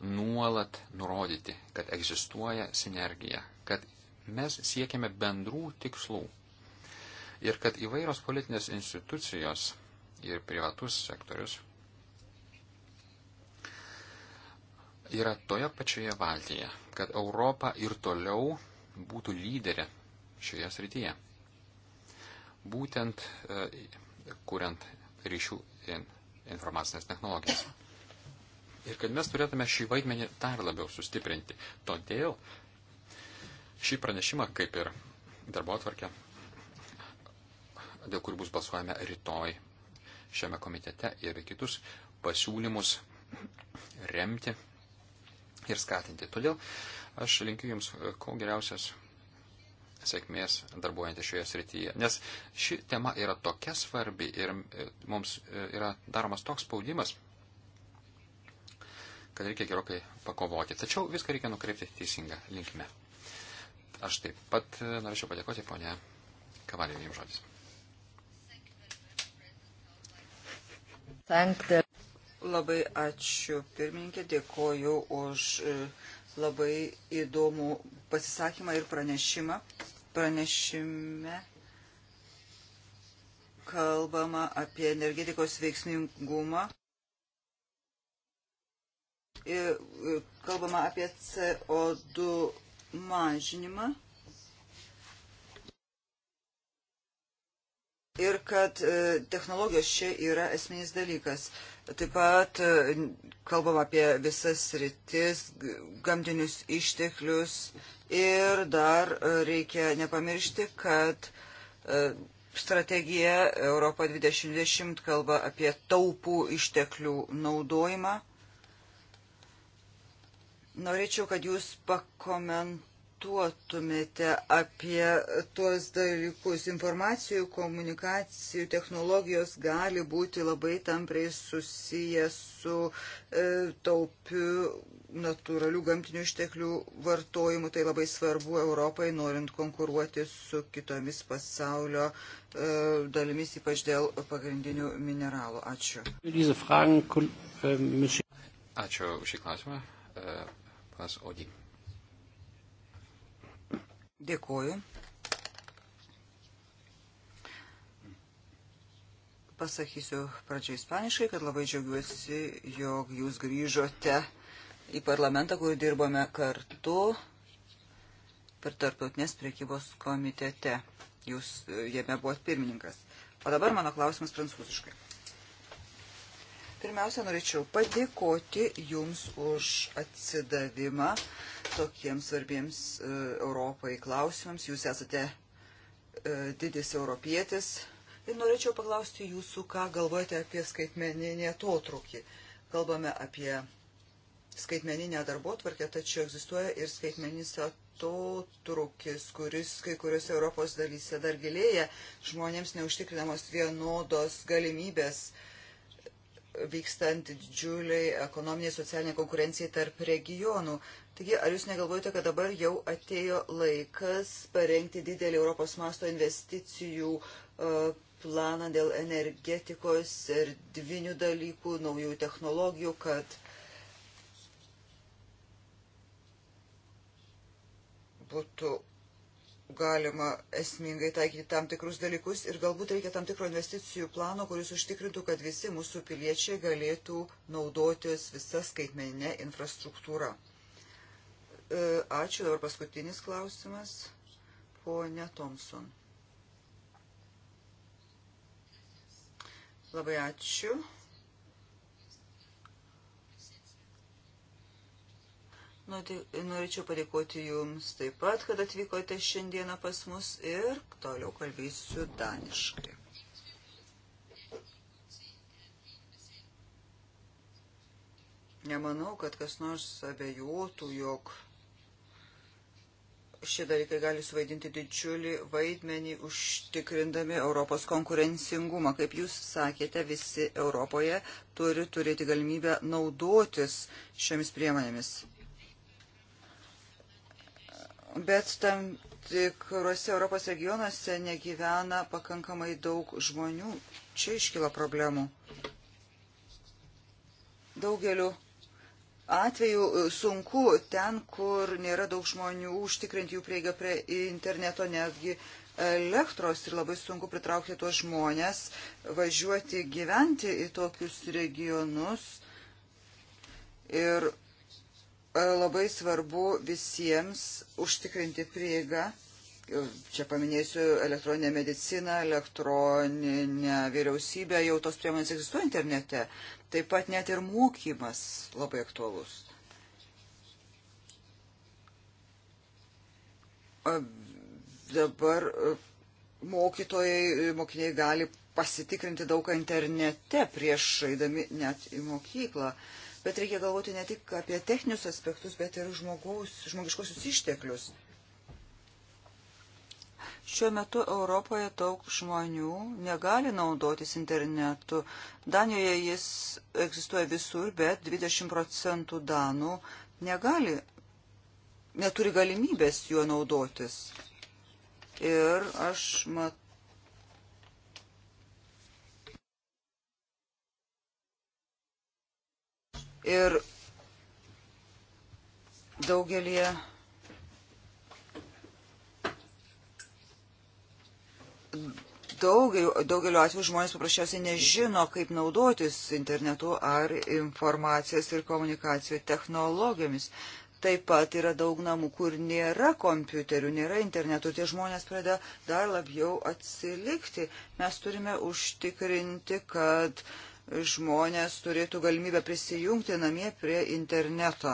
S2: nuolat nurodyti, kad egzistuoja sinergija, kad mes siekiame bendrų tikslų ir kad įvairios politinės institucijos ir privatus sektorius yra toje pačioje valtyje, kad Europa ir toliau būtų lyderė šioje srityje. Būtent e, kuriant ryšių informacinės technologijas ir kad mes turėtume šį vaidmenį dar labiau sustiprinti. Todėl šį pranešimą, kaip ir darbo atvarkę, dėl kur bus balsuojama rytoj šiame komitete ir kitus pasiūlymus remti ir skatinti. Todėl aš linkiu Jums kuo geriausias sėkmės darbuojantį šioje srityje. Nes ši tema yra tokia svarbi ir mums yra daromas toks spaudimas, kad reikia gerokai pakovoti. Tačiau viską reikia nukreipti teisingą linkme. Aš taip pat e, norėčiau padėkoti ponė Kavaliu jums žodis.
S1: Sankta.
S4: Labai ačiū pirmininkė, dėkoju už e, labai įdomų pasisakymą ir pranešimą. Pranešime kalbama apie energetikos veiksmingumą. E, e, kalbama apie CO2 mažinimą. Ir kad e, technologijos čia yra esminis dalykas. Taip pat kalbam apie visas rytis, gamtinius išteklius ir dar reikia nepamiršti, kad strategija Europa 2020 kalba apie taupų išteklių naudojimą Norėčiau, kad jūs pakomentuotumėte apie tuos dalykus. Informacijų, komunikacijų, technologijos gali būti labai tampriai susiję su e, taupiu natūralių gamtinių išteklių vartojimu. Tai labai svarbu Europai, norint konkuruoti su kitomis pasaulio e, dalimis, ypač dėl pagrindinių mineralų. Ačiū.
S1: Ähm,
S2: Ačiū už šį klausimą. Pas Odi.
S1: Dėkuoju.
S4: Pasakysiu pradžioje ispaniškai, kad labai džiaugiuosi, jog jūs grįžote į parlamentą, kur dirbome kartu per tarptautinės priekybos komitete. Jūs jame buvot pirmininkas. O dabar mano klausimas prancūziškai. Pirmiausia, norėčiau padėkoti Jums už atsidavimą tokiems svarbiems e, Europai klausimams. Jūs esate e, didis europietis ir norėčiau paklausti Jūsų, ką galvojate apie skaitmeninį atotrukį. Kalbame apie skaitmeninę darbo tvarkę, tačiau egzistuoja ir skaitmeninis atotrukis, kuris kai kuriuose Europos dalyse dar gilėja, žmonėms neužtikrinamos vienodos galimybės uh, vykstant didžiuliai ekonominiai socialiniai konkurencijai tarp regionų. Taigi, ar jūs negalvojate, kad dabar jau atėjo laikas parengti didelį Europos masto investicijų e, planą dėl energetikos ir dvinių dalykų, naujų technologijų, kad būtų galima esmingai taikyti tam tikrus dalykus ir galbūt reikia tam tikro investicijų plano, kuris užtikrintų, kad visi mūsų piliečiai galėtų naudotis visą skaitmeninę infrastruktūrą. E, ačiū. Dabar paskutinis klausimas. Pone Thompson. Labai ačiū. Nu, tai norėčiau padėkoti Jums taip pat, kad atvykote šiandieną pas mus ir toliau kalbėsiu daniškai. Nemanau, kad kas nors abejotų, jog šie dalykai gali suvaidinti didžiulį vaidmenį užtikrindami Europos konkurencingumą. Kaip jūs sakėte, visi Europoje turi turėti galimybę naudotis šiomis priemonėmis bet tam tikrose Europos regionuose negyvena pakankamai daug žmonių. Čia iškyla problemų. Daugeliu atveju e, sunku ten, kur nėra daug žmonių, užtikrinti jų prieigą prie interneto netgi elektros ir labai sunku pritraukti tuos žmonės, važiuoti gyventi į tokius regionus. Ir labai svarbu visiems užtikrinti prieigą. Čia paminėsiu elektroninę mediciną, elektroninę vyriausybę, jau tos priemonės egzistuoja internete. Taip pat net ir mokymas labai aktuolus. Dabar mokytojai, mokiniai gali pasitikrinti daugą internete prieš eidami net į mokyklą. Uh, Bet reikia galvoti ne tik apie techninius aspektus, bet ir žmogaus, žmogiškosius išteklius. Šiuo metu Europoje daug žmonių negali naudotis internetu. Danijoje jis egzistuoja visur, bet 20 procentų danų negali, neturi galimybės juo naudotis. Ir aš matau Ir daugelie daugeliu, daugeliu atveju žmonės paprasčiausiai nežino, kaip naudotis internetu ar informacijos ir komunikacijų technologijomis. Taip pat yra daug namų, kur nėra kompiuterių, nėra internetų, tie žmonės pradeda dar labiau atsilikti. Mes turime užtikrinti, kad uh, žmonės turėtų galimybę prisijungti namie prie interneto,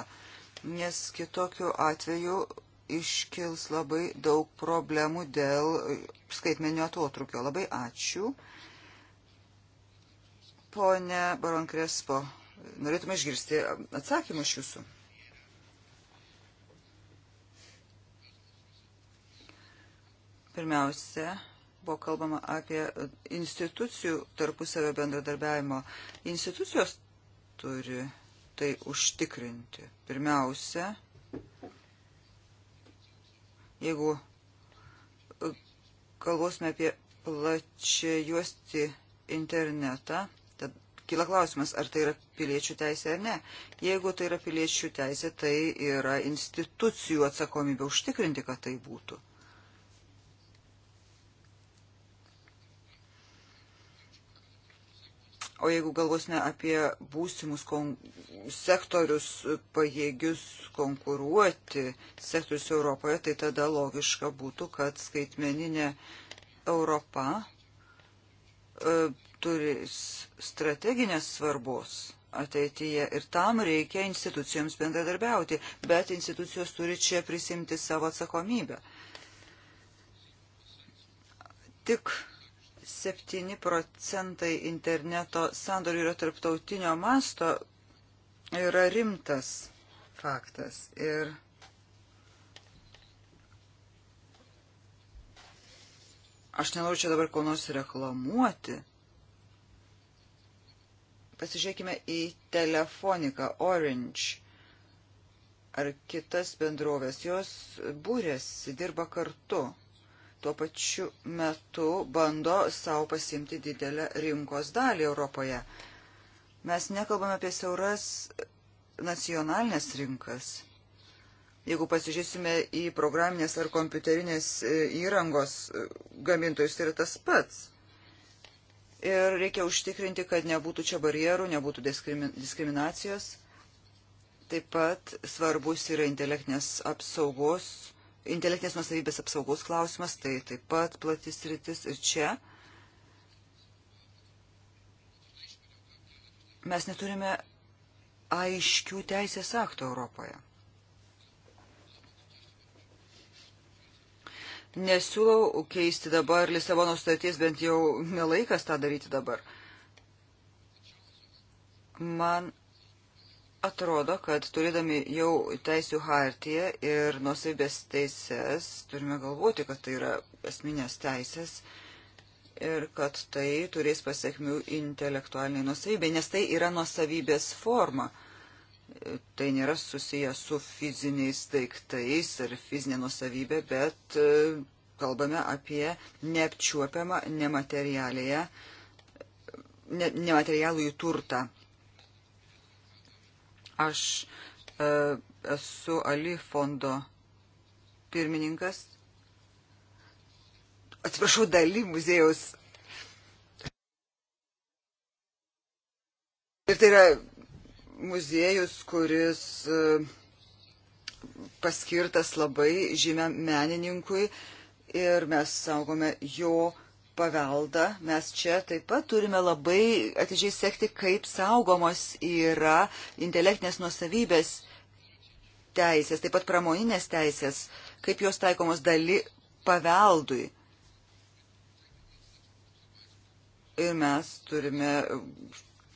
S4: nes kitokiu atveju iškils labai daug problemų dėl skaitmenio atotrukio. Labai ačiū. Pone Baron Krespo, norėtume išgirsti atsakymą iš jūsų. Pirmiausia, buvo kalbama apie institucijų tarpusavio bendradarbiavimo. Institucijos turi tai užtikrinti. Pirmiausia, jeigu e, kalbosime apie plačiai juosti internetą, tad kyla klausimas, ar tai yra piliečių teisė ar ne. Jeigu tai yra piliečių teisė, tai yra institucijų atsakomybė užtikrinti, kad tai būtų. O jeigu galvosime apie būsimus kon sektorius pajėgius konkuruoti sektorius Europoje, tai tada logiška būtų, kad skaitmeninė Europa e, turi strateginės svarbos ateityje ir tam reikia institucijoms bendradarbiauti, bet institucijos turi čia prisimti savo atsakomybę. Tik 7 procentai interneto sandorių yra tarptautinio masto, yra rimtas faktas. Ir aš nenoriu čia dabar ko nors reklamuoti. Pasižiūrėkime į telefoniką Orange ar kitas bendrovės. Jos būrėsi, dirba kartu tuo pačiu metu bando savo pasimti didelę rinkos dalį Europoje. Mes nekalbame apie siauras nacionalinės rinkas. Jeigu pasižiūrėsime į programinės ar kompiuterinės e, įrangos e, gamintojus, tai yra tas pats. Ir reikia užtikrinti, kad nebūtų čia barjerų, nebūtų diskriminacijos. Taip pat svarbus yra intelektinės apsaugos Intelektinės nusavybės apsaugos klausimas, tai taip pat platis rytis ir čia. Mes neturime aiškių teisės aktų Europoje. Nesiūlau keisti dabar Lisabono staties, bent jau nelaikas tą daryti dabar. Man Atrodo, kad turėdami jau teisų hartiją ir nusavybės teises, turime galvoti, kad tai yra esminės teisės ir kad tai turės pasiekmių intelektualiniai nusavybė, nes tai yra nusavybės forma. Tai nėra susiję su fiziniais daiktais ar fizinė nusavybė, bet e, kalbame apie neapčiuopiamą nematerialėje, ne, nematerialųjį turtą Aš e, esu Ali fondo pirmininkas. Atsiprašau, daly muziejaus. Ir tai yra muziejus, kuris e, paskirtas labai žymiam menininkui ir mes saugome jo paveldą, mes čia taip pat turime labai atidžiai sekti, kaip saugomos yra intelektinės nuosavybės teisės, taip pat pramoninės teisės, kaip jos taikomos dali paveldui. Ir mes turime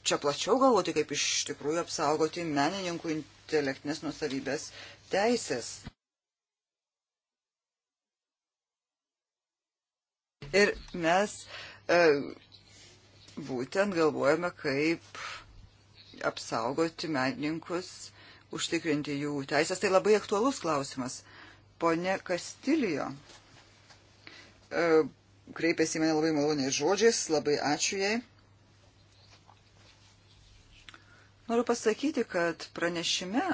S4: čia plačiau galvoti, kaip iš tikrųjų apsaugoti menininkų intelektinės nuosavybės teisės. Ir mes e, būtent galvojame, kaip apsaugoti menininkus, užtikrinti jų teisės. Tai labai aktualus klausimas. Pone Kastilijo e, kreipėsi į mane labai maloniais žodžiais, labai ačiū jai. Noriu pasakyti, kad pranešime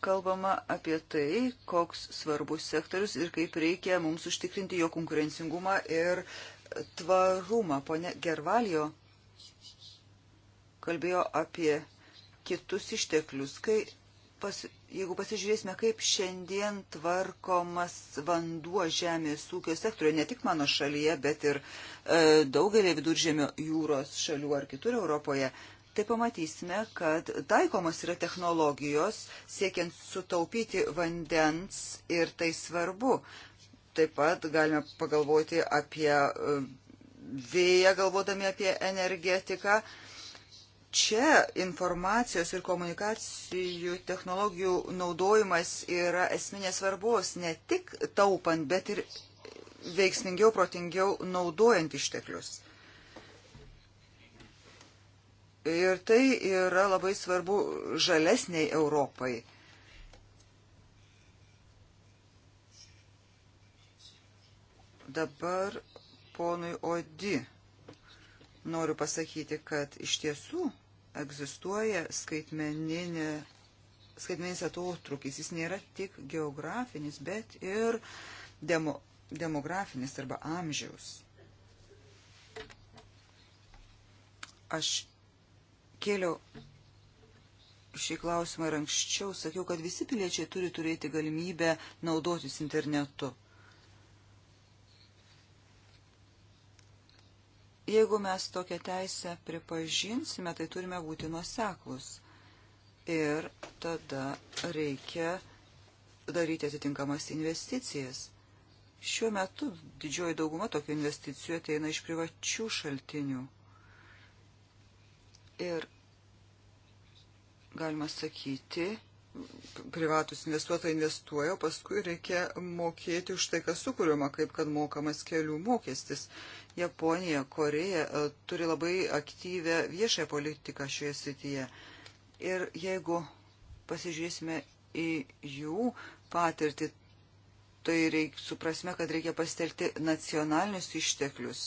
S4: kalbama apie tai, koks svarbus sektorius ir kaip reikia mums užtikrinti jo konkurencingumą ir tvarumą. Pone Gervalio kalbėjo apie kitus išteklius. Kai pas, jeigu pasižiūrėsime, kaip šiandien tvarkomas vanduo žemės ūkio sektoriuje, ne tik mano šalyje, bet ir e, daugelį viduržėmio jūros šalių ar kitur Europoje, tai pamatysime, kad taikomos yra technologijos siekiant sutaupyti vandens ir tai svarbu. Taip pat galime pagalvoti apie e, vėją, galvodami apie energetiką. Čia informacijos ir komunikacijų technologijų naudojimas yra esminės svarbos, ne tik taupant, bet ir veiksmingiau, protingiau naudojant išteklius. Ir tai yra labai svarbu žalesniai Europai. Dabar ponui Odi noriu pasakyti, kad iš tiesų egzistuoja skaitmeninė skaitmeninis atotrukis, jis nėra tik geografinis, bet ir demo, demografinis arba amžiaus. Aš kėliau šį klausimą ir anksčiau, sakiau, kad visi piliečiai turi turėti galimybę naudotis internetu. Jeigu mes tokią teisę pripažinsime, tai turime būti nuoseklus. Ir tada reikia daryti atitinkamas investicijas. Šiuo metu didžioji dauguma tokių investicijų ateina iš privačių šaltinių. Ir galima sakyti, privatus investuotojai investuoja, o paskui reikia mokėti už tai, kas sukūriama, kaip kad mokamas kelių mokestis. Japonija, Koreja e, turi labai aktyvę viešąją politiką šioje srityje. Ir jeigu pasižiūrėsime į jų patirtį, tai reik, suprasme, kad reikia pasitelkti nacionalinius išteklius.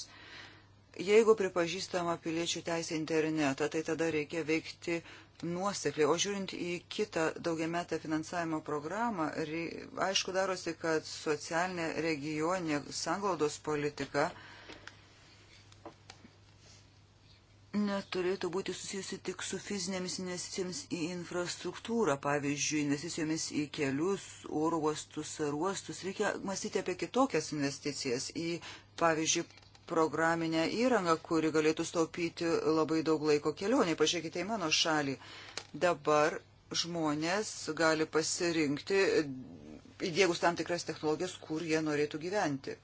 S4: Jeigu pripažįstama piliečių teisė internetą, tai tada reikia veikti uh, nuosekliai. O žiūrint į kitą daugiametę finansavimo programą, aišku darosi, kad socialinė regioninė sanglaudos politika neturėtų būti susijusi tik su fizinėmis investicijomis į infrastruktūrą, pavyzdžiui, investicijomis į kelius, oro uostus, aruostus. Reikia mąstyti apie kitokias investicijas, į, pavyzdžiui, programinę įrangą, kuri galėtų staupyti labai daug laiko kelioniai. Pažiūrėkite į mano šalį. Dabar žmonės gali pasirinkti, įdėgus tam tikras technologijas, kur jie norėtų gyventi.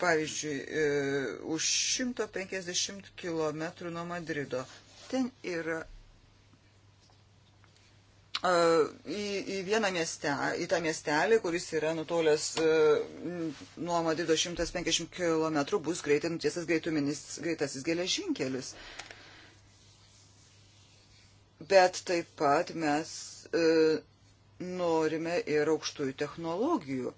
S4: Pavyzdžiui, e, už 150 km nuo Madrido. Ten yra į, į vieną miestelį, į tą miestelį, kuris yra nutolęs e, nuo Madrido 150 km, bus greitai nutiesas greituminis greitasis geležinkelis. Bet taip pat mes e, norime ir aukštųjų technologijų.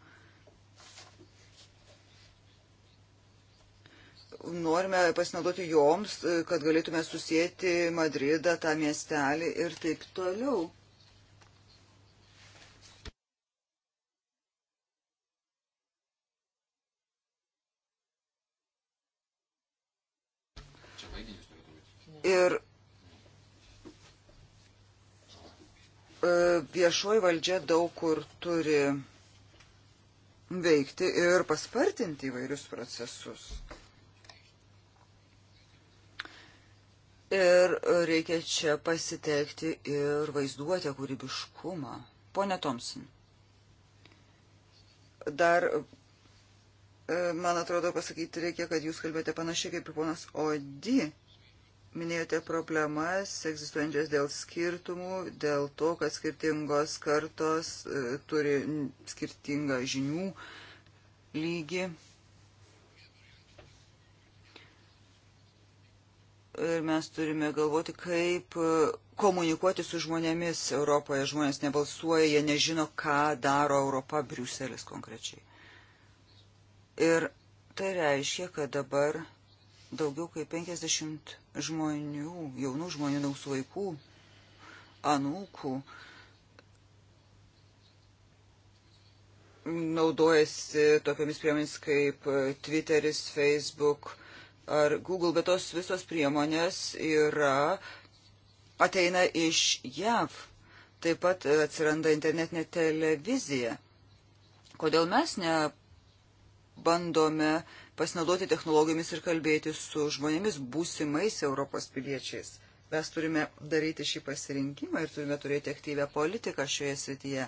S4: Norime pasinaudoti joms, e, kad galėtume susijęti Madridą, tą miestelį ir taip toliau Ir e, viešoji valdžia daug kur turi veikti ir paspartinti įvairius procesus. Ir reikia čia pasitekti ir vaizduotę kūrybiškumą. Pone Thompson. Dar, e, man atrodo, pasakyti reikia, kad jūs kalbėte panašiai kaip ir ponas Odi. Minėjote problemas egzistuojančias dėl skirtumų, dėl to, kad skirtingos kartos e, turi skirtingą žinių lygį. ir mes turime galvoti, kaip e, komunikuoti su žmonėmis Europoje. Žmonės nebalsuoja, jie nežino, ką daro Europa, Briuselis konkrečiai. Ir tai reiškia, kad dabar daugiau kaip 50 žmonių, jaunų žmonių, nausų vaikų, anūkų naudojasi tokiamis priemonėmis kaip e, Twitteris, Facebook ar Google, bet tos visos priemonės yra, ateina iš JAV. Taip pat e, atsiranda internetinė televizija. Kodėl mes nebandome uh, pasinaudoti technologijomis ir kalbėti su žmonėmis būsimais Europos piliečiais. Mes turime daryti šį pasirinkimą ir turime turėti aktyvę politiką šioje srityje.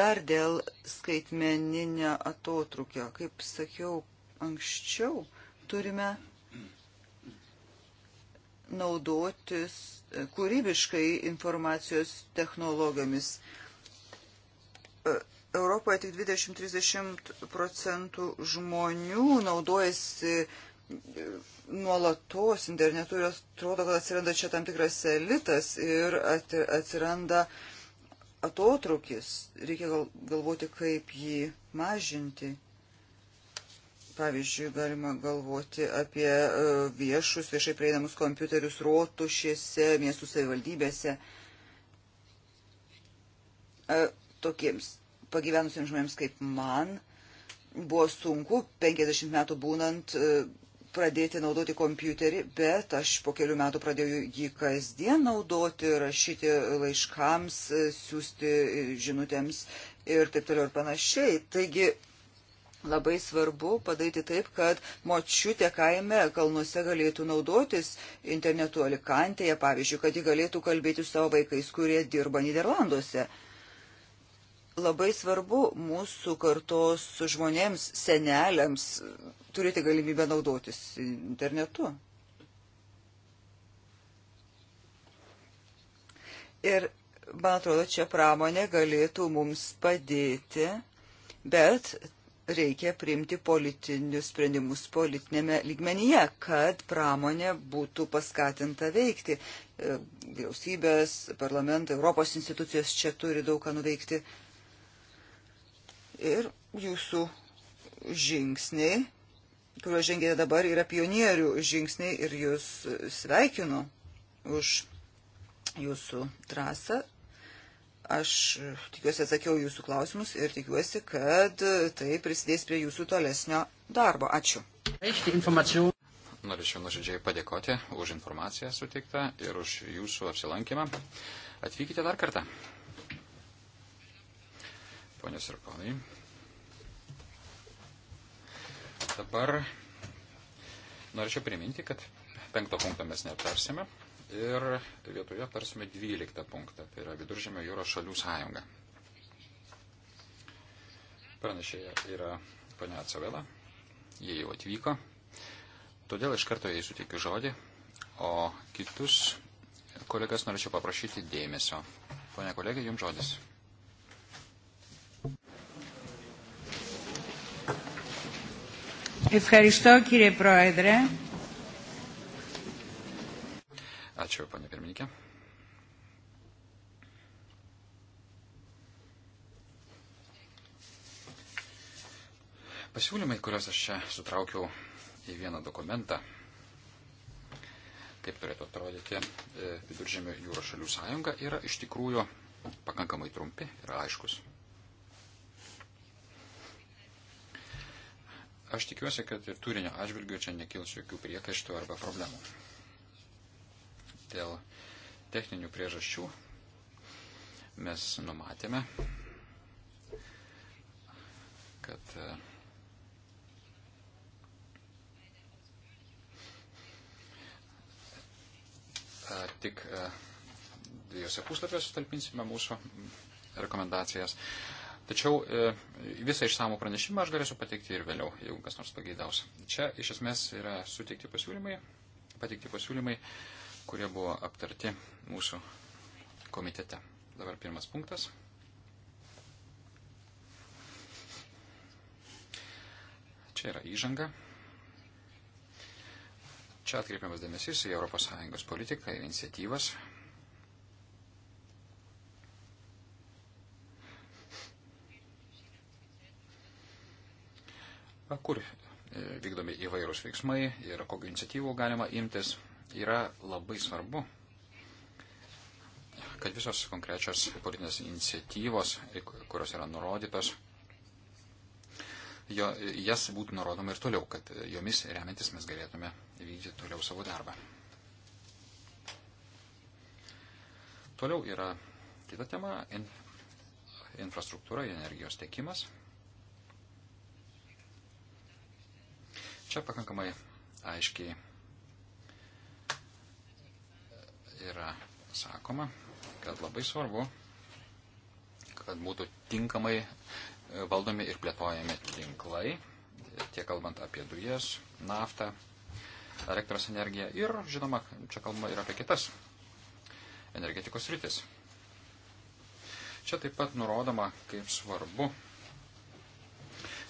S4: Dar dėl skaitmeninio atotrukio, kaip sakiau anksčiau, turime naudotis kūrybiškai informacijos technologijomis. Europoje tik 20-30 procentų žmonių naudojasi e, nuolatos internetu ir atrodo, kad atsiranda čia tam tikras elitas ir atsiranda atotrukis. Reikia galvoti, kaip jį mažinti. Pavyzdžiui, galima galvoti apie e, viešus, viešai prieinamus kompiuterius rotušėse, miestų savivaldybėse. E, tokiems pagyvenusiems žmonėms kaip man buvo sunku 50 metų būnant e, pradėti naudoti kompiuterį, bet aš po kelių metų pradėjau jį kasdien naudoti, rašyti laiškams, e, siūsti žinutėms ir taip toliau ir panašiai. Taigi labai svarbu padaryti taip, kad močiutė kaime kalnuose galėtų naudotis internetu Alikantėje, pavyzdžiui, kad ji galėtų kalbėti su savo vaikais, kurie dirba Niderlanduose. Uh, Labai svarbu mūsų kartos žmonėms, seneliams turėti galimybę naudotis internetu. Ir, man atrodo, čia pramonė galėtų mums padėti, bet reikia priimti politinius sprendimus politinėme lygmenyje, kad pramonė būtų paskatinta veikti. E, vyriausybės, parlamentai, Europos institucijos čia turi daug ką nuveikti. Ir jūsų žingsniai, kuriuos žengėte dabar, yra pionierių žingsniai ir jūs sveikinu už jūsų trasą. Aš tikiuosi atsakiau jūsų klausimus ir tikiuosi, kad tai prisidės prie jūsų tolesnio darbo. Ačiū.
S2: Norėčiau nuoširdžiai padėkoti už informaciją sutiktą ir už jūsų apsilankymą. Atvykite dar kartą ponios ir ponai. Dabar norėčiau priminti, kad penkto punktą mes neaptarsime ir vietoje aptarsime dvyliktą punktą, tai yra Viduržėmio jūros šalių sąjunga. Pranešėja yra ponia Atsavela, jie jau atvyko, todėl iš karto jai suteikiu žodį, o kitus kolegas norėčiau paprašyti dėmesio. Pone kolegė, jums žodis.
S4: Ευχαριστώ κύριε Πρόεδρε.
S2: Ačiū, panė pirmininkė. Pasiūlymai, kuriuos aš čia sutraukiau į vieną dokumentą, kaip turėtų atrodyti e, Viduržėmio jūros šalių sąjunga, yra iš tikrųjų pakankamai trumpi ir aiškus. Aš tikiuosi, kad ir turinio atžvilgiu čia nekils jokių priekaištų arba problemų. Dėl techninių priežasčių mes numatėme, kad e, tik e, dviejose puslapiuose talpinsime mūsų rekomendacijas. Tačiau e, visą išsamų pranešimą aš galėsiu pateikti ir vėliau, jeigu kas nors pageidaus. Čia iš esmės yra suteikti pasiūlymai, pateikti pasiūlymai, kurie buvo aptarti mūsų komitete. Dabar pirmas punktas. Čia yra įžanga. Čia atkreipiamas dėmesys į ES politiką ir iniciatyvas kur e, vykdomi įvairūs veiksmai ir kokiu iniciatyvų galima imtis, yra labai svarbu, kad visos konkrečios politinės iniciatyvos, e, kurios yra nurodytos, jo, jas būtų nurodoma ir toliau, kad jomis remiantis mes galėtume vykdyti toliau savo darbą. Toliau yra kita tema in, - infrastruktūra, energijos tiekimas. Čia pakankamai aiškiai yra sakoma, kad labai svarbu, kad būtų tinkamai e, valdomi ir plėtojami tinklai, tiek kalbant apie dujas, naftą, elektros energiją ir, žinoma, čia kalbama ir apie kitas energetikos rytis. Čia taip pat nurodoma, kaip svarbu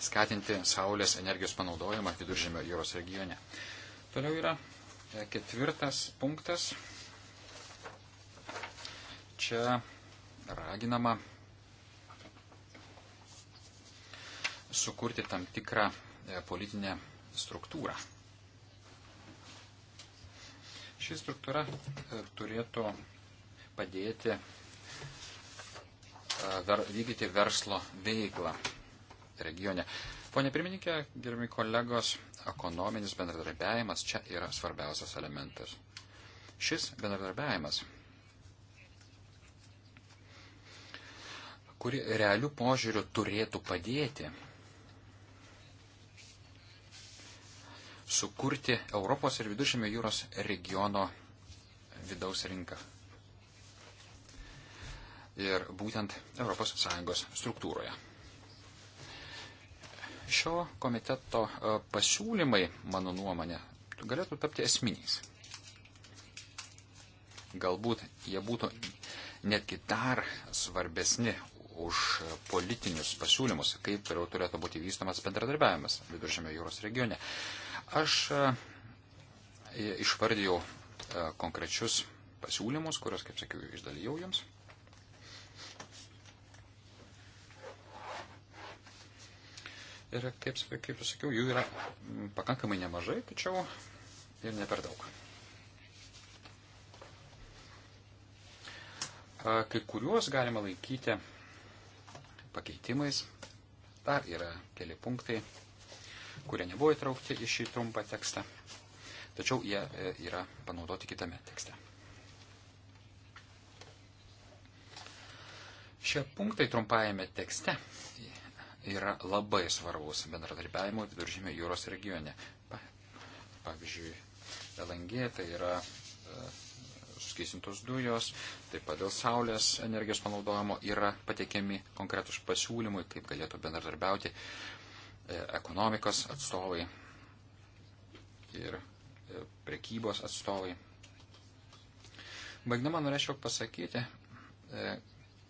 S2: skatinti saulės energijos panaudojimą viduržėmio jūros regione. Toliau yra e, ketvirtas punktas. Čia raginama sukurti tam tikrą e, politinę struktūrą. Ši struktūra e, turėtų padėti ver, vykdyti verslo veiklą regione. Pone pirmininkė, gerbimi kolegos, ekonominis bendradarbiavimas čia yra svarbiausias elementas. Šis bendradarbiavimas, kuri realių požiūrių turėtų padėti sukurti Europos ir Viduržėmio jūros regiono vidaus rinką. Ir būtent ES struktūroje. Šio komiteto e, pasiūlymai, mano nuomonė, galėtų tapti esminiais. Galbūt jie būtų netgi dar svarbesni už politinius pasiūlymus, kaip toliau turėtų būti vystomas bendradarbiavimas Viduržėmio jūros regione. Aš e, išvardėjau e, konkrečius pasiūlymus, kuriuos, kaip sakiau, išdalyjau jums. Ir kaip, kaip sakiau, jų yra pakankamai nemažai, tačiau ir ne per daug. Kai kuriuos galima laikyti pakeitimais. Dar yra keli punktai, kurie nebuvo įtraukti į šį trumpą tekstą, tačiau jie e, yra panaudoti kitame tekste. Šie punktai trumpajame tekste yra labai svarbus bendradarbiavimo viduržymio jūros regione. Pavyzdžiui, LNG tai yra e, suskaisintos dujos, taip pat dėl saulės energijos panaudojimo yra pateikiami konkretus pasiūlymai, kaip galėtų bendradarbiauti e, ekonomikos atstovai ir e, prekybos atstovai. Baigdama norėčiau pasakyti,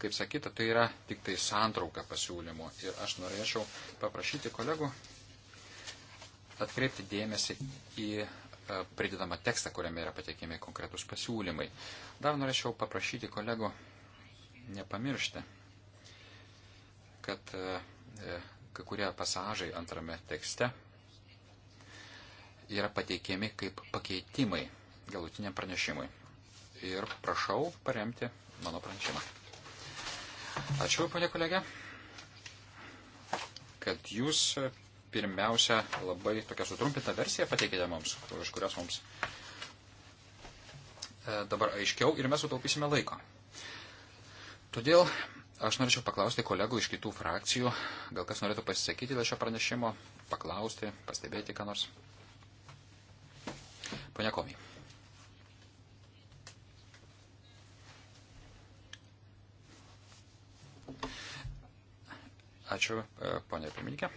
S2: Kaip sakyta, tai yra tik tai santrauka pasiūlymų. Ir aš norėčiau paprašyti kolegų atkreipti dėmesį į e, pridedamą tekstą, kuriame yra pateikiami konkretus pasiūlymai. Dar norėčiau paprašyti kolegų nepamiršti, kad e, kai kurie pasažai antrame tekste yra pateikiami kaip pakeitimai galutiniam pranešimui. Ir prašau paremti mano pranešimą. Ačiū, ponė kolegė, kad jūs pirmiausia labai tokia sutrumpinta versija pateikite mums, už kurios mums e, dabar aiškiau ir mes sutaupysime laiko. Todėl aš norėčiau paklausti kolegų iš kitų frakcijų, gal kas norėtų pasisakyti dėl šio pranešimo, paklausti, pastebėti ką nors. Pane Komi. Ačiū, e, ponė pirmininkė.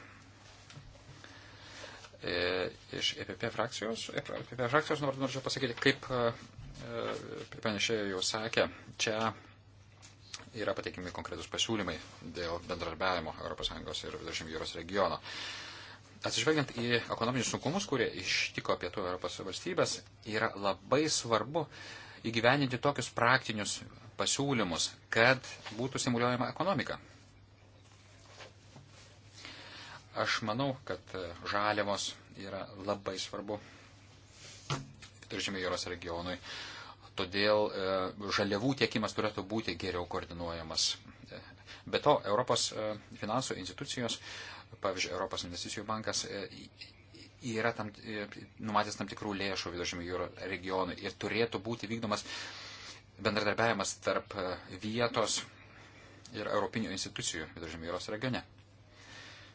S2: E, iš EPP frakcijos, EPP frakcijos nor, norėčiau pasakyti, kaip e, pranešėjai jau sakė, čia yra pateikimi konkretus pasiūlymai dėl bendradarbiavimo ES ir Viduržymio jūros regiono. Atsižvelgiant į ekonominius sunkumus, kurie ištiko pietų Europos valstybės, yra labai svarbu įgyveninti tokius praktinius pasiūlymus, kad būtų stimuliuojama ekonomika Aš manau, kad e, žaliavos yra labai svarbu Viduržėmio jūros regionui. Todėl e, žaliavų tiekimas turėtų būti geriau koordinuojamas. E, be to, Europos finansų institucijos, pavyzdžiui, Europos investicijų bankas yra tam, numatęs tam tikrų lėšų Viduržėmio jūro regionui ir turėtų būti vykdomas bendradarbiavimas tarp vietos ir europinių institucijų Viduržėmio jūros regione.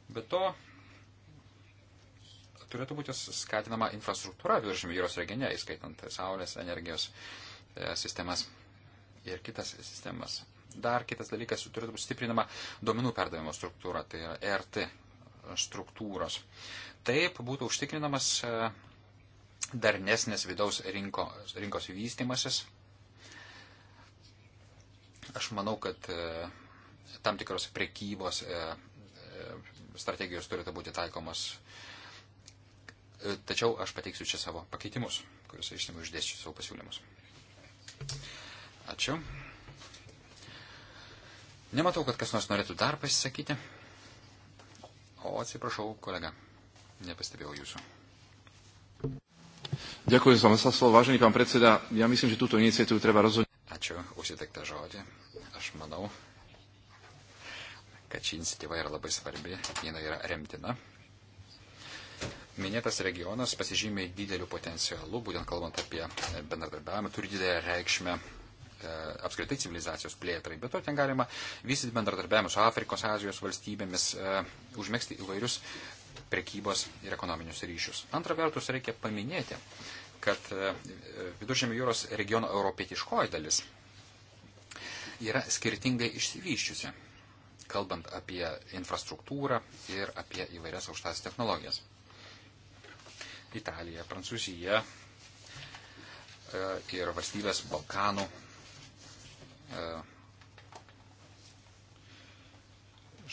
S2: Be to, turėtų būti skatinama infrastruktūra viduržymio jūros regione, įskaitant saulės energijos e, sistemas ir kitas sistemas. Dar kitas dalykas, turėtų būti stiprinama duomenų perdavimo struktūra, tai yra e RT struktūros. Taip būtų užtikrinamas e, darnesnis vidaus rinko, rinkos vystimasis. Aš manau, kad tam tikros prekybos strategijos turėtų būti taikomas. E, tačiau aš pateiksiu čia savo pakeitimus, kuriuose išsimiu išdėsčiu savo pasiūlymus. Ačiū. Nematau, kad kas nors norėtų dar pasisakyti. O atsiprašau, kolega, nepastebėjau jūsų. Ďakujem vám za slovo, vážený pán predseda. Ja myslím, že túto iniciatívu treba rozhodne. Ačiū, užsiteiktą žodį. Aš manau, kad ši iniciatyva yra labai svarbi, jinai yra remtina. Minėtas regionas pasižymė dideliu potencialu, būtent kalbant apie bendradarbiavimą, turi didelę reikšmę e, apskritai civilizacijos plėtrai. Bet to ten galima vystyti bendradarbiavimą su Afrikos, Azijos valstybėmis, e, užmėgsti įvairius prekybos ir ekonominius ryšius. Antra vertus, reikia paminėti, kad e, Viduržėmio jūros regiono europietiškoji dalis yra skirtingai išsivyščiusi kalbant apie infrastruktūrą ir apie įvairias aukštas technologijas. Italija, Prancūzija e, ir valstybės Balkanų e,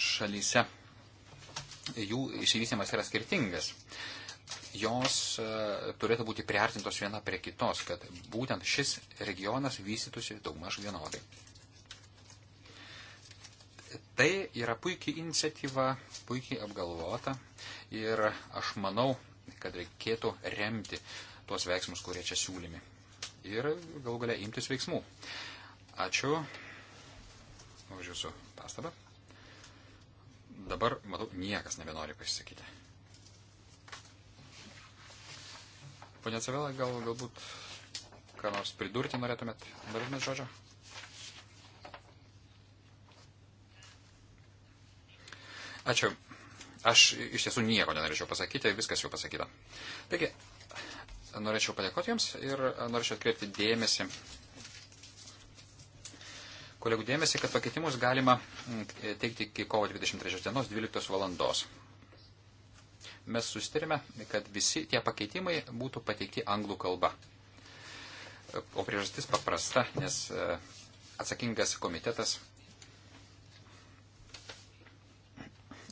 S2: šalyse. Jų išsivystymas yra skirtingas. Jos e, turėtų būti priartintos viena prie kitos, kad būtent šis regionas vystytųsi daugmaž vienodai. Tai yra puikiai iniciatyva, puikiai apgalvota ir aš manau, kad reikėtų remti tuos veiksmus, kurie čia siūlymi. Ir galų galia imtis veiksmų. Ačiū už Jūsų pastabą. Dabar, matau, niekas nebenori pasisakyti. Pone Cavela, gal, galbūt ką nors pridurti norėtumėt? Norėtumėt žodžio? Ačiū. Aš iš tiesų nieko nenorėčiau pasakyti, viskas jau pasakyta. Taigi, norėčiau padėkoti Jums ir norėčiau atkreipti dėmesį, kolegų dėmesį, kad pakeitimus galima mm, teikti iki kovo 23 dienos 12 valandos. Mes sustarėme, kad visi tie pakeitimai būtų pateikti anglų kalba. O priežastis paprasta, nes e, atsakingas komitetas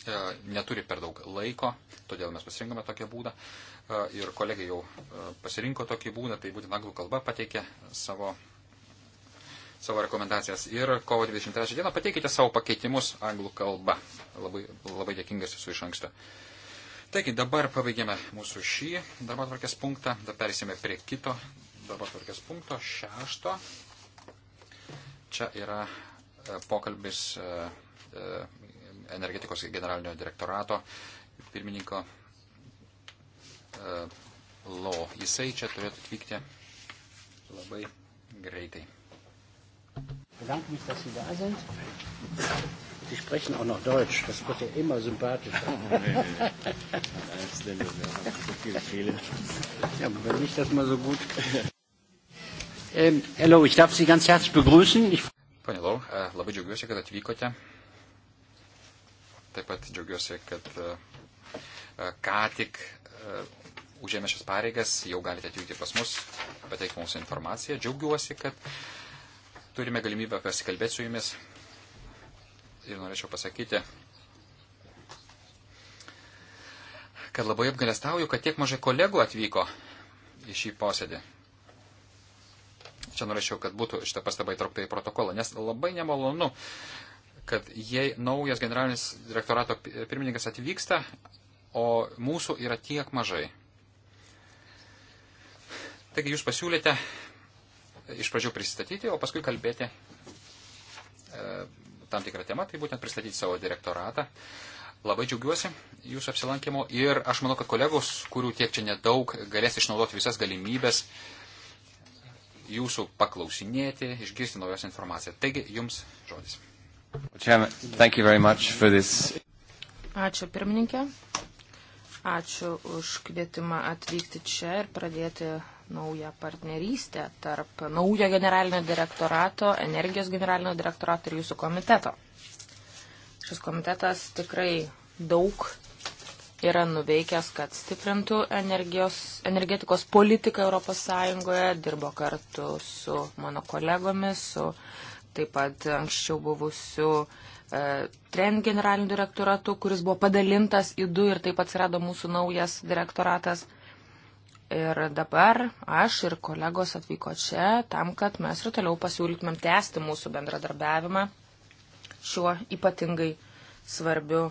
S2: E, neturi per daug laiko, todėl mes pasirinkome tokią būdą. E, ir kolegai jau e, pasirinko tokį būdą, tai būtent anglų kalba pateikė savo, savo rekomendacijas. Ir kovo 23 dieną pateikite savo pakeitimus anglų kalba. Labai, labai dėkingas esu iš anksto. Taigi dabar pabaigėme mūsų šį darbo tvarkės punktą, dabar perėsime prie kito darbo tvarkės punkto, šešto. Čia yra pokalbis energetikos generalinio direktorato pirmininko e, Lo. Jisai čia turėtų atvykti labai greitai. Bedanke mich, dass Sie da
S1: sind. Sie sprechen auch noch Deutsch, das wird ja immer sympathischer.
S2: ja, wenn ich das mal so gut. Ähm,
S1: hello, ich darf Sie ganz herzlich begrüßen. Ich
S2: Pane Lau, e, labai džiaugiuosi, kad atvykote. Taip pat džiaugiuosi, kad e, e, ką tik e, užėmė šias pareigas, jau galite atvykti pas mus, pateikti mums informaciją. Džiaugiuosi, kad turime galimybę pasikalbėti su jumis. Ir norėčiau pasakyti, kad labai apgalėstauju, kad tiek mažai kolegų atvyko į šį posėdį. Čia norėčiau, kad būtų šitą pastabą įtraukta į protokolą, nes labai nemalonu kad jei naujas generalinis direktorato pirmininkas atvyksta, o mūsų yra tiek mažai. Taigi jūs pasiūlėte iš pradžių pristatyti, o paskui kalbėti e, tam tikrą temą, tai būtent pristatyti savo direktoratą. Labai džiaugiuosi jūsų apsilankimo ir aš manau, kad kolegos, kurių tiek čia nedaug, galės išnaudoti visas galimybės jūsų paklausinėti, išgirsti naujos informaciją. Taigi, jums žodis. Ačiū
S3: pirmininkė. Ačiū už kvietimą atvykti čia ir pradėti naują partnerystę tarp naujo generalinio direktorato, energijos generalinio direktorato ir jūsų komiteto. Šis komitetas tikrai daug yra nuveikęs, kad stiprintų energijos, energetikos politiką ES, dirbo kartu su mano kolegomis, su taip pat anksčiau buvusių e, trend generaliniu direktoratu, kuris buvo padalintas į du ir taip atsirado mūsų naujas direktoratas. Ir dabar aš ir kolegos atvyko čia tam, kad mes ir toliau pasiūlytumėm tęsti mūsų bendradarbiavimą šiuo ypatingai svarbiu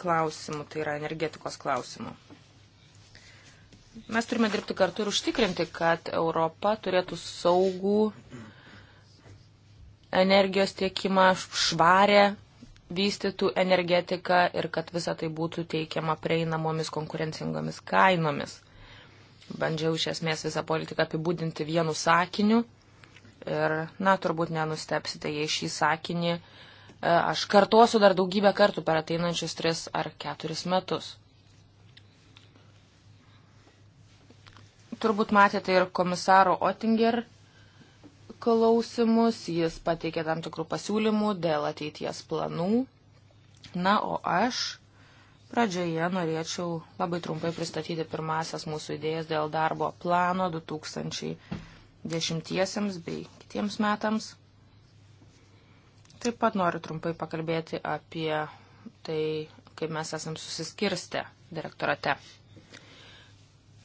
S3: klausimu, tai yra energetikos klausimu. Mes turime dirbti kartu ir užtikrinti, kad Europa turėtų saugų energijos tiekimą, švarę vystytų energetiką ir kad visa tai būtų teikiama prieinamomis konkurencingomis kainomis. Bandžiau iš esmės visą politiką apibūdinti vienu sakiniu ir, na, turbūt nenustepsite, jei šį sakinį e, aš kartuosiu dar daugybę kartų per ateinančius tris ar keturis metus. Turbūt matėte ir komisaro Otinger klausimus, jis pateikė tam tikrų pasiūlymų dėl ateities planų. Na, o aš pradžioje norėčiau labai trumpai pristatyti pirmasias mūsų idėjas dėl darbo plano 2010 bei kitiems metams. Taip pat noriu trumpai pakalbėti apie tai, kaip mes esam susiskirstę direktorate.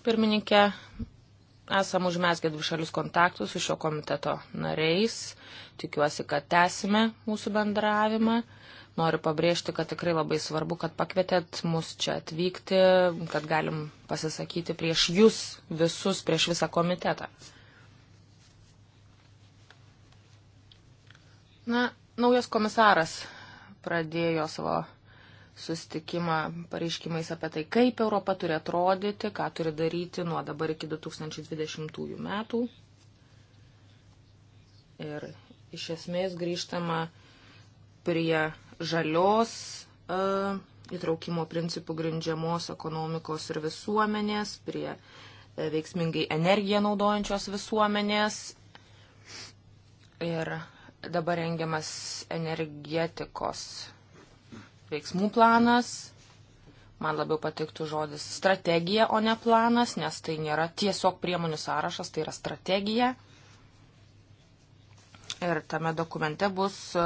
S3: Pirmininkė, Esam užmesgę dvišalius kontaktus su šio komiteto nariais. Tikiuosi, kad tęsime mūsų bendravimą. Noriu pabrėžti, kad tikrai labai svarbu, kad pakvietėt mus čia atvykti, kad galim pasisakyti prieš jūs visus, prieš visą komitetą. Na, naujas komisaras pradėjo savo sustikimą pareiškimais apie tai, kaip Europa turi atrodyti, ką turi daryti nuo dabar iki 2020 metų. Ir iš esmės grįžtama prie žalios uh, įtraukimo principų grindžiamos ekonomikos ir visuomenės, prie uh, veiksmingai energiją naudojančios visuomenės. Ir dabar rengiamas energetikos veiksmų planas. Man labiau patiktų žodis strategija, o ne planas, nes tai nėra tiesiog priemonių sąrašas, tai yra strategija. Ir tame dokumente bus e,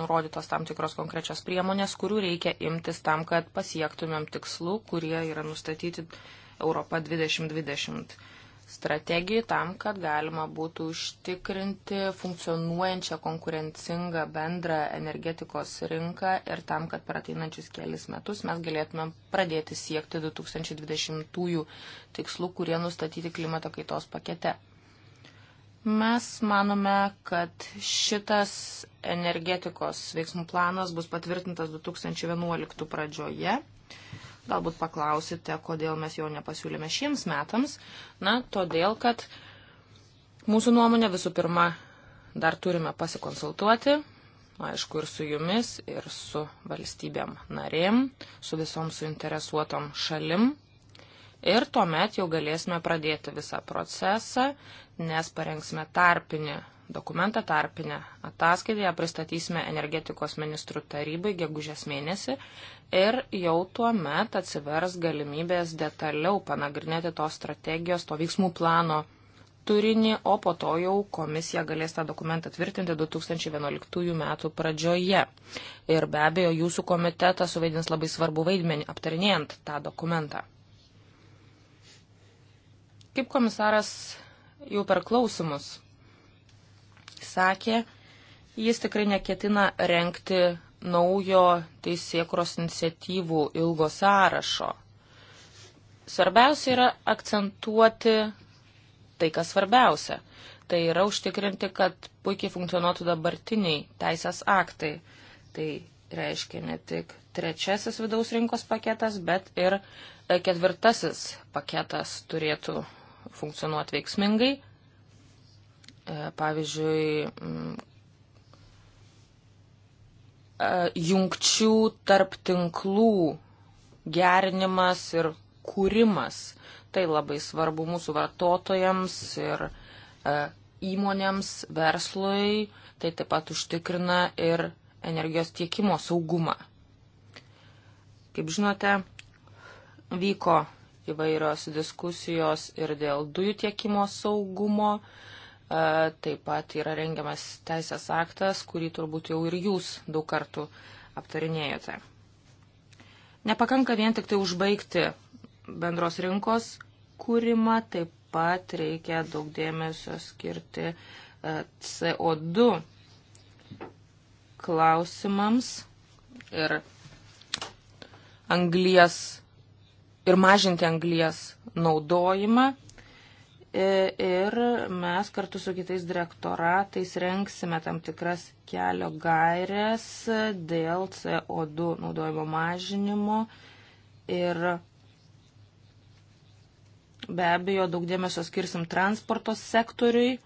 S3: nurodytos tam tikros konkrečios priemonės, kurių reikia imtis tam, kad pasiektumėm tikslų, kurie yra nustatyti Europa 2020 strategijai tam, kad galima būtų užtikrinti funkcionuojančią konkurencingą bendrą energetikos rinką ir tam, kad per ateinančius kelis metus mes galėtumėm pradėti siekti 2020 tikslų, kurie nustatyti klimato kaitos pakete. Mes manome, kad šitas energetikos veiksmų planas bus patvirtintas 2011 pradžioje. Galbūt paklausite, kodėl mes jo nepasiūlėme šiems metams. Na, todėl, kad mūsų nuomonė visų pirma dar turime pasikonsultuoti, nu, aišku, ir su jumis, ir su valstybėm narėm, su visom suinteresuotom šalim. Ir tuomet jau galėsime pradėti visą procesą, nes parengsime tarpinį dokumentą tarpinę ataskaitą, ją pristatysime energetikos ministrų tarybai gegužės mėnesį ir jau tuo met atsivers galimybės detaliau panagrinėti tos strategijos, to veiksmų plano turinį, o po to jau komisija galės tą dokumentą tvirtinti 2011 metų pradžioje. Ir be abejo, jūsų komitetas suvaidins labai svarbu vaidmenį aptarinėjant tą dokumentą. Kaip komisaras jau per klausimus sakė, jis tikrai neketina renkti naujo teisėkros iniciatyvų ilgo sąrašo. Svarbiausia yra akcentuoti tai, kas svarbiausia. Tai yra užtikrinti, kad puikiai funkcionuotų dabartiniai teisės aktai. Tai reiškia ne tik trečiasis vidaus rinkos paketas, bet ir ketvirtasis paketas turėtų funkcionuoti veiksmingai. E, pavyzdžiui, mm, e, jungčių tarp tinklų gerinimas ir kūrimas. Tai labai svarbu mūsų vartotojams ir e, įmonėms, verslui. Tai taip pat užtikrina ir energijos tiekimo saugumą. Kaip žinote, vyko įvairios diskusijos ir dėl dujų tiekimo saugumo, uh, Taip pat yra rengiamas teisės aktas, kurį turbūt jau ir jūs daug kartų aptarinėjote. Nepakanka vien tik tai užbaigti bendros rinkos kūrimą, taip pat reikia daug dėmesio skirti CO2 klausimams ir anglijas ir mažinti anglijas naudojimą E, ir mes kartu su kitais direktoratais renksime tam tikras kelio gairias dėl CO2 naudojimo mažinimo ir be abejo daug dėmesio skirsim transporto sektoriui.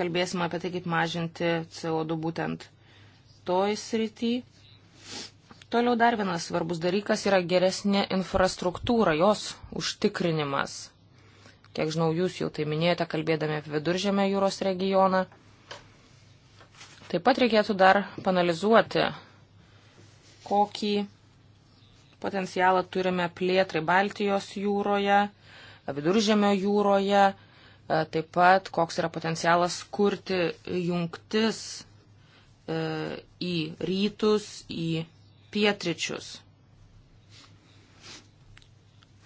S3: Kalbėsim apie tai, kaip mažinti CO2 būtent toj srityje Toliau dar vienas svarbus dalykas yra geresnė infrastruktūra, jos užtikrinimas. Kiek žinau, jūs jau tai minėjote, kalbėdami apie viduržėmę jūros regioną. Taip pat reikėtų dar panalizuoti, kokį potencialą turime plėtrai Baltijos jūroje, viduržėmio jūroje, e, taip pat koks yra potencialas kurti jungtis e, į rytus, į pietričius.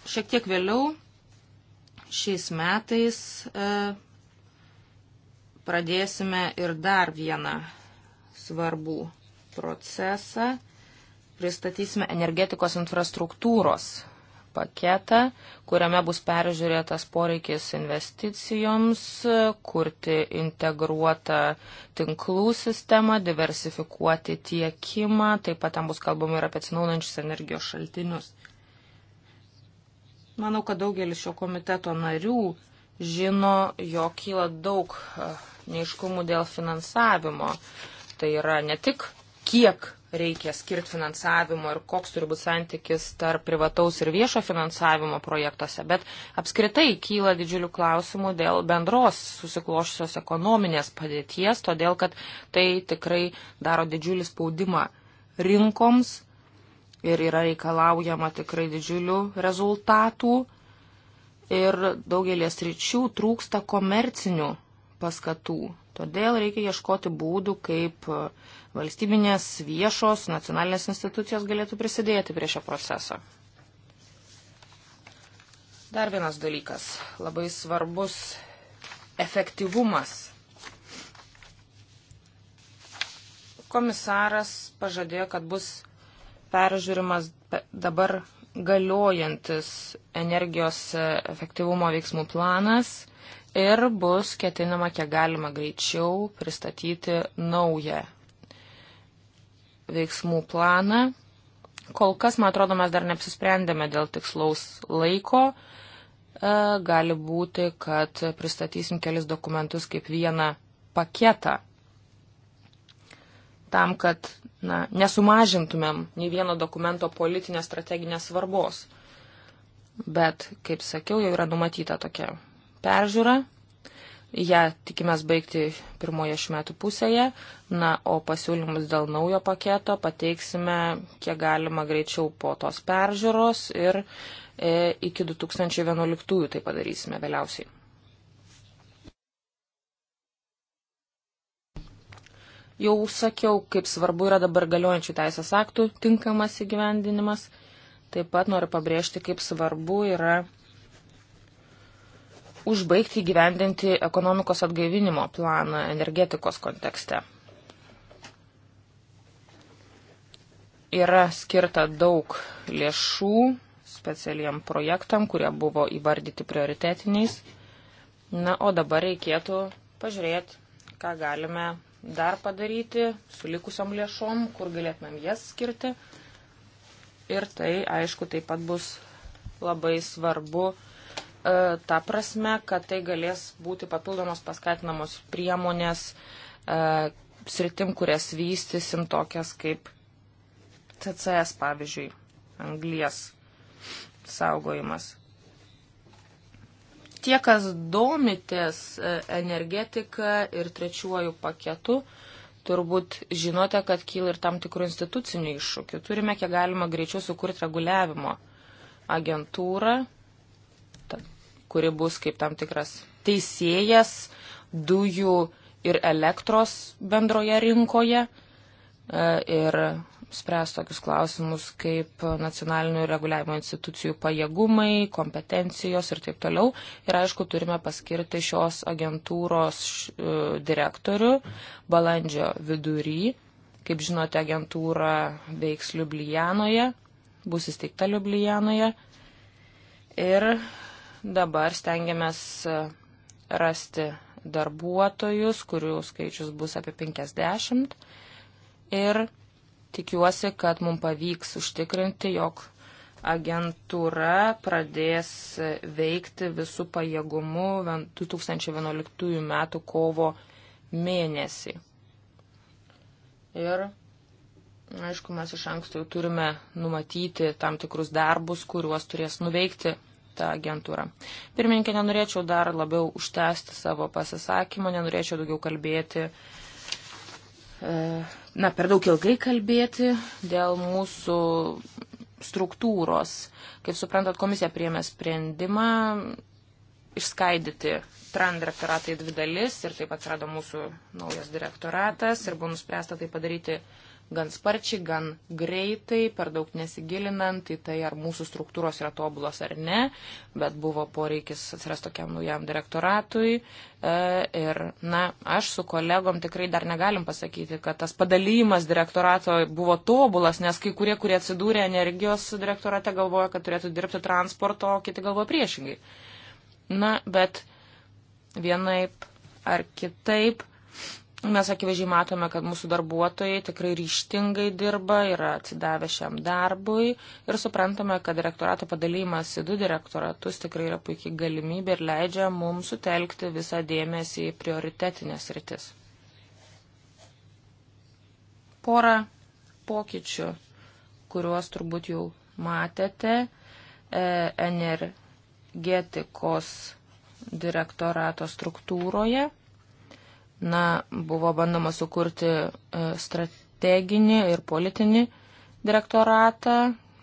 S3: Šiek tiek vėliau šiais metais e, pradėsime ir dar vieną svarbų procesą. Pristatysime energetikos infrastruktūros paketą, kuriame bus peržiūrėtas poreikis investicijoms, kurti integruotą tinklų sistemą, diversifikuoti tiekimą, taip pat ten bus kalbama ir apie atsinaunančius energijos šaltinius. Manau, kad daugelis šio komiteto narių žino, jog kyla daug e, neiškumų dėl finansavimo. Tai yra ne tik kiek reikia skirti finansavimo ir koks turi būti santykis tarp privataus ir viešo finansavimo projektuose, bet apskritai kyla didžiulių klausimų dėl bendros susiklošusios ekonominės padėties, todėl kad tai tikrai daro didžiulį spaudimą rinkoms ir yra reikalaujama tikrai didžiulių rezultatų ir daugelės ryčių trūksta komercinių paskatų Todėl reikia ieškoti būdų, kaip e, valstybinės viešos nacionalinės institucijos galėtų prisidėti prie šio proceso. Dar vienas dalykas, labai svarbus efektyvumas komisaras pažadėjo, kad bus peržiūrimas dabar galiojantis energijos e, efektyvumo veiksmų planas ir bus ketinama kiek galima greičiau pristatyti naują veiksmų planą. Kol kas, man atrodo, mes dar neapsisprendėme dėl tikslaus laiko. E, gali būti, kad pristatysim kelis dokumentus kaip vieną paketą tam, kad na, nesumažintumėm nei vieno dokumento politinės strateginės svarbos. Bet, kaip sakiau, jau yra numatyta tokia peržiūrą. Ja tikimės baigti pirmoje šių metų pusėje, na, o pasiūlymus dėl naujo paketo pateiksime kiek galima greičiau po tos peržiūros ir e, iki 2011 tai padarysime vėliausiai. Jau sakiau, kaip svarbu yra dabar galiojančių teisės aktų tinkamas įgyvendinimas. Taip pat noriu pabrėžti, kaip svarbu yra užbaigti gyvendinti ekonomikos atgaivinimo planą energetikos kontekste. Yra skirta daug lėšų specialiem projektam, kurie buvo įvardyti prioritetiniais. Na, o dabar reikėtų pažiūrėti, ką galime dar padaryti su likusiom lėšom, kur galėtumėm jas skirti. Ir tai, aišku, taip pat bus labai svarbu E, ta prasme, kad tai galės būti papildomos paskatinamos priemonės e, sritim, kurias vystysim, tokias kaip CCS, pavyzdžiui, anglies saugojimas. Tie, kas domitės e, energetika ir trečiuoju paketu, turbūt žinote, kad kyla ir tam tikrų institucinių iššūkių. Turime kiek galima greičiau sukurti reguliavimo agentūrą, kuri bus kaip tam tikras teisėjas dujų ir elektros bendroje rinkoje e, ir spręs tokius klausimus kaip nacionalinių reguliavimo institucijų pajėgumai, kompetencijos ir taip toliau. Ir aišku, turime paskirti šios agentūros e, direktorių balandžio vidury. Kaip žinote, agentūra veiks Liublijanoje, bus įsteigta Liublijanoje. Ir Dabar stengiamės e, rasti darbuotojus, kurių skaičius bus apie 50. Ir tikiuosi, kad mums pavyks užtikrinti, jog agentūra pradės veikti visų pajėgumų 2011 m. kovo mėnesį. Ir, aišku, mes iš anksto jau turime numatyti tam tikrus darbus, kuriuos turės nuveikti tą agentūrą. Pirmininkė, nenorėčiau dar labiau užtęsti savo pasisakymą, nenorėčiau daugiau kalbėti, e, na, per daug ilgai kalbėti dėl mūsų struktūros. Kaip suprantat, komisija priemė sprendimą išskaidyti TRAN direktoratą į dvi dalis ir taip atsirado mūsų naujas direktoratas ir buvo nuspręsta tai padaryti gan sparčiai, gan greitai, per daug nesigilinant į tai, ar mūsų struktūros yra tobulos ar ne, bet buvo poreikis atsiras tokiam naujam direktoratui. E, ir, na, aš su kolegom tikrai dar negalim pasakyti, kad tas padalymas direktorato buvo tobulas, nes kai kurie, kurie atsidūrė energijos direktorate, galvoja, kad turėtų dirbti transporto, o kiti galvoja priešingai. Na, bet vienaip ar kitaip Mes akivaizdžiai matome, kad mūsų darbuotojai tikrai ryštingai dirba, yra atsidavę šiam darbui ir suprantame, kad direktorato padalymas į du direktoratus tikrai yra puikiai galimybė ir leidžia mums sutelkti visą dėmesį į prioritetinės rytis. Porą pokyčių, kuriuos turbūt jau matėte, e, energetikos direktorato struktūroje na, buvo bandoma sukurti e, strateginį ir politinį direktoratą,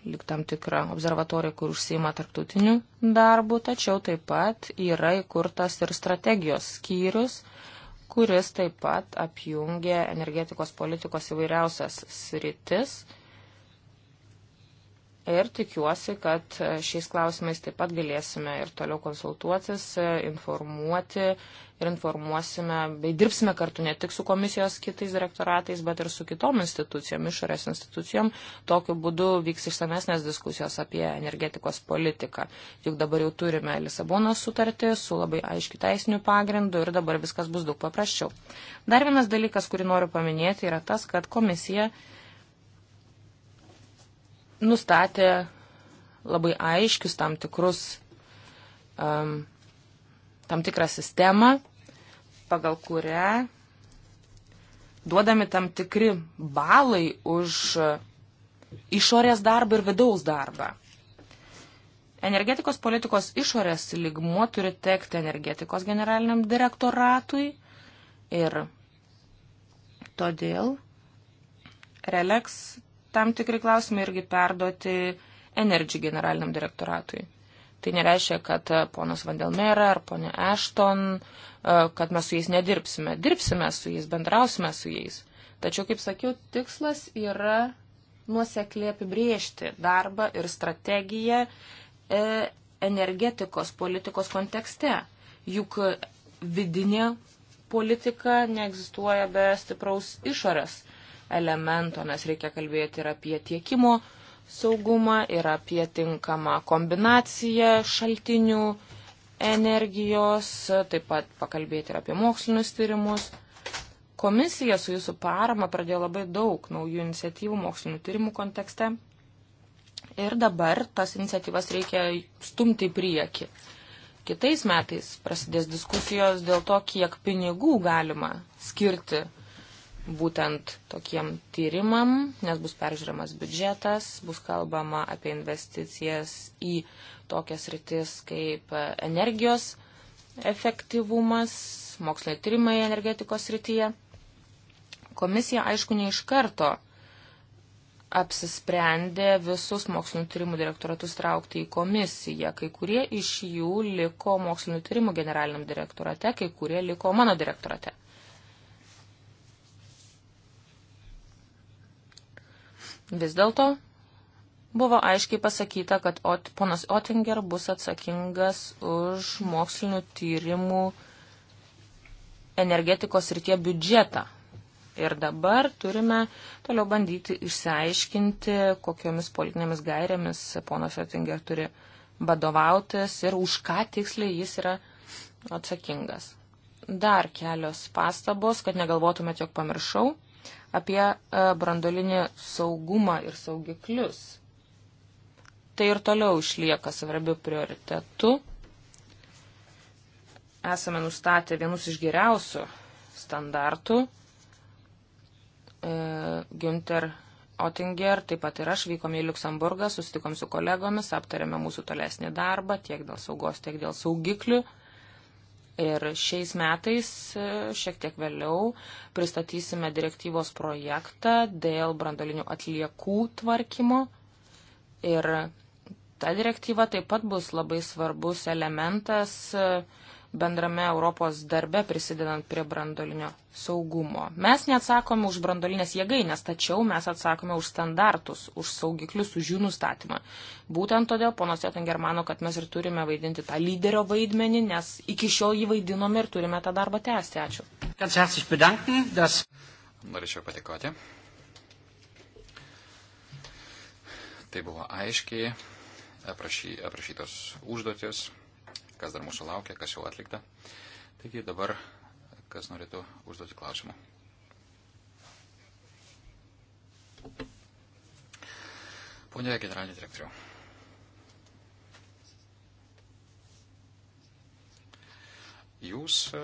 S3: lik tam tikrą observatoriją, kur užsima tarptautinių darbų, tačiau taip pat yra įkurtas ir strategijos skyrius, kuris taip pat apjungia energetikos politikos įvairiausias sritis Ir tikiuosi, kad e, šiais klausimais taip pat galėsime ir toliau konsultuotis, e, informuoti ir informuosime, bei dirbsime kartu ne tik su komisijos kitais direktoratais, bet ir su kitom institucijom, išorės institucijom. Tokiu būdu vyks išsamesnės diskusijos apie energetikos politiką. Juk dabar jau turime Lisabonos sutartį su labai aiškiu teisiniu pagrindu ir dabar viskas bus daug paprasčiau. Dar vienas dalykas, kurį noriu paminėti, yra tas, kad komisija nustatė labai aiškius tam tikrus, um, tam tikrą sistemą, pagal kurią duodami tam tikri balai už išorės darbą ir vidaus darbą. Energetikos politikos išorės ligmuo turi tekti energetikos generaliniam direktoratui ir todėl Relex tam tikri klausimai irgi perduoti Energy generaliniam direktoratui. Tai nereiškia, kad e, ponas Vandelmera ar ponė Ashton, e, kad mes su jais nedirbsime. Dirbsime su jais, bendrausime su jais. Tačiau, kaip sakiau, tikslas yra nuosekliai apibriežti darbą ir strategiją e, energetikos politikos kontekste. Juk vidinė politika neegzistuoja be stipraus išorės elemento, nes reikia kalbėti ir apie tiekimo saugumą, ir apie tinkamą kombinaciją šaltinių energijos, taip pat pakalbėti ir apie mokslinius tyrimus. Komisija su jūsų parama pradėjo labai daug naujų iniciatyvų mokslinių tyrimų kontekste. Ir dabar tas iniciatyvas reikia stumti į priekį. Kitais metais prasidės diskusijos dėl to, kiek pinigų galima skirti būtent tokiem tyrimam, nes bus peržiūrimas biudžetas, bus kalbama apie investicijas į tokias rytis kaip energijos efektyvumas, moksliniai tyrimai energetikos rytyje. Komisija, aišku, ne iš karto apsisprendė visus mokslinio tyrimų direktoratus traukti į komisiją. Kai kurie iš jų liko mokslinio tyrimų generaliniam direktorate, kai kurie liko mano direktorate. Vis dėlto buvo aiškiai pasakyta, kad ot, ponas Otinger bus atsakingas už mokslinių tyrimų energetikos ir tie biudžetą. Ir dabar turime toliau bandyti išsiaiškinti, kokiomis politinėmis gairėmis ponas Oettinger turi vadovautis ir už ką tiksliai jis yra atsakingas. Dar kelios pastabos, kad negalvotumėte, jog pamiršau apie e, brandolinį saugumą ir saugiklius. Tai ir toliau išlieka svarbiu prioritetu. Esame nustatę vienus iš geriausių standartų. E, Günter Otinger, taip pat ir aš vykome į Luksemburgą, susitikom su kolegomis, aptarėme mūsų tolesnį darbą tiek dėl saugos, tiek dėl saugiklių. Ir šiais metais, e, šiek tiek vėliau, pristatysime direktyvos projektą dėl brandolinių atliekų tvarkymo. Ir ta direktyva taip pat bus labai svarbus elementas e, bendrame Europos darbe prisidedant prie brandolinio saugumo. Mes neatsakome už brandolinės jėgainės, tačiau mes atsakome už standartus, už saugiklius, už jų nustatymą. Būtent todėl ponas Jotinger mano, kad mes ir turime vaidinti tą lyderio vaidmenį, nes iki šiol jį vaidinome ir turime tą darbą tęsti. Ačiū.
S2: Norėčiau patikoti. Tai buvo aiškiai aprašy, aprašytos užduotis, kas dar mūsų laukia, kas jau atlikta. Taigi dabar, kas norėtų užduoti klausimų. Pone generalinė direktoriau. Jūs e,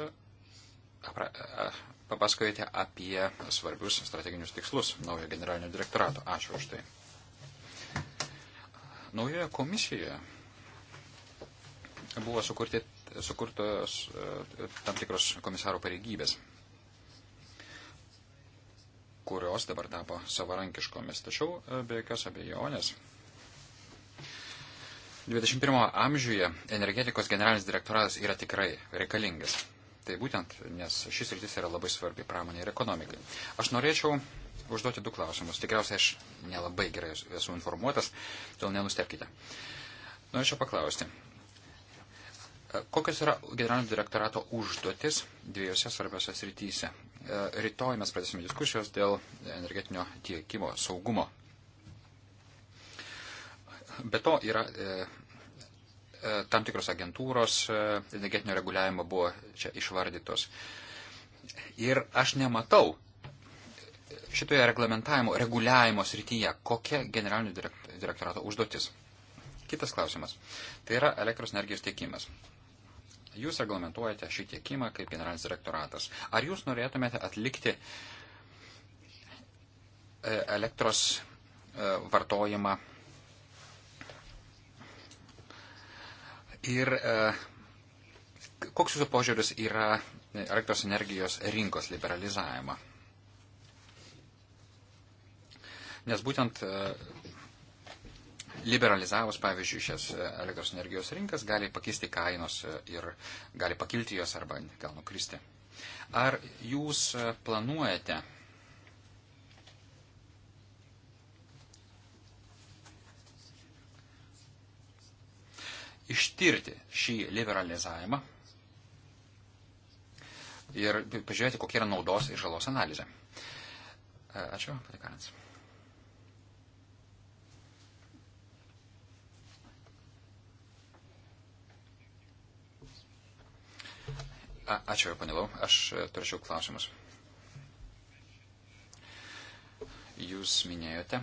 S2: e, papasakojate apie svarbius strateginius tikslus naujo generalinio direktorato. Ačiū už tai. Naujoje komisijoje buvo sukurti, sukurtos e, tam tikros komisaro pareigybės, kurios dabar tapo savarankiškomis. Tačiau e, be jokios abejonės 21 amžiuje energetikos generalinis direktoratas yra tikrai reikalingas. Tai būtent, nes šis rytis yra labai svarbi pramonė ir ekonomikai. Aš norėčiau užduoti du klausimus. Tikriausiai aš nelabai gerai esu informuotas, todėl nenustepkite. Norėčiau paklausti, Kokios yra generalinio direktorato užduotis dviejose svarbiose srityse? E, rytoj mes pradėsime diskusijos dėl energetinio tiekimo saugumo. Be to yra e, e, tam tikros agentūros e, energetinio reguliavimo buvo čia išvardytos. Ir aš nematau šitoje reglamentavimo, reguliavimo srityje, kokia generalinio direktorato užduotis. Kitas klausimas. Tai yra elektros energijos tiekimas. Jūs reglamentuojate šį tiekimą kaip generalinis direktoratas. Ar jūs norėtumėte atlikti e, elektros e, vartojimą ir e, koks jūsų požiūris yra elektros energijos rinkos liberalizavimą? Nes būtent liberalizavus, pavyzdžiui, šias e, elektros energijos rinkas, gali pakisti kainos e, ir gali pakilti jos arba gal nukristi. Ar jūs e, planuojate ištirti šį liberalizavimą ir pažiūrėti, kokia yra naudos ir žalos analizė? Ačiū, patikarins. A, ačiū, panelau. Aš e, turėčiau klausimus. Jūs minėjote.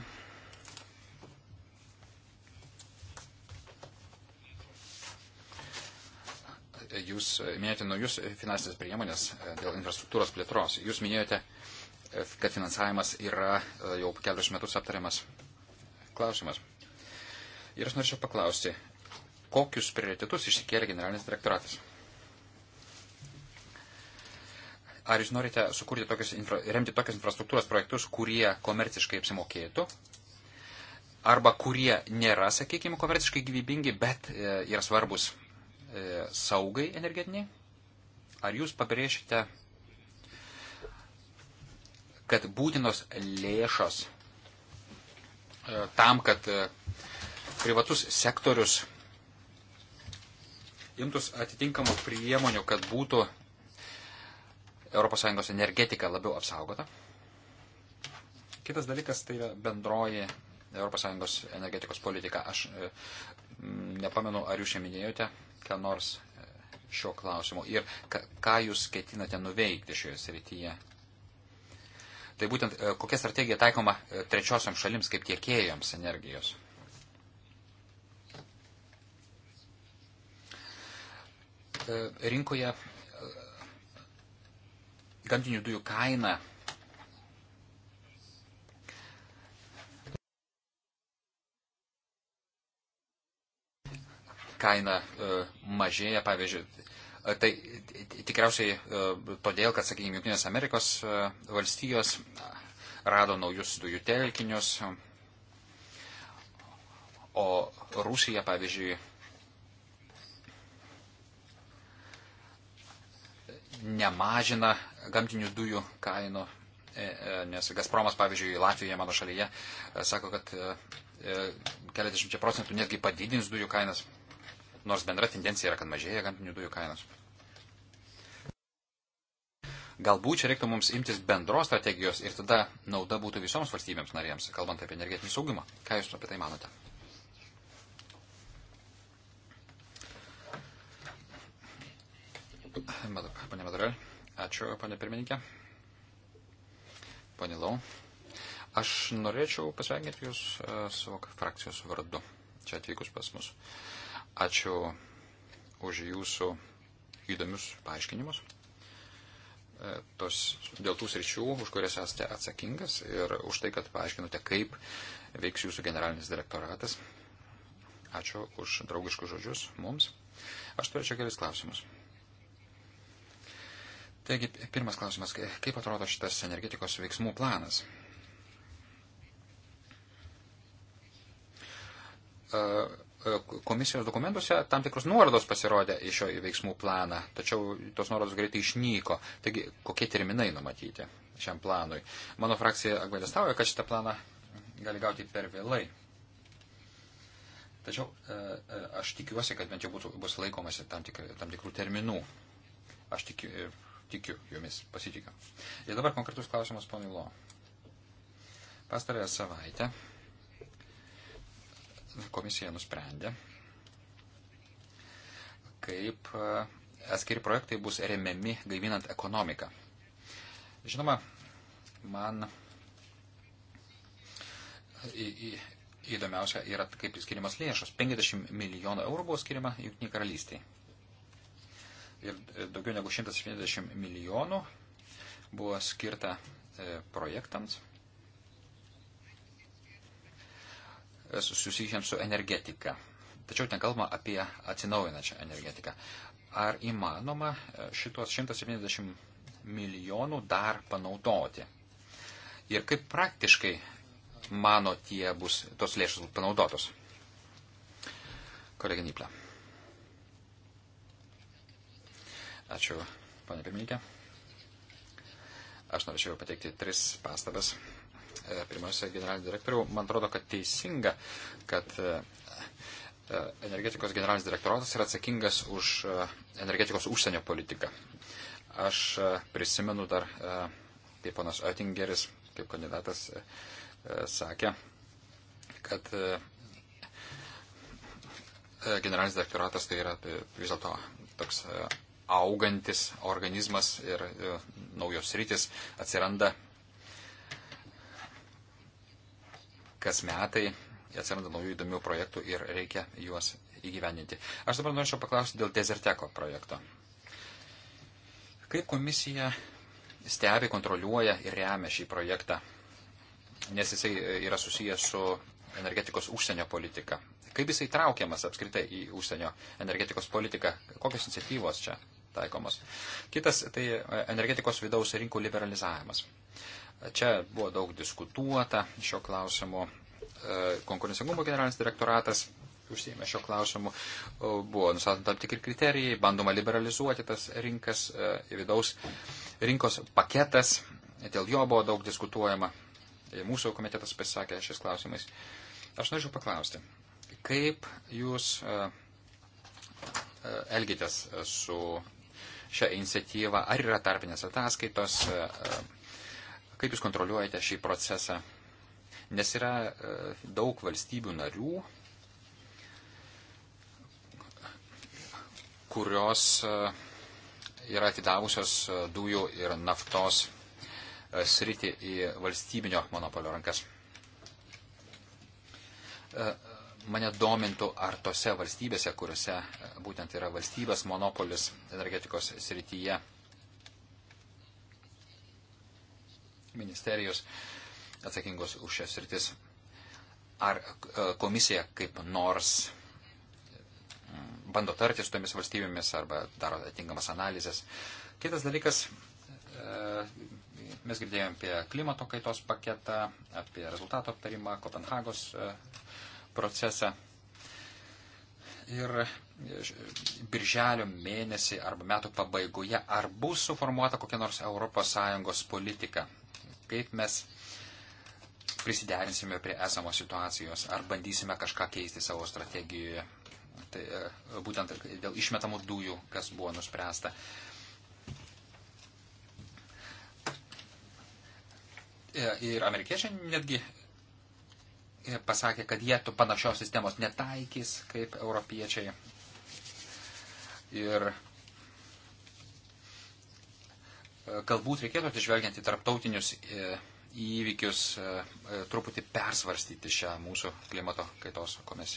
S2: Jūs minėjote naujus finansinės priemonės e, dėl infrastruktūros plėtros. Jūs minėjote, e, kad finansavimas yra jau kelius metus aptariamas klausimas. Ir aš norėčiau paklausti, kokius prioritetus išsikėlė generalinis direktoratas? Ar jūs norite sukurti tokius, infra, remti tokius infrastruktūros projektus, kurie komerciškai apsimokėtų, arba kurie nėra, sakykime, komerciškai gyvybingi, bet e, yra svarbus e, saugai energetiniai? Ar jūs pabrėšite, kad būtinos lėšos e, tam, kad e, privatus sektorius imtus atitinkamų priemonių, kad būtų ES energetika labiau apsaugota. Kitas dalykas tai yra bendroji ES energetikos politika. Aš e, nepamenu, ar jūs čia minėjote, ką nors e, šio klausimo ir ką jūs ketinate nuveikti šioje srityje. Tai būtent e, kokia strategija taikoma trečiosiam šalims kaip tiekėjams energijos. Rinkoje gamtinių dujų kaina. Kaina e, mažėja, pavyzdžiui, e, tai tikriausiai e, todėl, kad, sakykime, Junktinės Amerikos valstijos rado naujus dujų telkinius, o Rusija, pavyzdžiui, nemažina gamtinių dujų kainų, e, e, nes Gazpromas, pavyzdžiui, Latvijoje, mano šalyje, e, sako, kad keliasdešimčia procentų netgi padidins dujų kainas, nors bendra tendencija yra, kad mažėja gamtinių dujų kainos. Galbūt čia reiktų mums imtis bendros strategijos ir tada nauda būtų visoms valstybėms narėms, kalbant apie energetinį saugimą. Ką Jūs apie tai manote? Pane Madurel, ačiū, pane pirmininkė. Pane Lau, aš norėčiau pasveikinti Jūs e, savo frakcijos vardu, čia atvykus pas mus. Ačiū už Jūsų įdomius paaiškinimus e, tos, dėl tų sričių, už kurias esate atsakingas ir už tai, kad paaiškinote, kaip veiks jūsų generalinis direktoratas. Ačiū už draugiškus žodžius mums. Aš turėčiau kelis klausimus. Taigi, pirmas klausimas, kaip atrodo šitas energetikos veiksmų planas? Komisijos dokumentuose tam tikros nuorodos pasirodė iš šio veiksmų planą, tačiau tos nuorodos greitai išnyko. Taigi, kokie terminai numatyti šiam planui? Mano frakcija apgailestauja, kad šitą planą gali gauti per vėlai. Tačiau aš tikiuosi, kad bent jau būtų, bus laikomasi tam, tik, tam tikrų terminų. Aš tikiu, tikiu jumis, pasitikiu. Ir dabar konkretus klausimas, ponai Lo. Pastarąją savaitę komisija nusprendė, kaip e, atskiri projektai bus remiami gaivinant ekonomiką. Žinoma, man į, į, įdomiausia yra, kaip skiriamas lėšos. 50 milijonų eurų buvo skiriama Junktinė karalystiai ir daugiau negu 170 milijonų buvo skirta e, projektams e, susijusiems su energetika. Tačiau ten kalbama apie atsinaujinančią energetiką. Ar įmanoma e, šitos 170 milijonų dar panaudoti? Ir kaip praktiškai mano tie bus tos lėšos panaudotos? Kolegė Nyplė. Ačiū, panė pirmininkė. Aš norėčiau pateikti tris pastabas. E, pirmiausia, generalinį direktorių, man atrodo, kad teisinga, kad e, e, energetikos generalinis direktoratas yra atsakingas už energetikos užsienio politiką. Aš prisimenu dar, kaip ponas Oettingeris, kaip kandidatas, sakė, kad generalinis direktoratas tai yra tai vis dėlto toks augantis organizmas ir e, naujos rytis atsiranda kas metai, atsiranda naujų įdomių projektų ir reikia juos įgyveninti. Aš dabar norėčiau paklausti dėl Deserteko projekto. Kaip komisija stebi, kontroliuoja ir remia šį projektą, nes jisai e, yra susijęs su energetikos užsienio politika. Kaip jisai traukiamas apskritai į užsienio energetikos politiką? Kokios iniciatyvos čia taikomos. Kitas tai e, energetikos vidaus rinkų liberalizavimas. Čia buvo daug diskutuota šio klausimu. E, konkurencingumo generalinis direktoratas užsieimė šio klausimu, e, buvo nustatant tam tikri kriterijai, bandoma liberalizuoti tas rinkas, vidaus rinkos paketas, dėl jo buvo daug diskutuojama, mūsų komitetas pasisakė šis klausimais. Aš norėčiau paklausti, kaip jūs elgitės su šią iniciatyvą, ar yra tarpinės ataskaitos, kaip jūs kontroliuojate šį procesą, nes yra e, daug valstybių narių, kurios e, yra atidavusios e, dujų ir naftos sritį į valstybinio monopolio rankas mane domintų, ar tose valstybėse, kuriuose e, būtent yra valstybės monopolis energetikos srityje, ministerijos atsakingos už šias sritis, ar e, komisija kaip nors mm, bando tartis tomis valstybėmis arba daro atingamas analizės. Kitas dalykas, e, mes girdėjome apie klimato kaitos paketą, apie rezultato aptarimą, Kopenhagos procesą. Ir birželio mėnesį arba metų pabaigoje, ar bus suformuota kokia nors ES politika, kaip mes prisiderinsime prie esamos situacijos, ar bandysime kažką keisti savo strategijoje. Tai e, būtent dėl išmetamų dujų, kas buvo nuspręsta. E, ir amerikiečiai netgi E, pasakė, kad jie panašios sistemos netaikys kaip europiečiai. Ir e, galbūt reikėtų atsižvelgiant į tarptautinius e, įvykius truputį persvarstyti šią mūsų klimato kaitos komis,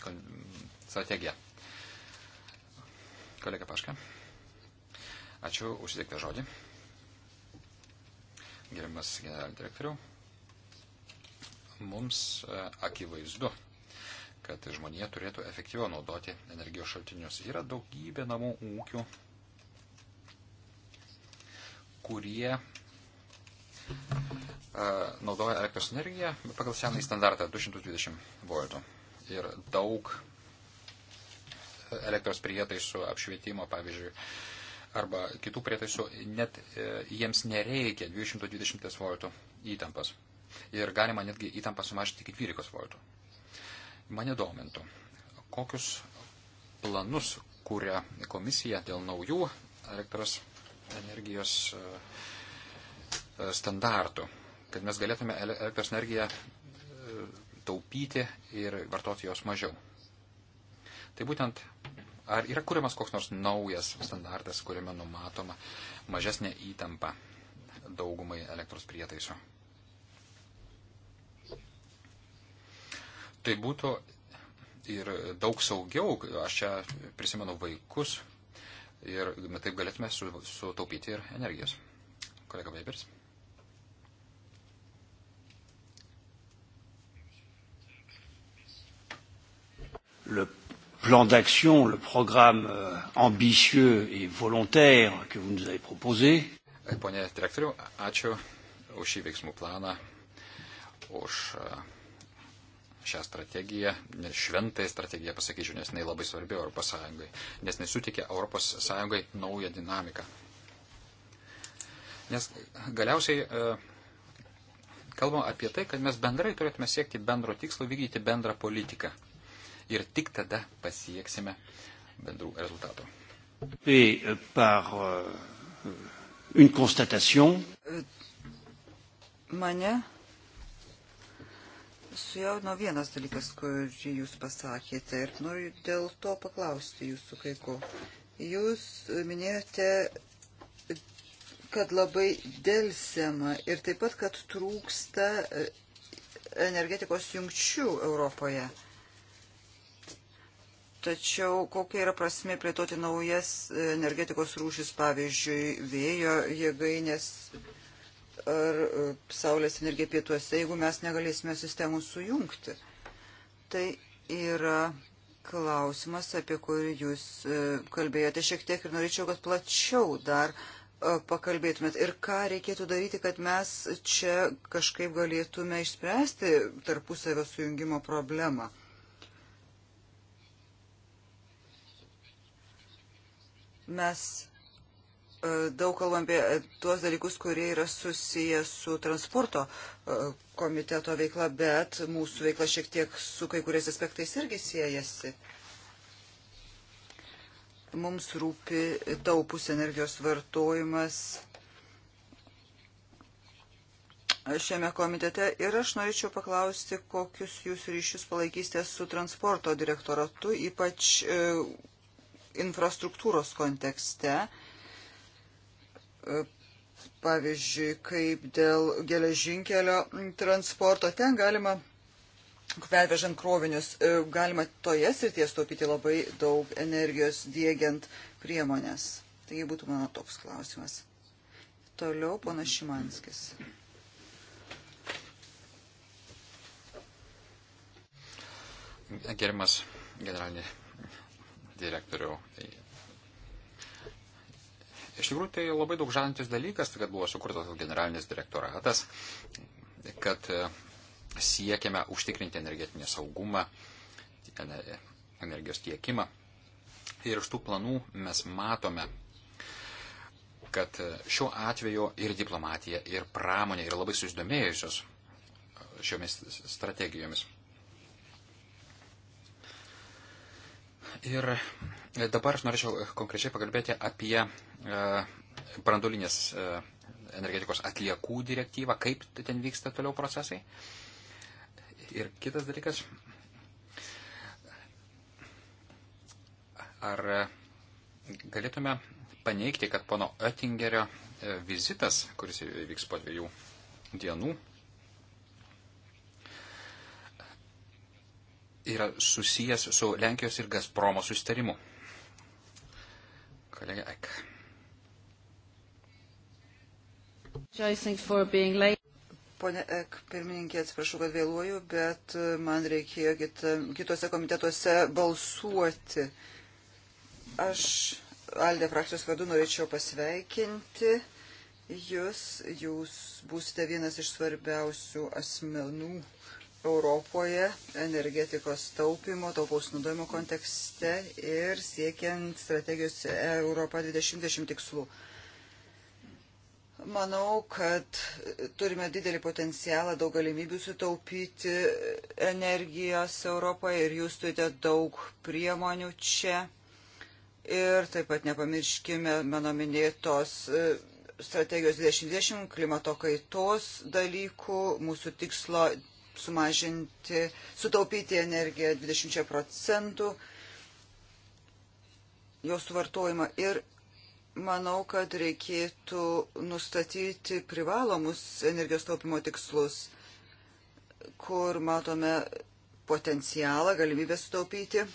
S2: kon, strategiją. Kolega Paška, ačiū užsidėktą žodį. Gerimas generalinį direktorių mums e, akivaizdu, kad žmonija turėtų efektyviau naudoti energijos šaltinius. Yra daugybė namų ūkių, kurie e, naudoja elektros energiją pagal senąjį standartą 220 voltų. Ir daug elektros prietaisų apšvietimo, pavyzdžiui, arba kitų prietaisų, net e, jiems nereikia 220 voltų įtampos ir galima netgi įtampą sumažinti iki 12 voltų. Mane domintų, kokius planus kūrė komisija dėl naujų elektros energijos e, e, standartų, kad mes galėtume elektros energiją e, taupyti ir vartoti jos mažiau. Tai būtent, ar yra kuriamas koks nors naujas standartas, kuriame numatoma mažesnė įtampa daugumai elektros prietaisų? tai būtų ir daug saugiau. Aš čia prisimenu vaikus ir taip galėtume sutaupyti ir energijos. Kolega Weberis. Le plan d'action, le programme euh, ambitieux et volontaire que vous nous avez proposé. Pone direktoriu, ačiū už šį veiksmų planą, už uh, šią strategiją, šventąją strategiją pasakyčiau, nes jinai labai svarbi Europos Sąjungai, nes jis sutikė Europos Sąjungai naują dinamiką. Nes galiausiai e, kalbam apie tai, kad mes bendrai turėtume siekti bendro tikslo, vykdyti bendrą politiką. Ir tik tada pasieksime bendrų rezultatų. Tai par e,
S1: une constatation. Mane
S4: sujaudino vienas dalykas, kurį jūs pasakėte ir noriu dėl to paklausti jūsų kai ko. Jūs minėjote, kad labai dėlsiama ir taip pat, kad trūksta e, energetikos jungčių Europoje. Tačiau kokia yra prasme plėtoti naujas energetikos rūšis, pavyzdžiui, vėjo jėgainės ar e, saulės energija pietuose, jeigu mes negalėsime sistemų sujungti. Tai yra klausimas, apie kurį jūs e, kalbėjote šiek tiek ir norėčiau, kad plačiau dar e, pakalbėtumėt. Ir ką reikėtų daryti, kad mes čia kažkaip galėtume išspręsti tarpusavio sujungimo problemą. Mes E, daug kalbam apie tuos dalykus, kurie yra susiję su transporto e, komiteto veikla, bet mūsų veikla šiek tiek su kai kuriais aspektais irgi siejasi. Mums rūpi taupus energijos vartojimas šiame komitete ir aš norėčiau paklausti, kokius jūs ryšius palaikysite su transporto direktoratu, ypač e, infrastruktūros kontekste. E, pavyzdžiui, kaip dėl geležinkelio transporto, ten galima, pervežant krovinius, e, galima toje srityje staupyti labai daug energijos dėgiant priemonės. Taigi būtų mano toks klausimas. Toliau ponas Šimanskis.
S2: Gerimas generalinė direktoriau, tai Iš tikrųjų, tai labai daug žadantis dalykas, kad buvo sukurtas generalinis direktoratas, kad e, siekiame užtikrinti energetinį saugumą, energijos tiekimą. Ir iš tų planų mes matome, kad e, šiuo atveju ir diplomatija, ir pramonė yra labai susidomėjusios e, šiomis strategijomis. Ir Dabar aš norėčiau eh, konkrečiai pakalbėti apie eh, brandulinės eh, energetikos atliekų direktyvą, kaip ten vyksta toliau procesai. Ir kitas dalykas, ar galėtume paneigti, kad pono Oettingerio vizitas, kuris vyks po dviejų dienų, yra susijęs su Lenkijos ir Gazpromo sustarimu. Kolega Ek.
S4: Pone Ek, pirmininkė, atsiprašau, kad vėluoju, bet e, man reikėjo kitose komitetuose balsuoti. Aš Aldė frakcijos vadu norėčiau pasveikinti jūs. Jūs būsite vienas iš svarbiausių asmenų Europoje energetikos taupimo, taupaus naudojimo kontekste ir siekiant strategijos Europa 2020 tikslų. Manau, kad turime didelį potencialą, daug galimybių sutaupyti energijos Europoje ir jūs turite daug priemonių čia. Ir taip pat nepamirškime mano minėtos e, strategijos 2020, klimato kaitos dalykų, mūsų tikslo sumažinti, sutaupyti energiją 20 procentų, jos suvartojimą ir manau, kad reikėtų nustatyti privalomus energijos taupimo tikslus, kur matome potencialą, galimybę sutaupyti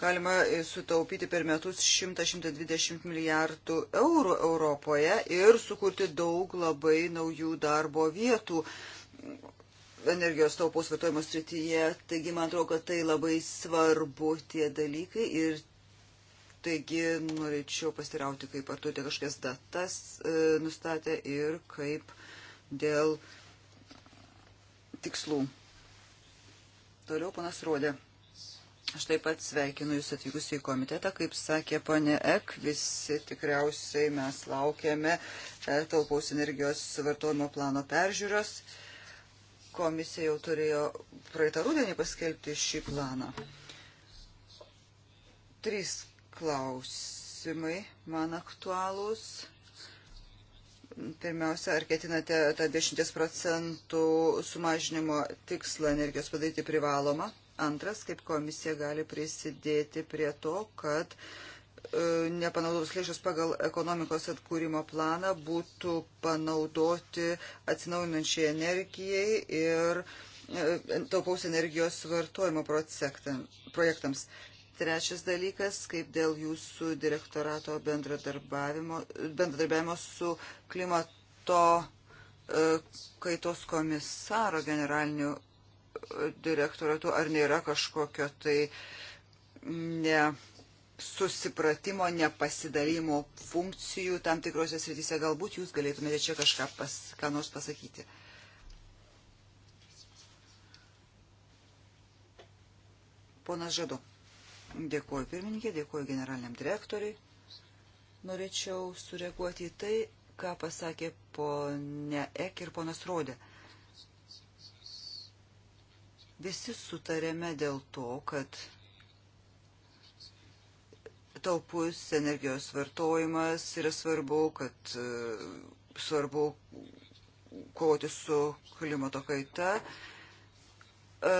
S4: Galima e, sutaupyti per metus 100-120 milijardų eurų Europoje ir sukurti daug labai naujų darbo vietų energijos taupos vartojimo srityje. Taigi, man atrodo, kad tai labai svarbu tie dalykai ir taigi norėčiau pasirauti, kaip ar turite kažkokias datas e, nustatę ir kaip dėl tikslų. Toliau panas rodė. Aš taip pat sveikinu Jūs atvykus į komitetą. Kaip sakė ponė Ek, visi tikriausiai mes laukiame e, taupaus energijos vartojimo plano peržiūros. Komisija jau turėjo praeitą rūdienį paskelbti šį planą. Trys klausimai man aktualūs pirmiausia, ar ketinate tą 10 procentų sumažinimo tikslą energijos padaryti privalomą? Antras, kaip komisija gali prisidėti prie to, kad e, nepanaudotos lėšos pagal ekonomikos atkūrimo planą būtų panaudoti atsinaujinančiai energijai ir e, taupaus energijos vartojimo projektams. Trečias dalykas, kaip dėl jūsų direktorato bendradarbiavimo, bendradarbiavimo su klimato e, kaitos komisaro generaliniu direktoratu, ar nėra kažkokio tai ne susipratimo, nepasidalimo funkcijų tam tikrose srityse. Galbūt jūs galėtumėte čia kažką pas, ką nors pasakyti. Ponas Žadu, dėkuoju pirmininkė, dėkuoju generaliniam direktoriui. Norėčiau sureaguoti į tai, ką pasakė ponia Ek ir ponas Rodė. Visi sutarėme dėl to, kad taupus energijos vartojimas yra svarbu, kad e, svarbu kovoti su klimato kaita. E,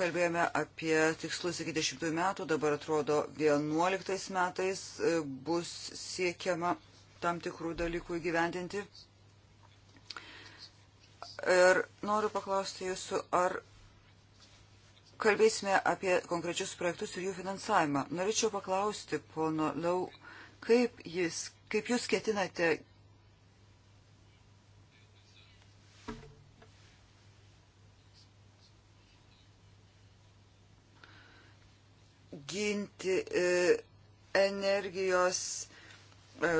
S4: kalbėjome apie tikslus iki 10 metų, dabar atrodo 11 metais e, bus siekiama tam tikrų dalykų įgyvendinti. Ir noriu paklausti jūsų, ar kalbėsime apie konkrečius projektus ir jų finansavimą. Norėčiau paklausti, pono Lau, kaip, jis, kaip jūs ketinate. ginti e, energijos, e,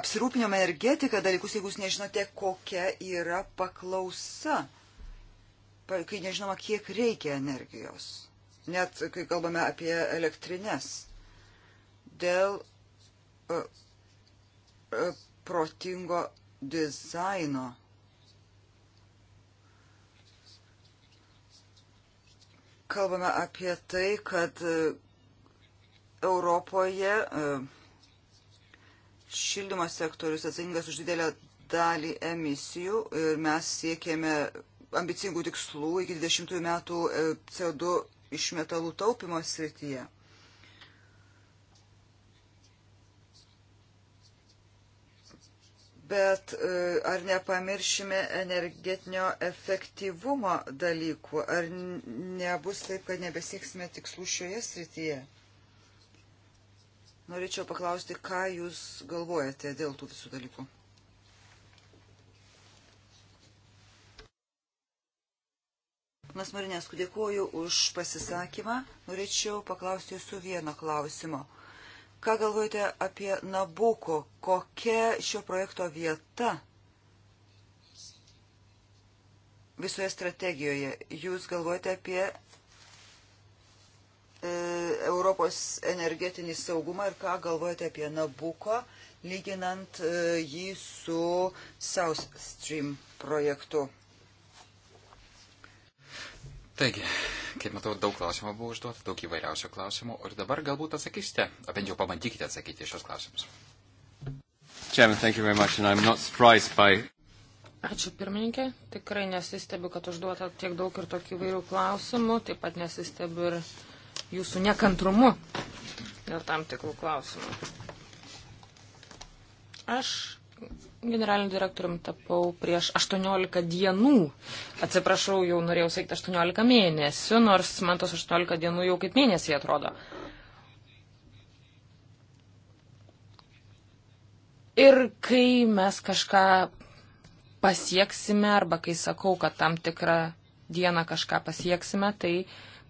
S4: apsirūpinimą energetiką dalykus, jeigu jūs nežinote, kokia yra paklausa. E, kai nežinoma, kiek reikia energijos. Net kai kalbame apie elektrines. Dėl uh, uh, protingo dizaino. Kalbame apie tai, kad uh, Europoje šildymo sektorius atsakingas už didelę dalį emisijų ir mes siekėme ambicingų tikslų iki 20 metų e, CO2 iš metalų taupimo srityje. Bet e, ar nepamiršime energetinio efektyvumo dalykų, ar nebus taip, kad nebesieksime tikslų šioje srityje? Norėčiau paklausti, ką Jūs galvojate dėl tų visų dalykų. Panas Marinesku, dėkuoju už pasisakymą. Norėčiau paklausti jūsų vieno klausimo. Ką galvojate apie Nabuko? Kokia šio projekto vieta visoje strategijoje? Jūs galvojate apie e, Europos energetinį saugumą ir ką galvojate apie Nabuko, lyginant e, jį su South Stream projektu?
S2: Taigi, kaip matau, daug klausimų buvo užduota, daug įvairiausių klausimų ir dabar galbūt atsakysite, bent jau pabandykite atsakyti šios klausimus. Chairman, thank you very much and I'm not surprised by Ačiū
S3: pirmininkė, tikrai nesistebiu, kad užduota tiek daug ir tokių vairių klausimų, taip pat nesistebiu ir jūsų nekantrumu dėl tam tikrų klausimų. Aš generaliniu direktoriumi tapau prieš 18 dienų. Atsiprašau, jau norėjau sakyti 18 mėnesių, nors man tos 18 dienų jau kaip mėnesiai atrodo. Ir kai mes kažką pasieksime, arba kai sakau, kad tam tikrą dieną kažką pasieksime, tai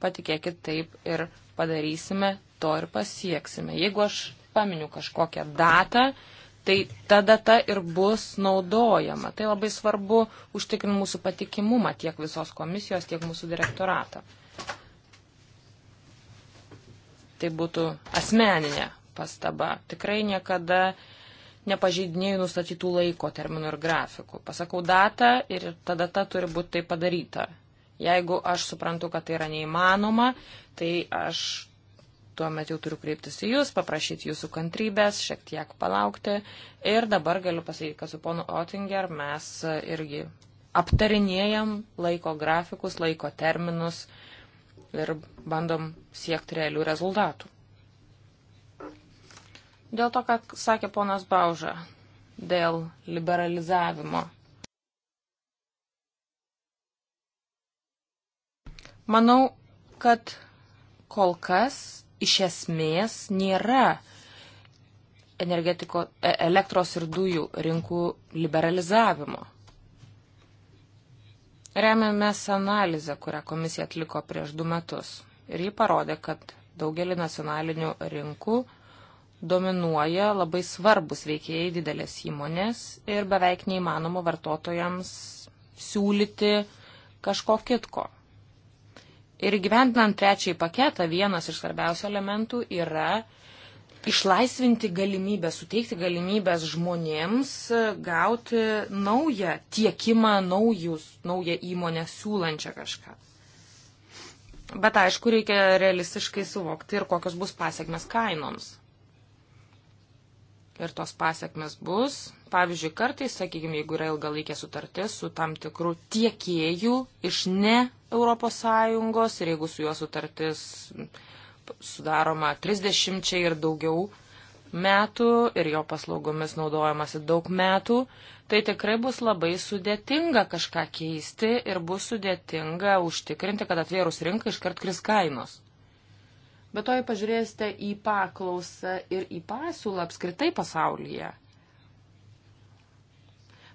S3: patikėkit taip ir padarysime, to ir pasieksime. Jeigu aš paminiu kažkokią datą, tai ta data ir bus naudojama. Tai labai svarbu užtikrinti mūsų patikimumą tiek visos komisijos, tiek mūsų direktoratą. Tai būtų asmeninė pastaba. Tikrai niekada nepažeidinėjau nustatytų laiko terminų ir grafikų. Pasakau datą ir ta data turi būti tai padaryta. Jeigu aš suprantu, kad tai yra neįmanoma, tai aš tuomet jau turiu kreiptis į Jūs, paprašyti Jūsų kantrybės, šiek tiek palaukti. Ir dabar galiu pasakyti, kad su ponu Otinger mes irgi aptarinėjam laiko grafikus, laiko terminus ir bandom siekti realių rezultatų. Dėl to, ką sakė ponas Bauža, dėl liberalizavimo. Manau, kad kol kas iš esmės nėra energetiko, e, elektros ir dujų rinkų liberalizavimo. Remiamės analizę, kurią komisija atliko prieš du metus. Ir jį parodė, kad daugelį nacionalinių rinkų dominuoja labai svarbus veikėjai didelės įmonės ir beveik neįmanoma vartotojams siūlyti kažko kitko. Ir gyventinant trečiąjį paketą, vienas iš svarbiausių elementų yra išlaisvinti galimybę, suteikti galimybės žmonėms gauti naują tiekimą, naujus, naują įmonę siūlančią kažką. Bet aišku, reikia realistiškai suvokti ir kokios bus pasiekmes kainoms. Ir tos pasiekmes bus, pavyzdžiui, kartais, sakykime, jeigu yra ilgalaikė sutartis su tam tikru tiekėju iš ne ES ir jeigu su juo sutartis sudaroma 30 ir daugiau metų ir jo paslaugomis naudojamasi daug metų, tai tikrai bus labai sudėtinga kažką keisti ir bus sudėtinga užtikrinti, kad atvėrus rinką iškart kris kainos. Bet to, jei pažiūrėsite į paklausą ir į pasiūlą apskritai pasaulyje,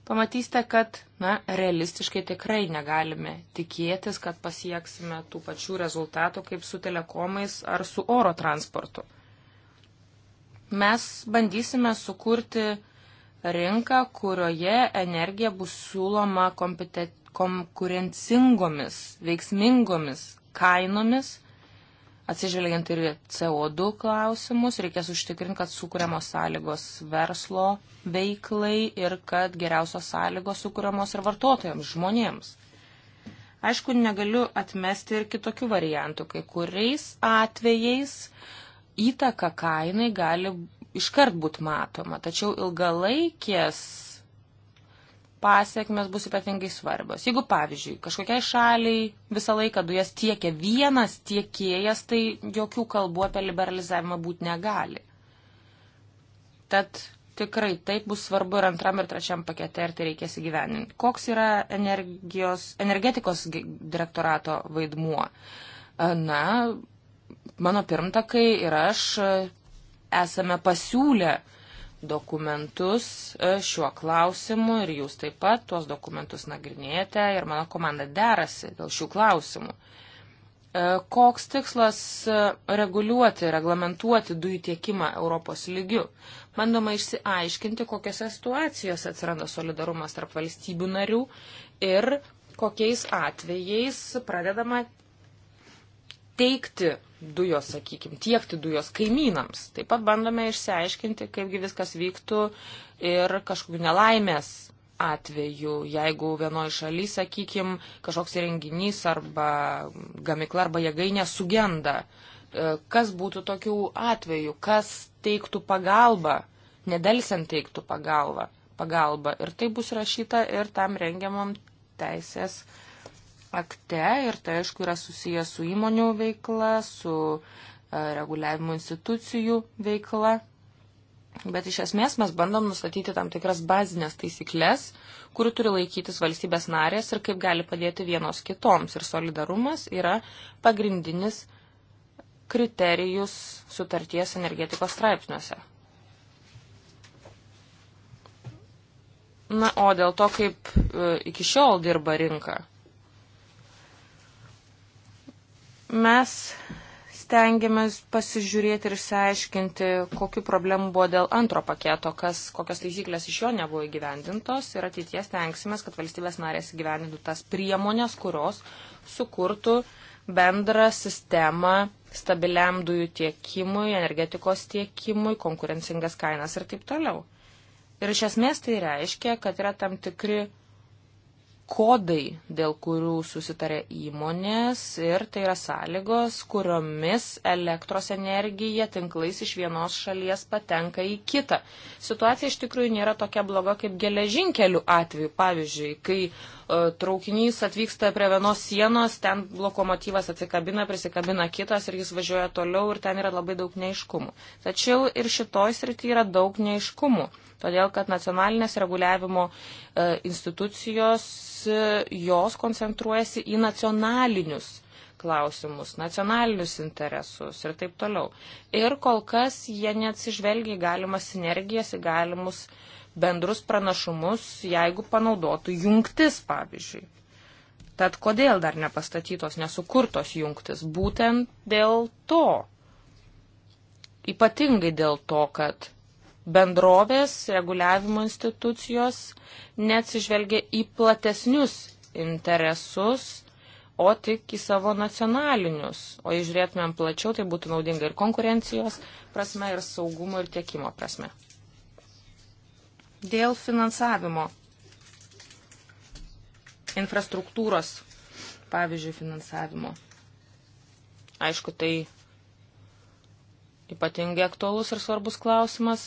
S3: pamatysite, kad, na, realistiškai tikrai negalime tikėtis, kad pasieksime tų pačių rezultatų kaip su telekomais ar su oro transportu. Mes bandysime sukurti rinką, kurioje energija bus siūloma kompetentingai konkurencingomis, veiksmingomis kainomis Atsižvelgiant ir CO2 klausimus, reikės užtikrinti, kad sukūriamos sąlygos verslo veiklai ir kad geriausios sąlygos sukūriamos ir vartotojams, žmonėms. Aišku, negaliu atmesti ir kitokių variantų, kai kuriais atvejais įtaka kainai gali iškart būti matoma, tačiau ilgalaikės pasiekmes bus ypatingai svarbios. Jeigu, pavyzdžiui, kažkokiai šaliai visą laiką dujas tiekia vienas tiekėjas, tai jokių kalbų apie liberalizavimą būti negali. Tad tikrai taip bus svarbu ir antram ir trečiam pakete, ir tai reikės įgyveninti. Koks yra energijos, energetikos direktorato vaidmuo? E, na, mano pirmtakai ir aš e, esame pasiūlę uh, dokumentus e, šiuo klausimu ir jūs taip pat tuos dokumentus nagrinėjate ir mano komanda derasi dėl šių klausimų. E, koks tikslas e, reguliuoti, reglamentuoti dujų tiekimą Europos lygiu? Bandoma išsiaiškinti, kokiose situacijose atsiranda solidarumas tarp valstybių narių ir kokiais atvejais pradedama teikti dujos, sakykime, tiekti dujos kaimynams. Taip pat bandome išsiaiškinti, kaipgi viskas vyktų ir kažkokių nelaimės atveju, jeigu vienoje šalyje, sakykime, kažkoks įrenginys arba gamikla arba jėgainė sugenda, e, kas būtų tokių atvejų, kas teiktų pagalbą, nedelsiant teiktų pagalbą, pagalbą. Ir tai bus rašyta ir tam rengiamam teisės akte ir tai aišku yra susijęs su įmonių veikla, su e, reguliavimo institucijų veikla. Bet iš esmės mes bandom nustatyti tam tikras bazinės taisyklės, kurių turi laikytis valstybės narės ir kaip gali padėti vienos kitoms. Ir solidarumas yra pagrindinis kriterijus sutarties energetikos straipsniuose. Na, o dėl to, kaip e, iki šiol dirba rinka, Mes stengiamės pasižiūrėti ir išsiaiškinti, kokiu problemu buvo dėl antro paketo, kas, kokios taisyklės iš jo nebuvo įgyvendintos ir ateities stengsimės, kad valstybės narės įgyvendintų tas priemonės, kurios sukurtų bendrą sistemą stabiliam dujų tiekimui, energetikos tiekimui, konkurencingas kainas ir taip toliau. Ir iš esmės tai reiškia, kad yra tam tikri kodai, dėl kurių susitarė įmonės ir tai yra sąlygos, kuriomis elektros energija tinklais iš vienos šalies patenka į kitą. Situacija iš tikrųjų nėra tokia bloga kaip geležinkelių atveju. Pavyzdžiui, kai E, traukinys atvyksta prie vienos sienos, ten lokomotyvas atsikabina, prisikabina kitas ir jis važiuoja toliau ir ten yra labai daug neiškumų. Tačiau ir šitoj srity yra daug neiškumų, todėl kad nacionalinės reguliavimo e, institucijos e, jos koncentruojasi į nacionalinius klausimus, nacionalinius interesus ir taip toliau. Ir kol kas jie neatsižvelgia į galimas sinergijas, į galimus uh, bendrus pranašumus, jeigu panaudotų jungtis, pavyzdžiui. Tad kodėl dar nepastatytos, nesukurtos jungtis? Būtent dėl to. Ypatingai dėl to, kad bendrovės reguliavimo institucijos neatsižvelgia į platesnius interesus, o tik į savo nacionalinius. O jei žiūrėtumėm plačiau, tai būtų naudinga ir konkurencijos prasme, ir saugumo, ir tiekimo prasme. Dėl finansavimo infrastruktūros, pavyzdžiui, finansavimo. Aišku, tai ypatingai aktualus ir svarbus klausimas,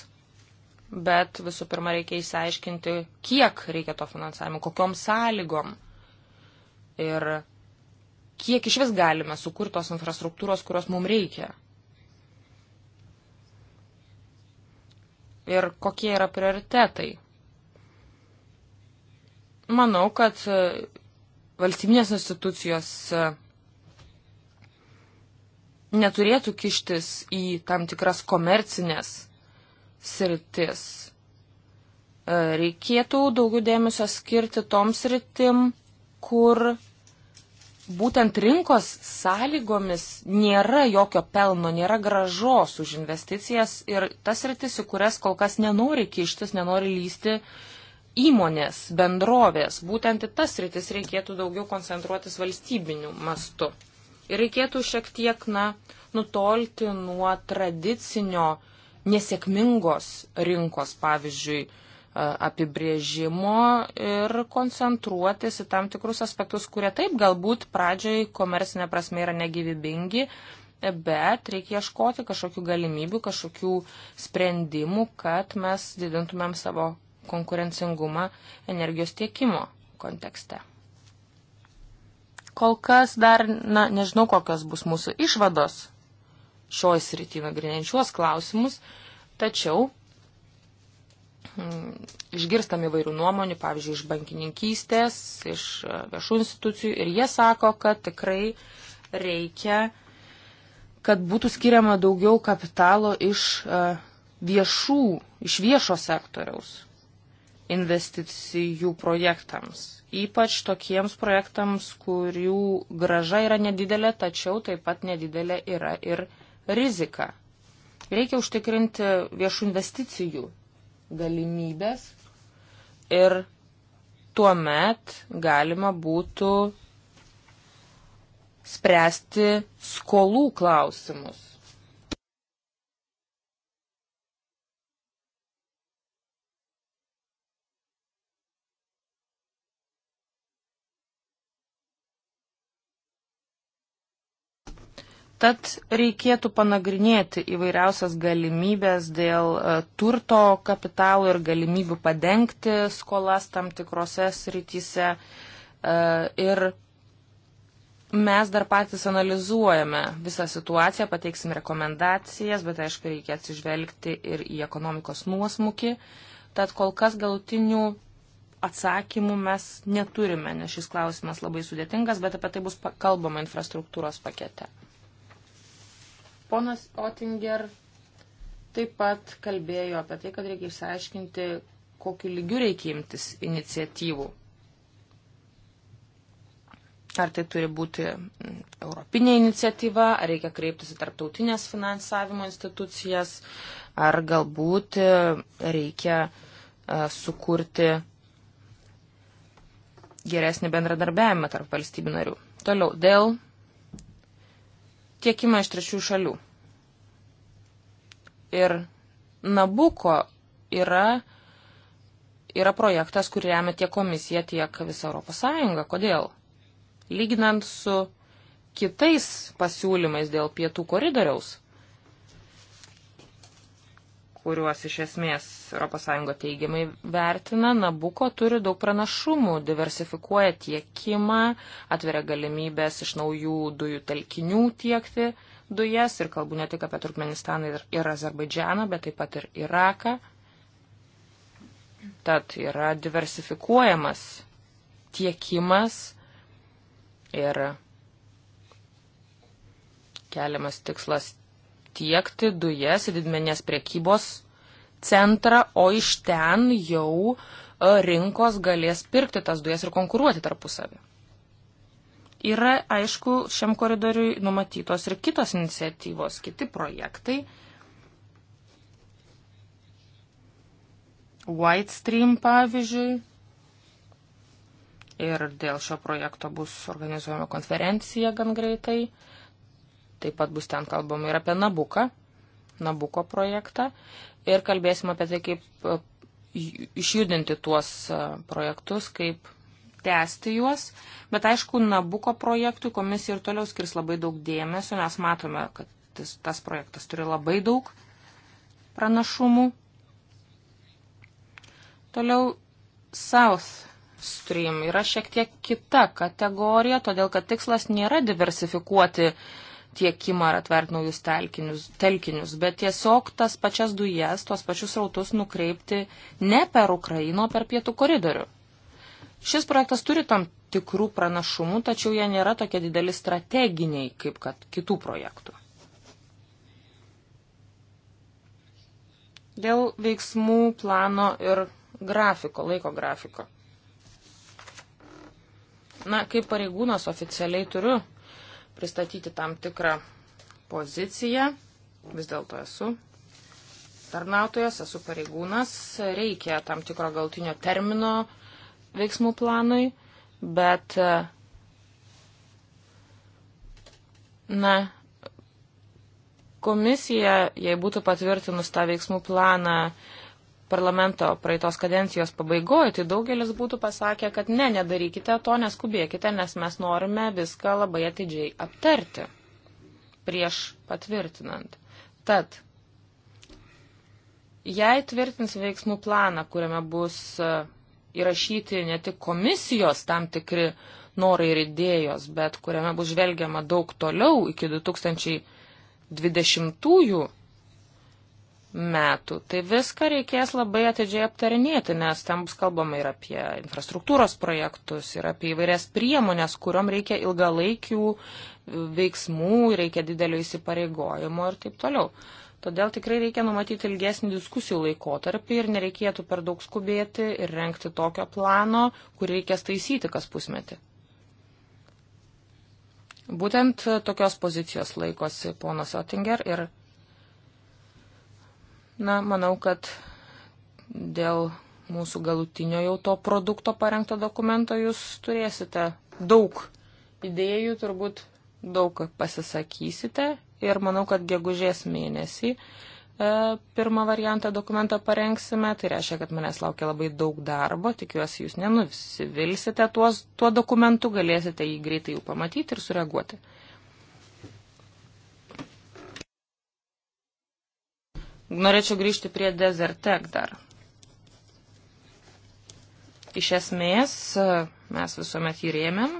S3: bet visų pirma reikia įsiaiškinti, kiek reikia to finansavimo, kokiom sąlygom ir kiek iš vis galime sukurti tos infrastruktūros, kurios mums reikia. ir kokie yra prioritetai. Manau, kad e, valstybinės institucijos e, neturėtų kištis į tam tikras komercinės sritis. E, reikėtų daugiau dėmesio skirti toms sritim, kur būtent rinkos sąlygomis nėra jokio pelno, nėra gražos už investicijas ir tas rytis, į kurias kol kas nenori kištis, nenori lysti įmonės, bendrovės. Būtent į tas rytis reikėtų daugiau koncentruotis valstybiniu mastu. Ir reikėtų šiek tiek, na, nutolti nuo tradicinio nesėkmingos rinkos, pavyzdžiui, apibrėžimo ir koncentruotis į tam tikrus aspektus, kurie taip galbūt pradžioj komercinė prasme yra negyvybingi, bet reikia ieškoti kažkokių galimybių, kažkokių sprendimų, kad mes didintumėm savo konkurencingumą energijos tiekimo kontekste. Kol kas dar, na, nežinau, kokios bus mūsų išvados šioj srity nagrinėjančios klausimus, tačiau Mm, išgirstam įvairių nuomonių, pavyzdžiui, iš bankininkystės, iš e, viešų institucijų ir jie sako, kad tikrai reikia, kad būtų skiriama daugiau kapitalo iš e, viešų, iš viešo sektoriaus investicijų projektams. Ypač tokiems projektams, kurių graža yra nedidelė, tačiau taip pat nedidelė yra ir rizika reikia užtikrinti viešų investicijų galimybės ir tuo met galima būtų spręsti skolų klausimus. Tad reikėtų panagrinėti įvairiausias galimybės dėl e, turto kapitalo ir galimybių padengti skolas tam tikrose srityse. E, ir mes dar patys analizuojame visą situaciją, pateiksim rekomendacijas, bet aišku, reikia atsižvelgti ir į ekonomikos nuosmukį. Tad kol kas galutinių atsakymų mes neturime, nes šis klausimas labai sudėtingas, bet apie tai bus kalbama infrastruktūros pakete. Ponas Otinger taip pat kalbėjo apie tai, kad reikia išsiaiškinti, kokiu lygiu reikia imtis iniciatyvų. Ar tai turi būti mm, europinė iniciatyva, ar reikia kreiptis į tarptautinės finansavimo institucijas, ar galbūt e, reikia e, sukurti geresnį bendradarbiavimą tarp valstybių narių. Toliau, dėl tiekimą iš trečių šalių. Ir Nabuko yra, yra projektas, kurį remia tiek komisija, tiek visa Europos Sąjunga. Kodėl? Lyginant su kitais pasiūlymais dėl pietų koridoriaus, kuriuos iš esmės ES teigiamai vertina, Nabuko turi daug pranašumų, diversifikuoja tiekimą, atveria galimybės iš naujų dujų telkinių tiekti dujas ir kalbu ne tik apie Turkmenistaną ir Azerbaidžianą, bet taip pat ir Iraką. Tad yra diversifikuojamas tiekimas ir keliamas tikslas tiekti dujas į didmenės priekybos centrą, o iš ten jau e, rinkos galės pirkti tas dujas ir konkuruoti tarpusavį. Yra, aišku, šiam koridoriui numatytos ir kitos iniciatyvos, kiti projektai. White Stream, pavyzdžiui. Ir dėl šio projekto bus organizuojama konferencija gan greitai. Taip pat bus ten kalbama ir apie Nabuką, Nabuko projektą. Ir kalbėsim apie tai, kaip e, išjudinti tuos e, projektus, kaip tęsti juos. Bet aišku, Nabuko projektui komisija ir toliau skirs labai daug dėmesio, nes matome, kad tas, tas projektas turi labai daug pranašumų. Toliau South Stream yra šiek tiek kita kategorija, todėl kad tikslas nėra diversifikuoti uh, tiekimą ar atvert naujus telkinius, telkinius, bet tiesiog tas pačias dujas, tuos pačius rautus nukreipti ne per Ukraino, per pietų koridorių. Šis projektas turi tam tikrų pranašumų, tačiau jie nėra tokie dideli strateginiai, kaip kad kitų projektų. Dėl veiksmų plano ir grafiko, laiko grafiko. Na, kaip pareigūnas oficialiai turiu pristatyti tam tikrą poziciją. Vis dėlto esu tarnautojas, esu pareigūnas. Reikia tam tikro galtinio termino veiksmų planui, bet, na, komisija, jei būtų patvirtinus tą veiksmų planą, parlamento praeitos kadencijos pabaigoje, tai daugelis būtų pasakę, kad ne, nedarykite to, neskubėkite, nes mes norime viską labai atidžiai aptarti prieš patvirtinant. Tad, jei tvirtins veiksmų planą, kuriame bus e, įrašyti ne tik komisijos tam tikri norai ir idėjos, bet kuriame bus žvelgiama daug toliau iki 2020 metų. Tai viską reikės labai atidžiai aptarinėti, nes ten bus kalbama ir apie infrastruktūros projektus, ir apie įvairias priemonės, kuriuom reikia ilgalaikių e, veiksmų, reikia didelio įsipareigojimo ir taip toliau. Todėl tikrai reikia numatyti ilgesnį diskusijų laikotarpį ir nereikėtų per daug skubėti ir renkti tokio plano, kurį reikės taisyti kas pusmetį. Būtent tokios pozicijos laikosi ponas Otinger ir Na, manau, kad dėl mūsų galutinio jau to produkto parengto dokumento jūs turėsite daug idėjų, turbūt daug pasisakysite ir manau, kad gegužės mėnesį e, pirmą variantą dokumento parengsime, tai reiškia, kad manęs laukia labai daug darbo, tikiuosi jūs nenusivilsite tuos, tuo dokumentu, galėsite jį greitai jau pamatyti ir sureaguoti. Norėčiau grįžti prie Desertec dar. Iš esmės, mes visuomet jį rėmėm,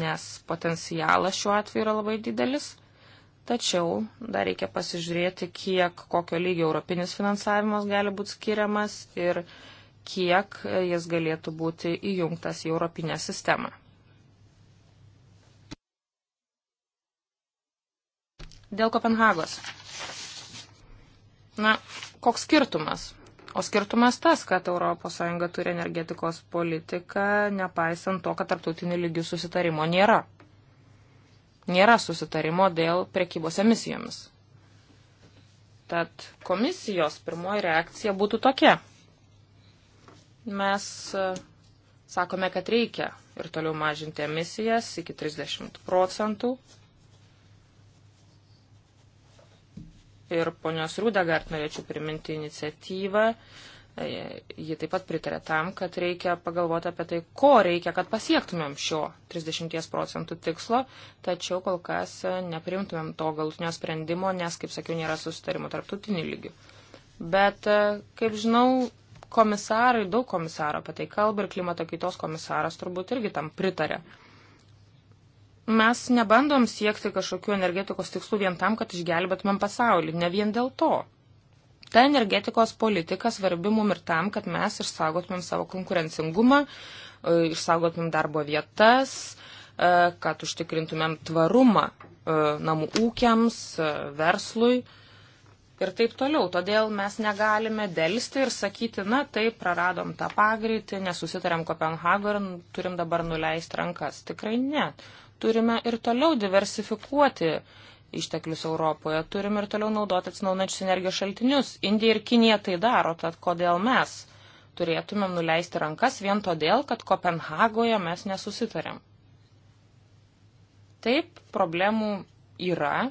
S3: nes potencialas šiuo atveju yra labai didelis. Tačiau dar reikia pasižiūrėti, kiek kokio lygio europinis finansavimas gali būti skiriamas ir kiek jis galėtų būti įjungtas į europinę sistemą. Dėl Kopenhagos. Na, koks skirtumas? O skirtumas tas, kad ES turi energetikos politiką, nepaisant to, kad tarptautinių lygių susitarimo nėra. Nėra susitarimo dėl prekybos emisijomis. Tad komisijos pirmoji reakcija būtų tokia. Mes e, sakome, kad reikia ir toliau mažinti emisijas iki 30 procentų ir ponios Rūdegart norėčiau priminti iniciatyvą. E, ji taip pat pritarė tam, kad reikia pagalvoti apie tai, ko reikia, kad pasiektumėm šio 30 procentų tikslo, tačiau kol kas e, neprimtumėm to galutinio sprendimo, nes, kaip sakiau, nėra susitarimo tarptautinių lygių. Bet, e, kaip žinau, komisarai, daug komisaro apie tai kalba ir klimato kaitos komisaras turbūt irgi tam pritarė mes nebandom siekti kažkokių energetikos tikslų vien tam, kad išgelbėtumėm pasaulį, ne vien dėl to. Ta energetikos politika svarbi mum ir tam, kad mes išsaugotumėm savo konkurencingumą, e, išsaugotumėm darbo vietas, e, kad užtikrintumėm tvarumą e, namų ūkiams, verslui ir taip toliau. Todėl mes negalime dėlsti ir sakyti, na taip, praradom tą pagreitį, nesusitarėm Kopenhago ir turim dabar nuleisti rankas. Tikrai ne turime ir toliau diversifikuoti išteklius Europoje, turime ir toliau naudoti atsinaujančius energijos šaltinius. Indija ir Kinija tai daro, tad kodėl mes turėtumėm nuleisti rankas vien todėl, kad Kopenhagoje mes nesusitarėm. Taip, problemų yra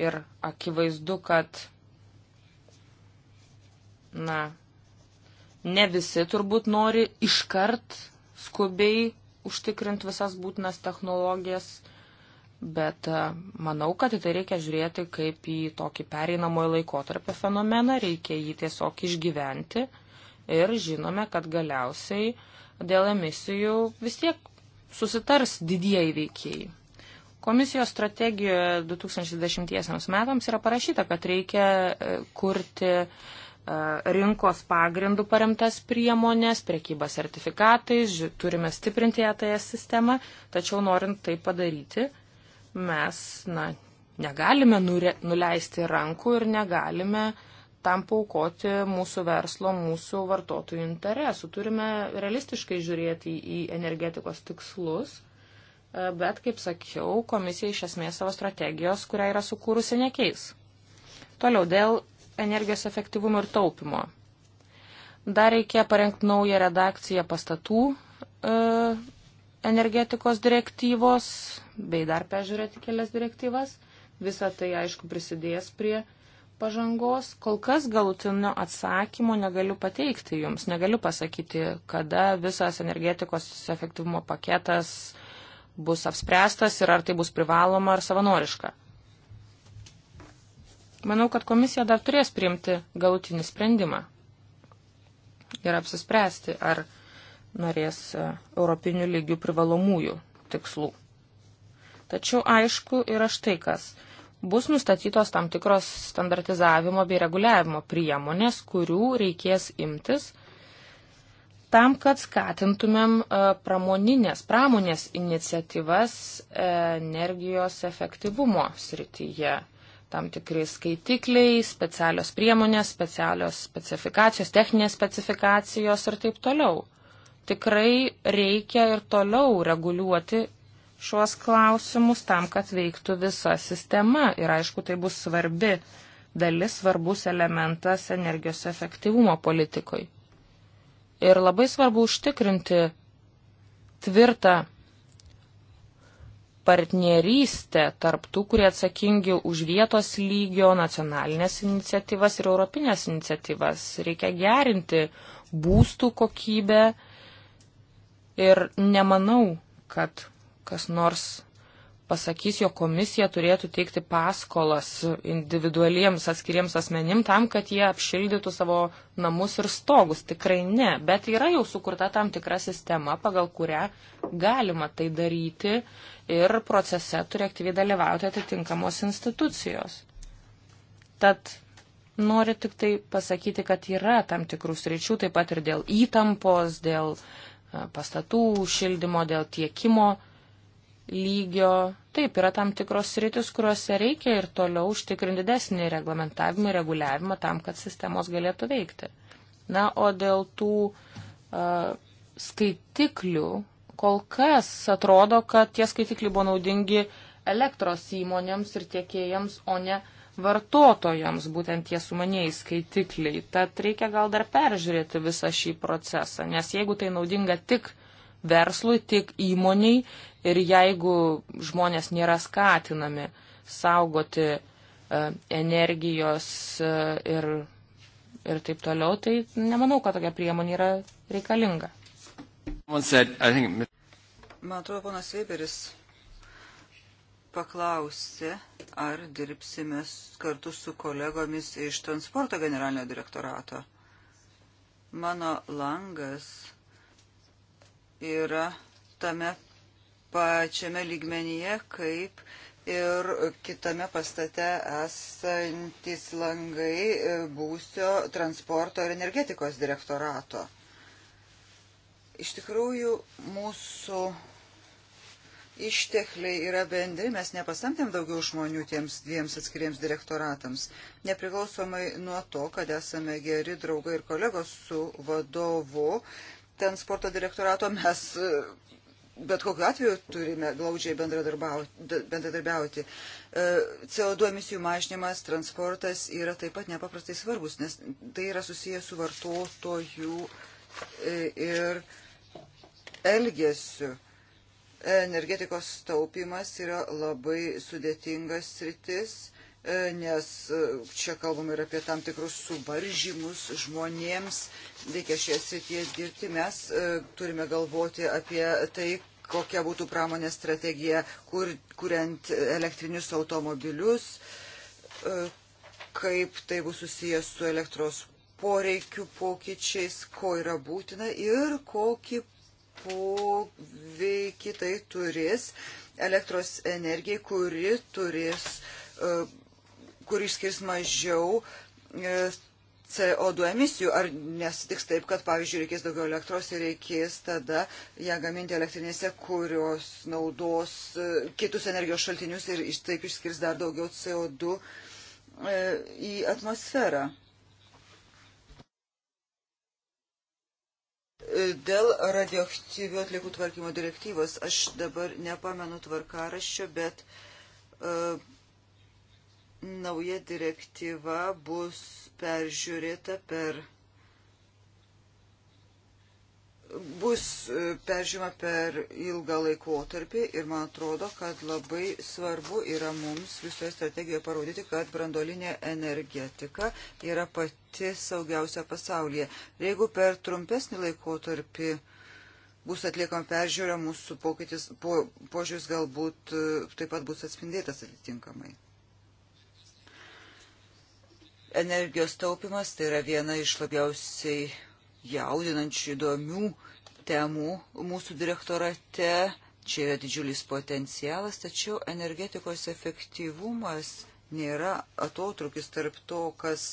S3: ir akivaizdu, kad, na, ne visi turbūt nori iškart skubiai užtikrinti visas būtinas technologijas, bet e, manau, kad į tai reikia žiūrėti kaip į tokį pereinamojo laikotarpio fenomeną, reikia jį tiesiog išgyventi ir žinome, kad galiausiai dėl emisijų vis tiek susitars didieji veikėjai. Komisijos strategijoje 2010 metams yra parašyta, kad reikia e, kurti E, rinkos pagrindų paremtas priemonės, priekyba sertifikatais, turime stiprinti ETS sistemą, tačiau norint tai padaryti, mes na, negalime nure, nuleisti rankų ir negalime tam paukoti mūsų verslo, mūsų vartotojų interesų. Turime realistiškai žiūrėti į energetikos tikslus e, bet, kaip sakiau, komisija iš esmės savo strategijos, kurią yra sukūrusi, nekeis. Toliau dėl energijos efektyvumo ir taupimo. Dar reikėjo parengti naują redakciją pastatų e, energetikos direktyvos, bei dar peržiūrėti kelias direktyvas. Visa tai, aišku, prisidės prie pažangos. Kol kas galutinio atsakymo negaliu pateikti jums. Negaliu pasakyti, kada visas energetikos efektyvumo paketas bus apspręstas ir ar tai bus privaloma ar savanoriška. Manau, kad komisija dar turės priimti galutinį sprendimą ir apsispręsti, ar norės e, europinių lygių privalomųjų tikslų. Tačiau aišku yra štai kas. Bus nustatytos tam tikros standartizavimo bei reguliavimo priemonės, kurių reikės imtis tam, kad skatintumėm e, pramoninės, pramonės iniciatyvas e, energijos efektyvumo srityje tam tikri skaitikliai, specialios priemonės, specialios specifikacijos, techninės specifikacijos ir taip toliau. Tikrai reikia ir toliau reguliuoti šiuos klausimus tam, kad veiktų visa sistema. Ir aišku, tai bus svarbi dalis, svarbus elementas energijos efektyvumo politikoje. Ir labai svarbu užtikrinti tvirtą partnerystę tarp tų, kurie atsakingi už vietos lygio nacionalinės iniciatyvas ir europinės iniciatyvas. Reikia gerinti būstų kokybę ir nemanau, kad kas nors pasakys, jo komisija turėtų teikti paskolas individualiems atskiriems asmenim tam, kad jie apšildytų savo namus ir stogus. Tikrai ne, bet yra jau sukurta tam tikra sistema, pagal kurią galima tai daryti ir procese turi aktyviai dalyvauti atitinkamos institucijos. Tad noriu tik tai pasakyti, kad yra tam tikrų sričių, taip pat ir dėl įtampos, dėl pastatų šildymo, dėl tiekimo lygio, taip, yra tam tikros sritis, kuriuose reikia ir toliau užtikrinti didesnį reglamentavimą ir reguliavimą tam, kad sistemos galėtų veikti. Na, o dėl tų uh, skaitiklių, kol kas atrodo, kad tie skaitikliai buvo naudingi elektros įmonėms ir tiekėjams, o ne vartotojams, būtent tie sumanėjai skaitikliai. Tad reikia gal dar peržiūrėti visą šį procesą, nes jeigu tai naudinga tik verslui, tiek įmoniai ir jeigu žmonės nėra skatinami saugoti e, energijos e, ir, ir taip toliau, tai nemanau, kad tokia priemonė yra reikalinga.
S2: Man
S4: atrodo, ponas Weberis paklausė, ar dirbsime kartu su kolegomis iš transporto generalinio direktorato. Mano langas yra tame pačiame lygmenyje, kaip ir kitame pastate esantis langai e, būsio transporto ir energetikos direktorato. Iš tikrųjų, mūsų ištekliai yra bendri, mes nepasamtėm daugiau žmonių tiems dviems atskiriems direktoratams. Nepriklausomai nuo to, kad esame geri draugai ir kolegos su vadovu, ten sporto direktorato mes e, bet kokiu atveju turime glaudžiai bendradarbiauti. E, CO2 emisijų mažinimas, transportas yra taip pat nepaprastai svarbus, nes tai yra susijęs su vartotojų e, ir elgesiu. Energetikos taupimas yra labai sudėtingas sritis E, nes e, čia kalbam ir apie tam tikrus suvaržymus žmonėms, reikia šioje srityje dirbti. Mes e, turime galvoti apie tai, kokia būtų pramonės strategija, kur, kuriant elektrinius automobilius, kaip tai bus susijęs su elektros poreikių pokyčiais, ko yra būtina ir kokį poveikį tai turės elektros energijai, kuri turės uh, kur išskirs mažiau e, CO2 emisijų, ar nesitiks taip, kad, pavyzdžiui, reikės daugiau elektros ir reikės tada ją gaminti elektrinėse, kurios naudos e, kitus energijos šaltinius ir iš taip išskirs dar daugiau CO2 e, į atmosferą. Dėl radioaktyvių atliekų tvarkymo direktyvos aš dabar nepamenu tvarkaraščio, bet uh, Nauja direktyva bus peržiūrėta per bus e, peržiūrima per ilgą laikotarpį ir man atrodo, kad labai svarbu yra mums visoje strategijoje parodyti, kad brandolinė energetika yra pati saugiausia pasaulyje. Ir jeigu per trumpesnį laikotarpį bus atliekama peržiūra, mūsų pokytis, po, požiūris galbūt e, taip pat bus atspindėtas atitinkamai. Energijos taupimas tai yra viena iš labiausiai jaudinančių įdomių temų mūsų direktorate. Čia yra didžiulis potencialas, tačiau energetikos efektyvumas nėra atotrukis tarp to, kas,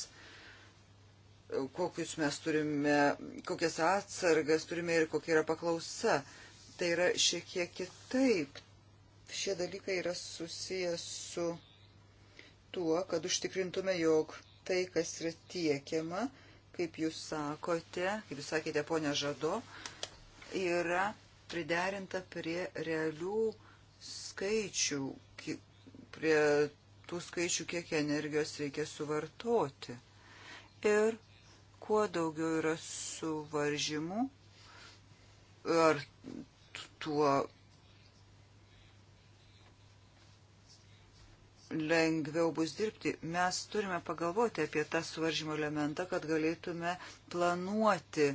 S4: kokius mes turime, kokias atsargas turime ir kokia yra paklausa. Tai yra šiek tiek kitaip. Šie dalykai yra susijęs su tuo, kad užtikrintume, jog tai, kas yra tiekiama, kaip jūs sakote, kaip jūs sakėte, ponia Žado, yra priderinta prie realių skaičių, prie tų skaičių, kiek energijos reikia suvartoti. Ir kuo daugiau yra suvaržymų, ar tuo lengviau bus dirbti. Mes turime pagalvoti apie tą suvaržymo elementą, kad galėtume planuoti,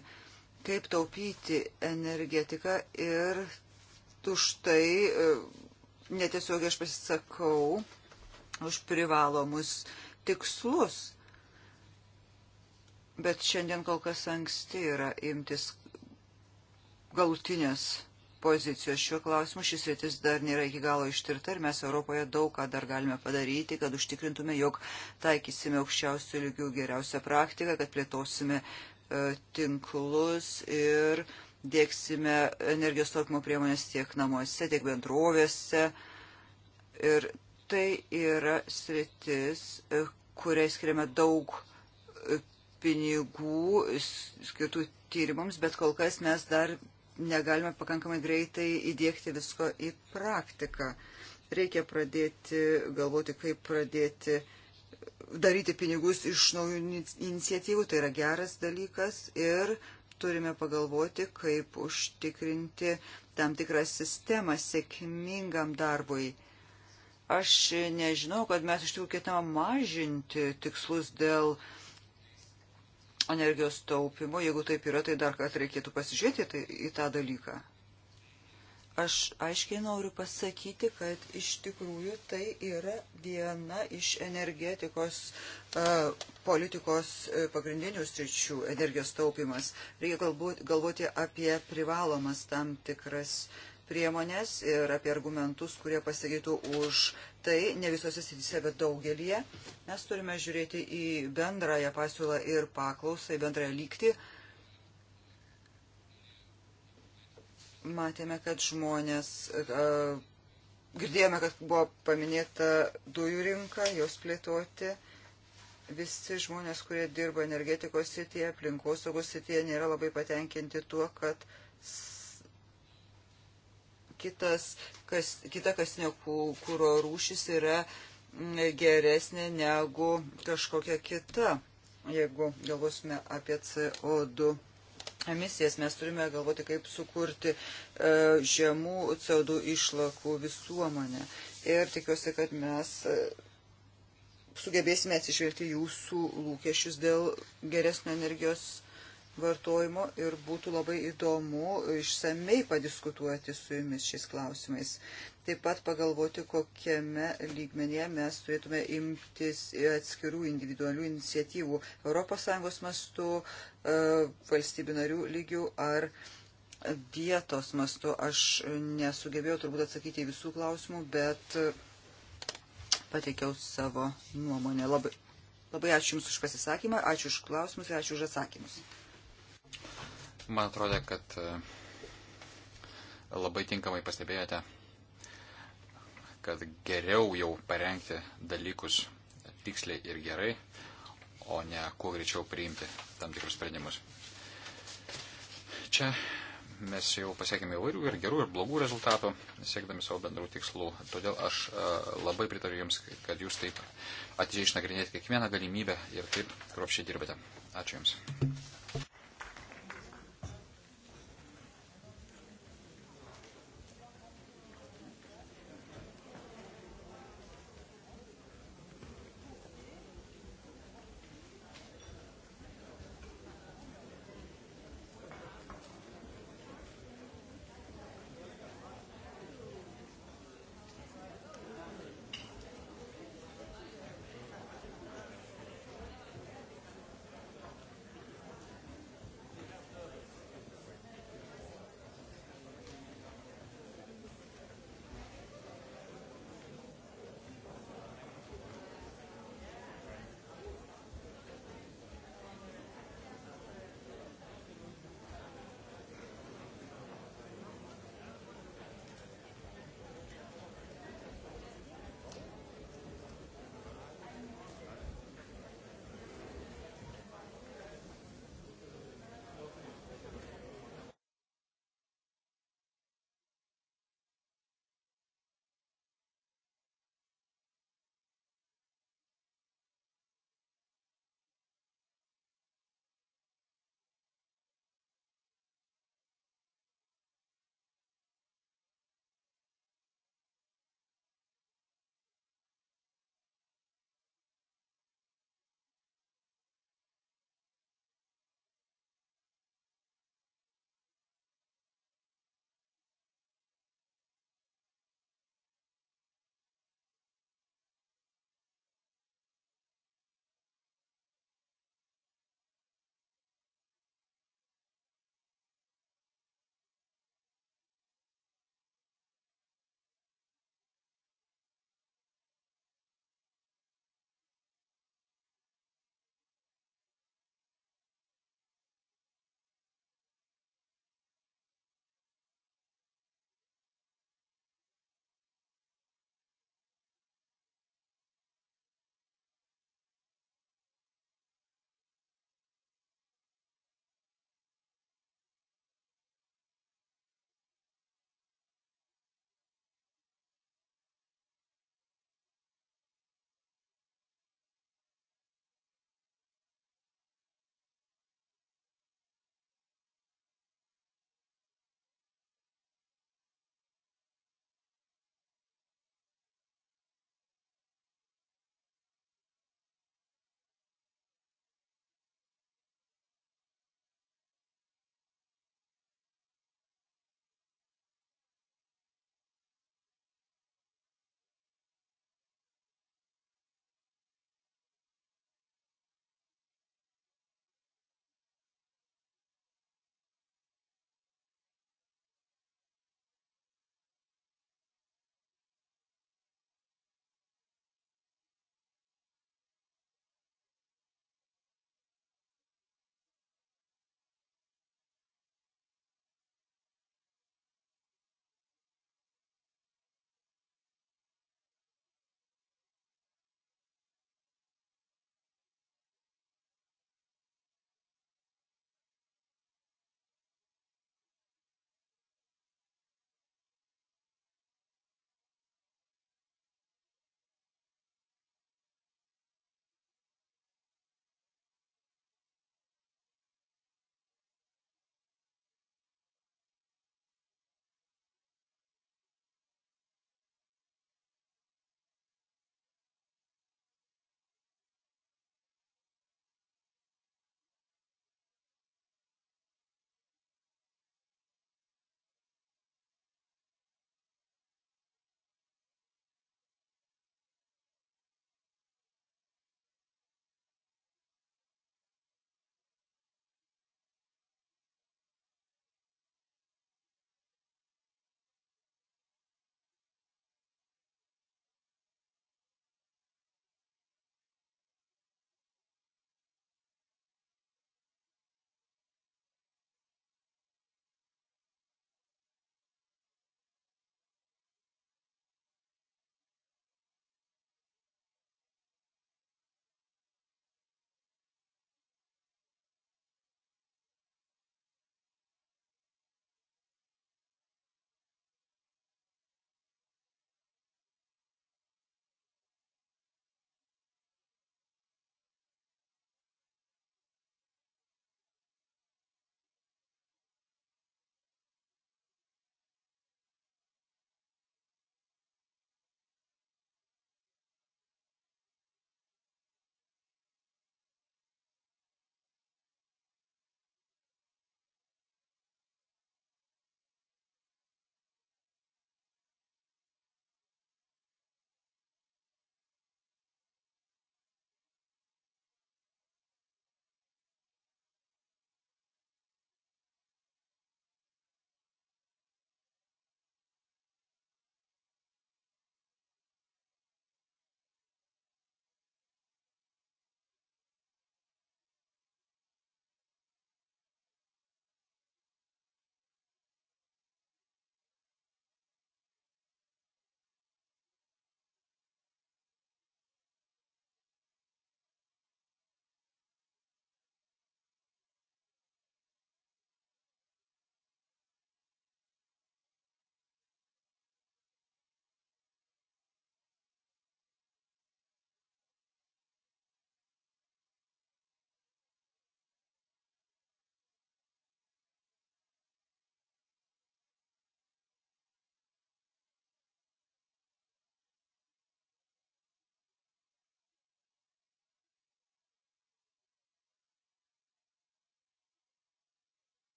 S4: kaip taupyti energetiką ir už tai e, netiesiogiai aš pasisakau už privalomus tikslus. Bet šiandien kol kas anksti yra imtis galutinės pozicijos šiuo klausimu. Šis rytis dar nėra iki galo ištirta ir mes Europoje daug ką dar galime padaryti, kad užtikrintume, jog taikysime aukščiausių lygių geriausią praktiką, kad plėtosime e, tinklus ir dėksime energijos taupimo priemonės tiek namuose, tiek bendrovėse. Ir tai yra sritis, e, kuriai skiriame daug e, pinigų skirtų tyrimams, bet kol kas mes dar negalime pakankamai greitai įdėkti visko į praktiką. Reikia pradėti galvoti, kaip pradėti daryti pinigus iš naujų iniciatyvų. Tai yra geras dalykas ir turime pagalvoti, kaip užtikrinti tam tikrą sistemą sėkmingam darbui. Aš nežinau, kad mes iš tikrųjų ketiname mažinti tikslus dėl uh, energijos taupimo. Jeigu taip yra, tai dar kad reikėtų pasižiūrėti tai, į tą dalyką. Aš aiškiai noriu pasakyti, kad iš tikrųjų tai yra viena iš energetikos uh, politikos uh, pagrindinių sričių energijos taupimas. Reikia galbūt, galvoti apie privalomas tam tikras uh, priemonės ir apie argumentus, kurie pasakytų už tai, ne visose srityse, bet daugelie. Mes turime žiūrėti į bendrąją pasiūlą ir paklausą, į bendrąją lygtį. Matėme, kad žmonės, girdėjome, kad buvo paminėta dujų rinka, jos plėtoti visi žmonės, kurie dirba energetikos sityje, aplinkosaugos sityje, nėra labai patenkinti tuo, kad kitas, kas, kita kasinio kūro rūšis yra mm, geresnė negu kažkokia kita. Jeigu galvosime apie CO2 emisijas, mes turime galvoti, kaip sukurti e, žemų CO2 išlakų visuomonę. Ir tikiuosi, kad mes. E, sugebėsime atsižvelgti jūsų lūkesčius dėl geresnio energijos vartojimo ir būtų labai įdomu išsamei padiskutuoti su jumis šiais klausimais. Taip pat pagalvoti, kokiame lygmenėje mes turėtume imtis atskirų individualių iniciatyvų ES mastu, e, valstybių narių lygių ar vietos mastu. Aš nesugebėjau turbūt atsakyti į visų klausimų, bet pateikiau savo nuomonę. Labai, labai ačiū Jums už pasisakymą, ačiū už klausimus ir ačiū už atsakymus.
S2: Man atrodo, kad e, labai tinkamai pastebėjote, kad geriau jau parengti dalykus tiksliai ir gerai, o ne kuo greičiau priimti tam tikrus sprendimus. Čia mes jau pasiekėme įvairių ir gerų, ir blogų rezultatų, siekdami savo bendrų tikslų. Todėl aš e, labai pritariu Jums, kad Jūs taip atidžiai išnagrinėjate kiekvieną galimybę ir taip kruopšiai dirbate. Ačiū Jums.